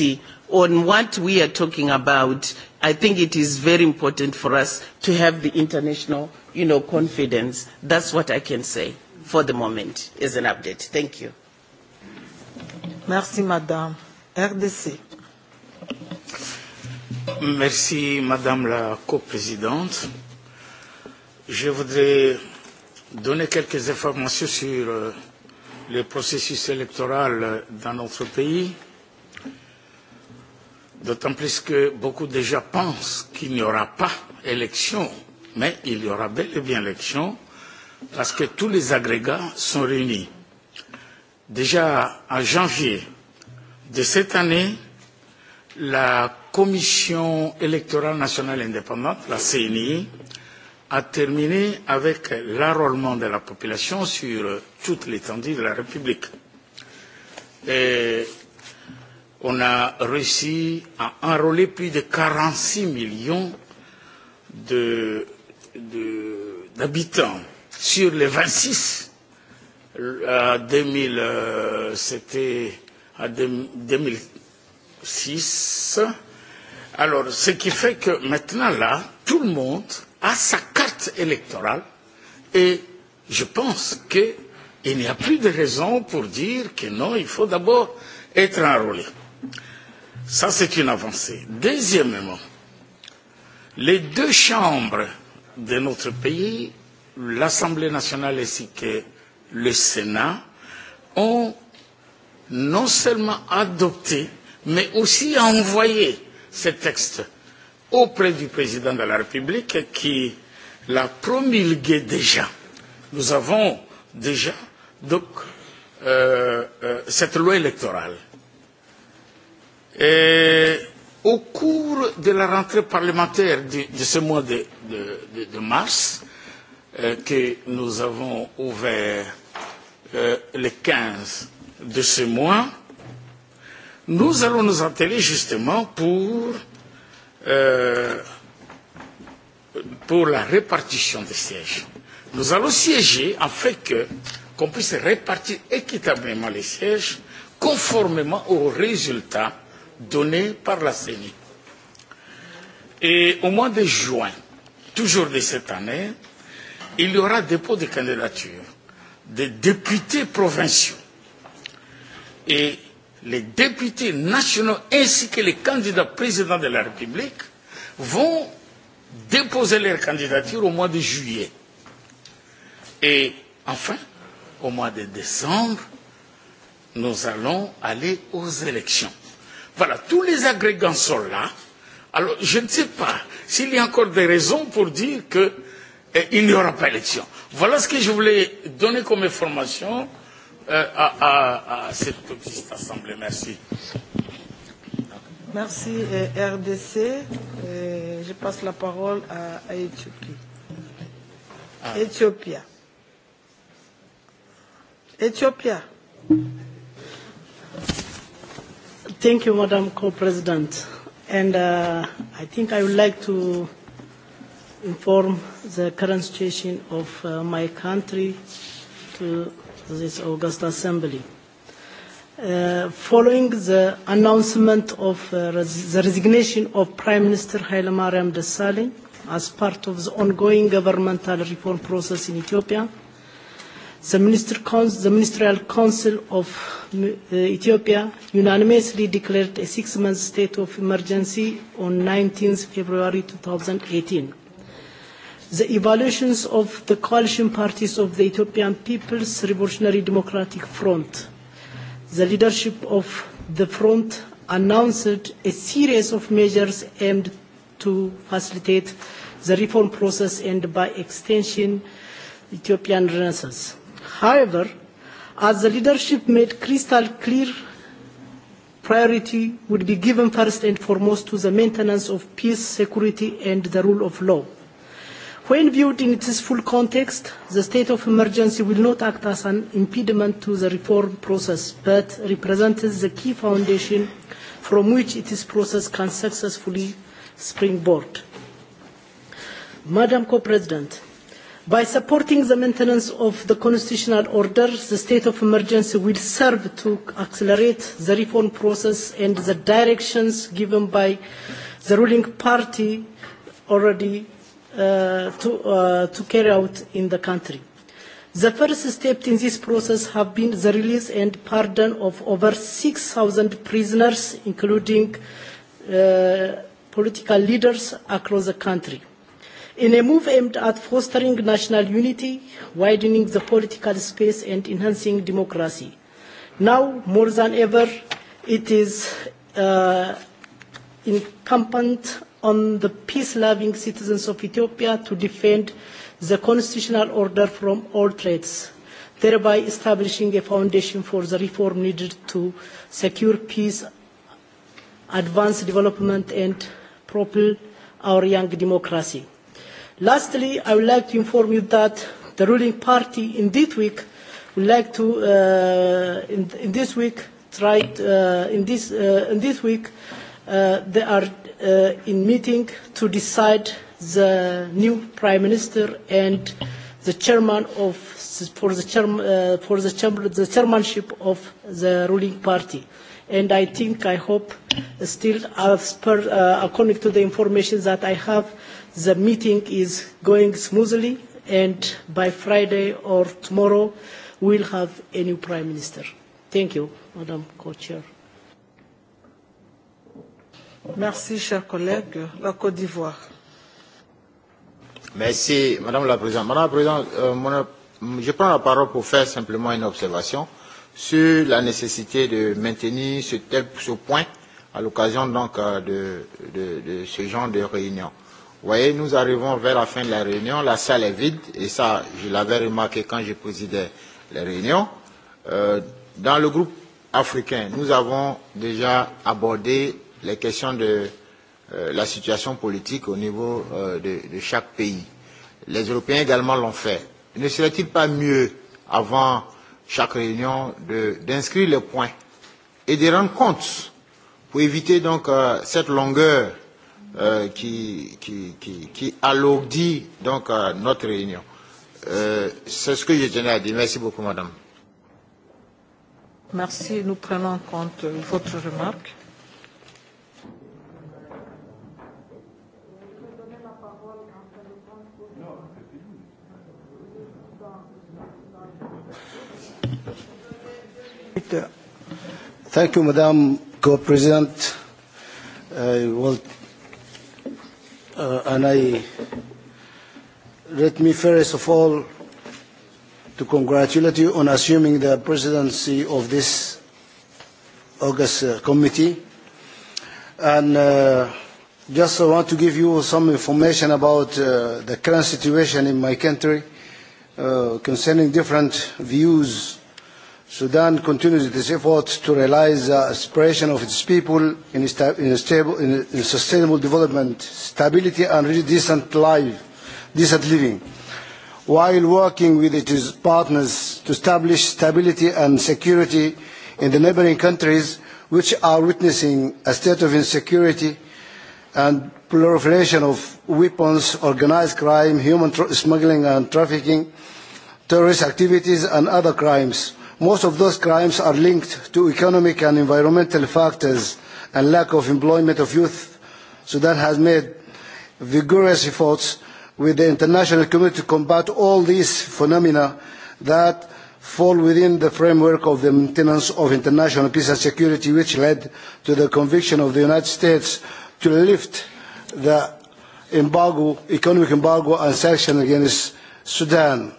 M: on what we are talking about. I think it is very important for us to have the international you know, confidence. That's what I can say for the moment as an update. Thank you.
A: Merci, madame. RDC.
N: Merci, madame la coprésidente. Je voudrais donner quelques informations sur euh, le processus électoral dans notre pays, d'autant plus que beaucoup déjà pensent qu'il n'y aura pas élection, mais il y aura bel et bien élection parce que tous les agrégats sont réunis Déjà en janvier de cette année, la Commission électorale nationale indépendante, la CNI, a terminé avec l'enrôlement de la population sur toute l'étendue de la République. Et on a réussi à enrôler plus de 46 millions d'habitants de, de, sur les 26 Euh, à 2000, euh, c'était à 2006. Alors, ce qui fait que maintenant, là, tout le monde a sa carte électorale et je pense qu'il n'y a plus de raison pour dire que non, il faut d'abord être enrôlé. Ça, c'est une avancée. Deuxièmement, les deux chambres de notre pays, l'Assemblée nationale ainsi que euh, le Sénat ont non seulement adopté, mais aussi envoyé ce texte auprès du président de la République qui l'a promulgué déjà. Nous avons déjà donc euh, euh, cette loi électorale. Et au cours de la rentrée parlementaire de, de ce mois de, de, de, de mars, euh, que nous avons ouvert Euh, le 15 de ce mois, nous allons nous atteler justement pour, euh, pour la répartition des sièges. Nous allons siéger afin qu'on qu puisse répartir équitablement les sièges conformément aux résultats donnés par la CENI. Et au mois de juin, toujours de cette année, il y aura dépôt de candidature des députés provinciaux et les députés nationaux ainsi que les candidats présidents de la République vont déposer leur candidature au mois de juillet. Et enfin, au mois de décembre, nous allons aller aux élections. Voilà, tous les agrégants sont là. Alors, je ne sais pas s'il y a encore des raisons pour dire qu'il eh, n'y aura pas élection. Voilà ce que je voulais donner comme information euh, à, à, à cette petite assemblée. Merci.
A: Merci euh, RDC. Et euh, je passe la parole à, à Éthiopie. Ah. Éthiopia. Éthiopia.
B: Thank you, Madam Co-President. And uh, I think I would like to inform the current situation of uh, my country to this August Assembly. Uh, following the announcement of uh, res the resignation of Prime Minister Hailemariam Desalegn as part of the ongoing governmental reform process in Ethiopia, the, Minister the Ministerial Council of uh, Ethiopia unanimously declared a six-month state of emergency on 19 February 2018 the evaluations of the coalition parties of the Ethiopian People's Revolutionary Democratic Front. The leadership of the front announced a series of measures aimed to facilitate the reform process and by extension Ethiopian renaissance. However, as the leadership made crystal clear, priority would be given first and foremost to the maintenance of peace, security and the rule of law When viewed in its full context, the state of emergency will not act as an impediment to the reform process, but represents the key foundation from which its process can successfully springboard. Madam Co-President, by supporting the maintenance of the constitutional order, the state of emergency will serve to accelerate the reform process and the directions given by the ruling party already Uh, to, uh, to carry out in the country. The first step in this process have been the release and pardon of over 6,000 prisoners, including uh, political leaders across the country. In a move aimed at fostering national unity, widening the political space and enhancing democracy. Now, more than ever, it is uh, incumbent on the peace-loving citizens of Ethiopia to defend the constitutional order from all threats, thereby establishing a foundation for the reform needed to secure peace, advance development and propel our young democracy. Lastly, I would like to inform you that the ruling party in this week would like to uh, in, in this week tried uh, in this uh, in this week uh, they are uh, in meeting to decide the new prime minister and the chairman of for the chair, uh, for the, chair, the chairmanship of the ruling party and i think i hope uh, still as per uh, according to the information that i have the meeting is going smoothly and by friday or tomorrow we'll have a new prime minister thank you
A: madam co-chair Merci, cher collègue. La Côte d'Ivoire.
N: Merci, Madame la Présidente. Madame la Présidente, euh, mon, je prends la parole pour faire simplement une observation sur la nécessité de maintenir ce, tel, ce point à l'occasion donc euh, de, de, de ce genre de réunion. Vous voyez, nous arrivons vers la fin de la réunion, la salle est vide, et ça, je l'avais remarqué quand je présidais les réunions. Euh, dans le groupe africain, nous avons déjà abordé les questions de euh, la situation politique au niveau euh, de, de chaque pays. Les Européens également l'ont fait. Ne serait-il pas mieux, avant chaque réunion, d'inscrire les points et de rendre compte pour éviter donc euh, cette longueur euh, qui, qui, qui, qui alourdit donc euh, notre réunion. Euh, C'est ce que je tenais à dire. Merci beaucoup, madame.
A: Merci. Nous prenons en compte votre remarque.
O: Thank you, Madam Co-President. I will, uh, and I, let me first of all to congratulate you on assuming the presidency of this August uh, committee. And uh, just I want to give you some information about uh, the current situation in my country uh, concerning different views Sudan continues its efforts to realize the aspiration of its people in, sta in, a stable, in, a, in sustainable development, stability and really decent life, decent living, while working with its partners to establish stability and security in the neighboring countries which are witnessing a state of insecurity and proliferation of weapons, organized crime, human smuggling and trafficking, terrorist activities and other crimes most of those crimes are linked to economic and environmental factors and lack of employment of youth. Sudan has made vigorous efforts with the international community to combat all these phenomena that fall within the framework of the maintenance of international peace and security, which led to the conviction of the United States to lift the embargo, economic embargo and sanctions against Sudan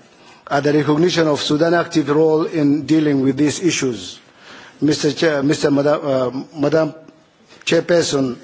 O: at the recognition of Sudan's active role in dealing with these issues. Mr. Chair, Mr. Madam, uh, Madam Chairperson,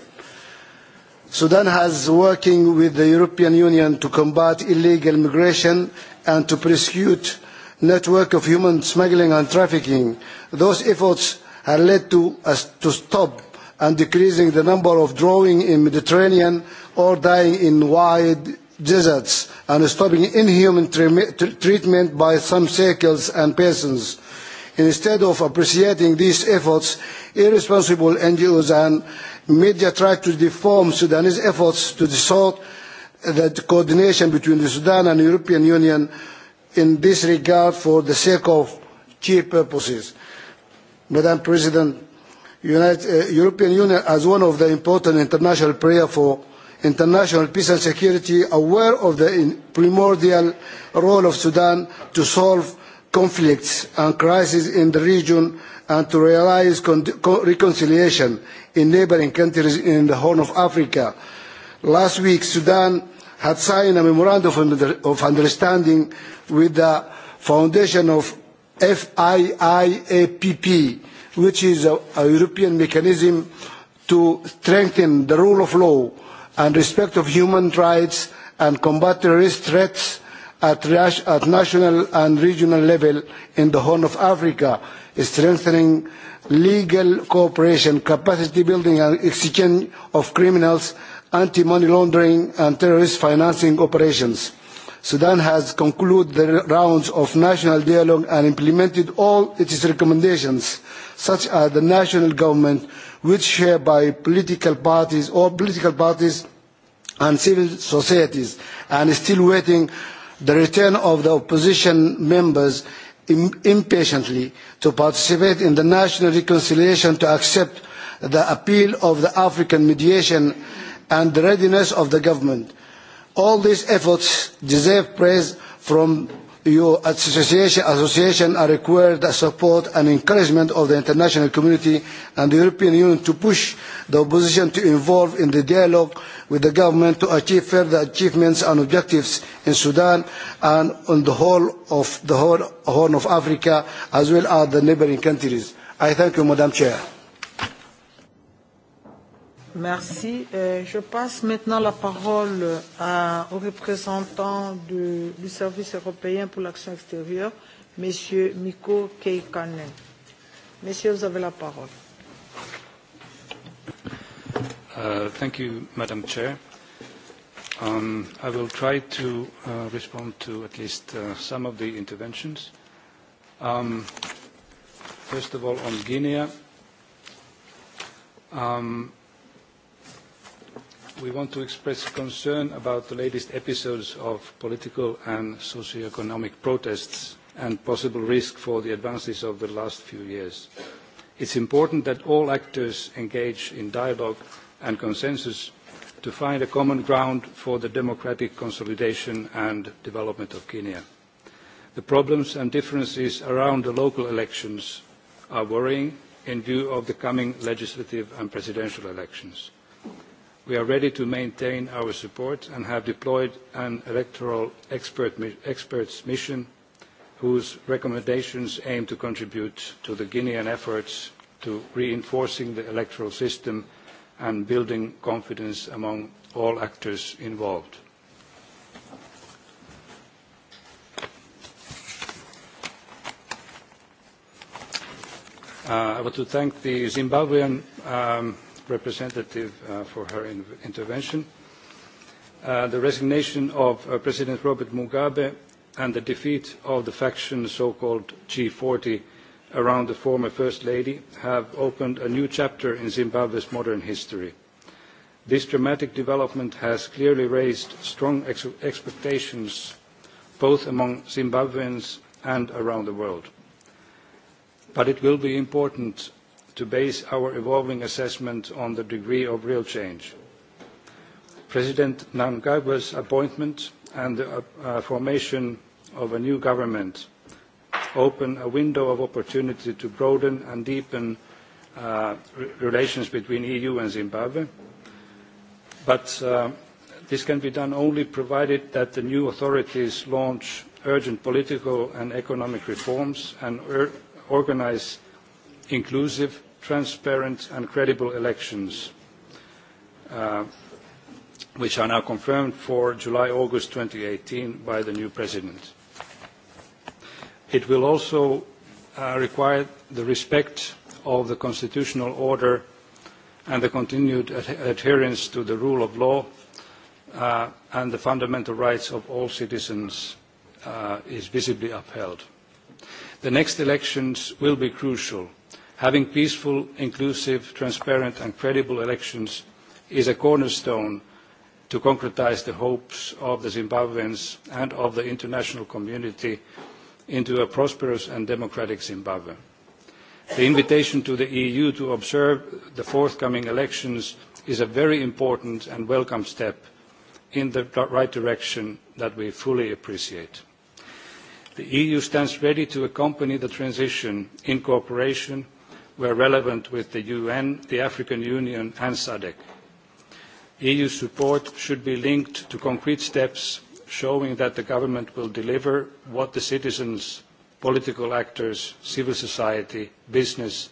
O: Sudan has working with the European Union to combat illegal migration and to prosecute network of human smuggling and trafficking. Those efforts have led to us to stop and decreasing the number of drowning in Mediterranean or dying in wide deserts and stopping inhuman treatment by some circles and persons. Instead of appreciating these efforts, irresponsible NGOs and media try to deform Sudanese efforts to distort the coordination between the Sudan and the European Union in this regard for the sake of cheap purposes. Madam President, United, uh, European Union as one of the important international players for international peace and security aware of the primordial role of Sudan to solve conflicts and crises in the region and to realise reconciliation in neighbouring countries in the Horn of Africa. Last week, Sudan had signed a memorandum of understanding with the foundation of FIIAPP, which is a, a European mechanism to strengthen the rule of law and respect of human rights and combat terrorist threats at, national and regional level in the Horn of Africa, strengthening legal cooperation, capacity building and exchange of criminals, anti-money laundering and terrorist financing operations. Sudan has concluded the rounds of national dialogue and implemented all its recommendations, such as the national government, which share by political parties or political parties and civil societies, and is still waiting the return of the opposition members impatiently to participate in the national reconciliation to accept the appeal of the African mediation and the readiness of the government All these efforts deserve praise from your association, association require the support and encouragement of the international community and the European Union to push the opposition to involve in the dialogue with the government to achieve further achievements and objectives in Sudan and on the whole of the whole Horn of Africa as well as the neighbouring countries. I thank you, Madam Chair.
A: Merci. Euh, je passe maintenant la parole à, euh, au représentant de, du Service européen pour l'action extérieure, M. Mikko Keikkanen. Monsieur, vous avez la
N: parole.
P: Uh, thank you, Madam Chair. Um, I will try to uh, respond to at least uh, some of the interventions. Um, first of all, on Guinea. Um, we want to express concern about the latest episodes of political and socio-economic protests and possible risk for the advances of the last few years. It's important that all actors engage in dialogue and consensus to find a common ground for the democratic consolidation and development of Kenya. The problems and differences around the local elections are worrying in view of the coming legislative and presidential elections we are ready to maintain our support and have deployed an electoral expert, experts mission whose recommendations aim to contribute to the Guinean efforts to reinforcing the electoral system and building confidence among all actors involved. Uh, I want to thank the Zimbabwean um, representative uh, for her in intervention. Uh, the resignation of uh, President Robert Mugabe and the defeat of the faction so-called G40 around the former First Lady have opened a new chapter in Zimbabwe's modern history. This dramatic development has clearly raised strong ex expectations both among Zimbabweans and around the world. But it will be important to base our evolving assessment on the degree of real change. President Mnangagwa's appointment and the uh, uh, formation of a new government open a window of opportunity to broaden and deepen uh, relations between EU and Zimbabwe. But uh, this can be done only provided that the new authorities launch urgent political and economic reforms and organise inclusive transparent and credible elections, uh, which are now confirmed for July-August 2018 by the new president. It will also uh, require the respect of the constitutional order and the continued ad adherence to the rule of law uh, and the fundamental rights of all citizens uh, is visibly upheld. The next elections will be crucial Having peaceful, inclusive, transparent and credible elections is a cornerstone to concretise the hopes of the Zimbabweans and of the international community into a prosperous and democratic Zimbabwe. The invitation to the EU to observe the forthcoming elections is a very important and welcome step in the right direction that we fully appreciate. The EU stands ready to accompany the transition in cooperation were relevant with the UN, the African Union and SADC. EU support should be linked to concrete steps showing that the government will deliver what the citizens, political actors, civil society, business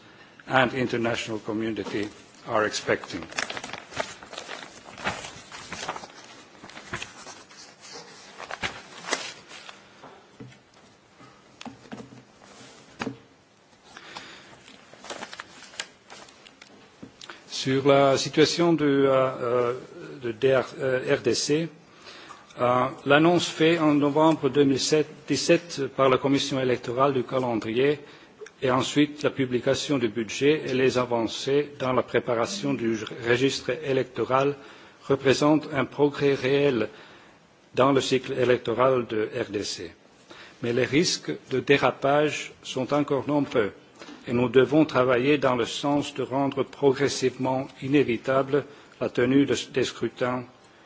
P: and international community are expecting. Sur la situation de, euh, euh, de RDC, euh, l'annonce faite en novembre 2017 par la Commission électorale du calendrier et ensuite la publication du budget et les avancées dans la préparation du registre électoral représentent un progrès réel dans le cycle électoral de RDC. Mais les risques de dérapage sont encore nombreux et nous devons travailler dans le sens de rendre progressivement inévitable la tenue de, des scrutins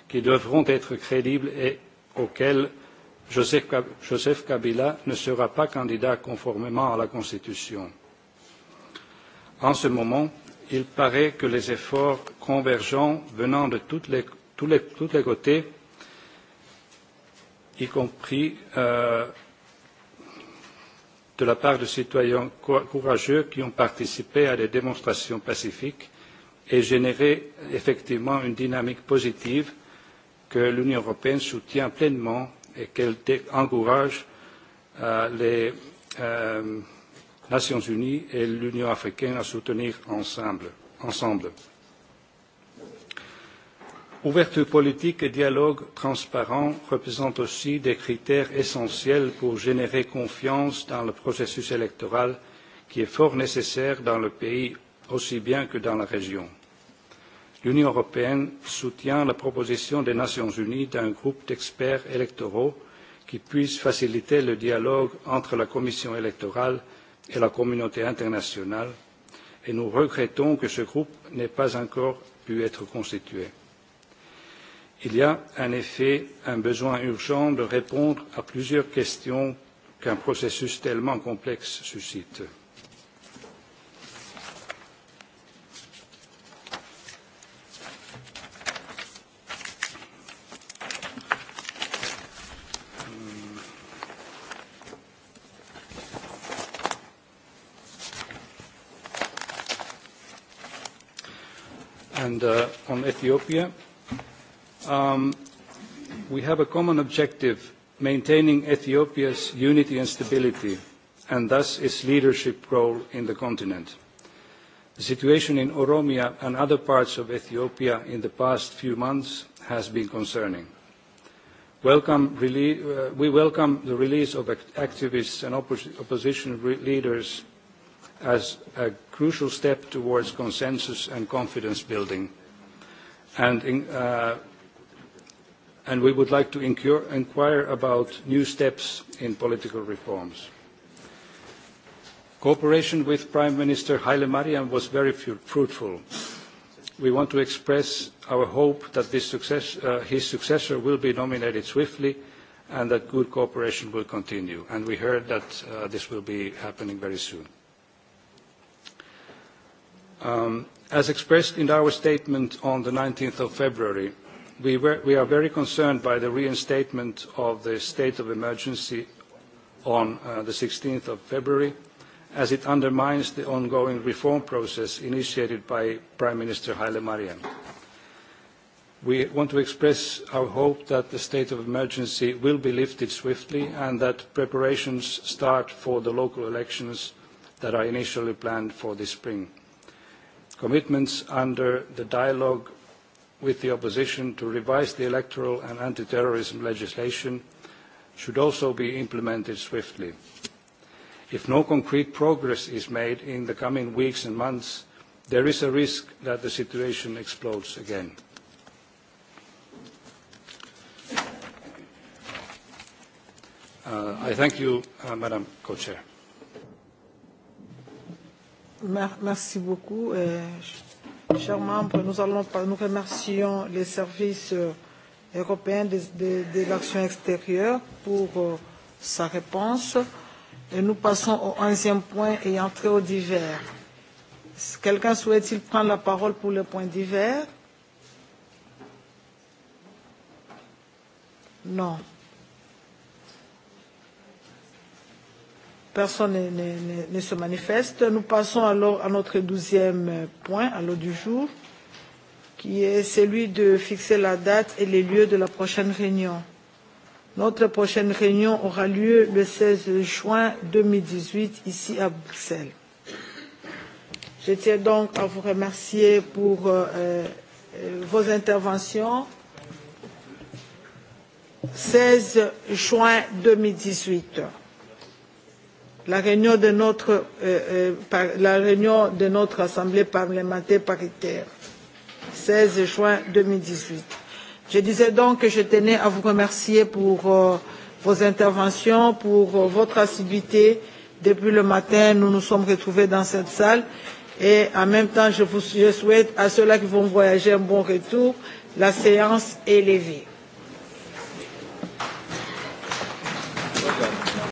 P: qui devront être crédibles et auxquels Joseph, Joseph Kabila ne sera pas candidat conformément à la Constitution. En ce moment, il paraît que les efforts convergents venant de toutes les, tous, les, tous les côtés, y compris euh, de la part de citoyens courageux qui ont participé à des démonstrations pacifiques et généré effectivement une dynamique positive que l'Union européenne soutient pleinement et qu'elle encourage euh, les euh, Nations unies et l'Union africaine à soutenir ensemble. ensemble. Ouverture politique et dialogue transparent représentent aussi des critères essentiels pour générer confiance dans le processus électoral qui est fort nécessaire dans le pays aussi bien que dans la région. L'Union européenne soutient la proposition des Nations unies d'un groupe d'experts électoraux qui puisse faciliter le dialogue entre la Commission électorale et la communauté internationale et nous regrettons que ce groupe n'ait pas encore pu être constitué. Il y a en effet un besoin urgent de répondre à plusieurs questions qu'un processus tellement complexe suscite. Hmm. And uh, on Ethiopia, Um, we have a common objective, maintaining Ethiopia's unity and stability, and thus its leadership role in the continent. The situation in Oromia and other parts of Ethiopia in the past few months has been concerning. Welcome, uh, we welcome the release of act activists and oppos opposition leaders as a crucial step towards consensus and confidence building. And in, uh, and we would like to inquire about new steps in political reforms. Cooperation with Prime Minister Haile Mariam was very fruitful. We want to express our hope that this success, uh, his successor will be nominated swiftly and that good cooperation will continue. And we heard that uh, this will be happening very soon. Um, as expressed in our statement on the 19th of February, we, are very concerned by the reinstatement of the state of emergency on uh, the 16th of February, as it undermines the ongoing reform process initiated by Prime Minister Haile Mariam. We want to express our hope that the state of emergency will be lifted swiftly and that preparations start for the local elections that are initially planned for this spring. Commitments under the dialogue with the opposition to revise the electoral and anti-terrorism legislation should also be implemented swiftly. If no concrete progress is made in the coming weeks and months, there is a risk that the situation explodes again. Uh, I thank you, uh, Madam Co-Chair.
A: Merci beaucoup. Uh... Chers membres, nous, allons, nous remercions les services euh, européens de, de, de l'action extérieure pour euh, sa réponse. Et nous passons au onzième point et entrée au divers. Quelqu'un souhaite-t-il prendre la parole pour le point divers Non. personne ne, ne, ne ne se manifeste, nous passons alors à notre douzième point, à l'ordre du jour, qui est celui de fixer la date et les lieux de la prochaine réunion. Notre prochaine réunion aura lieu le 16 juin 2018 ici à Bruxelles. Je tiens donc à vous remercier pour euh, euh, vos interventions. 16 juin 2018 la réunion de notre, euh, euh, par, la réunion de notre Assemblée parlementaire paritaire, 16 juin 2018. Je disais donc que je tenais à vous remercier pour euh, vos interventions, pour euh, votre assiduité. Depuis le matin, nous nous sommes retrouvés dans cette salle. Et en même temps, je, vous, je souhaite à ceux-là qui vont voyager un bon retour. La séance est levée.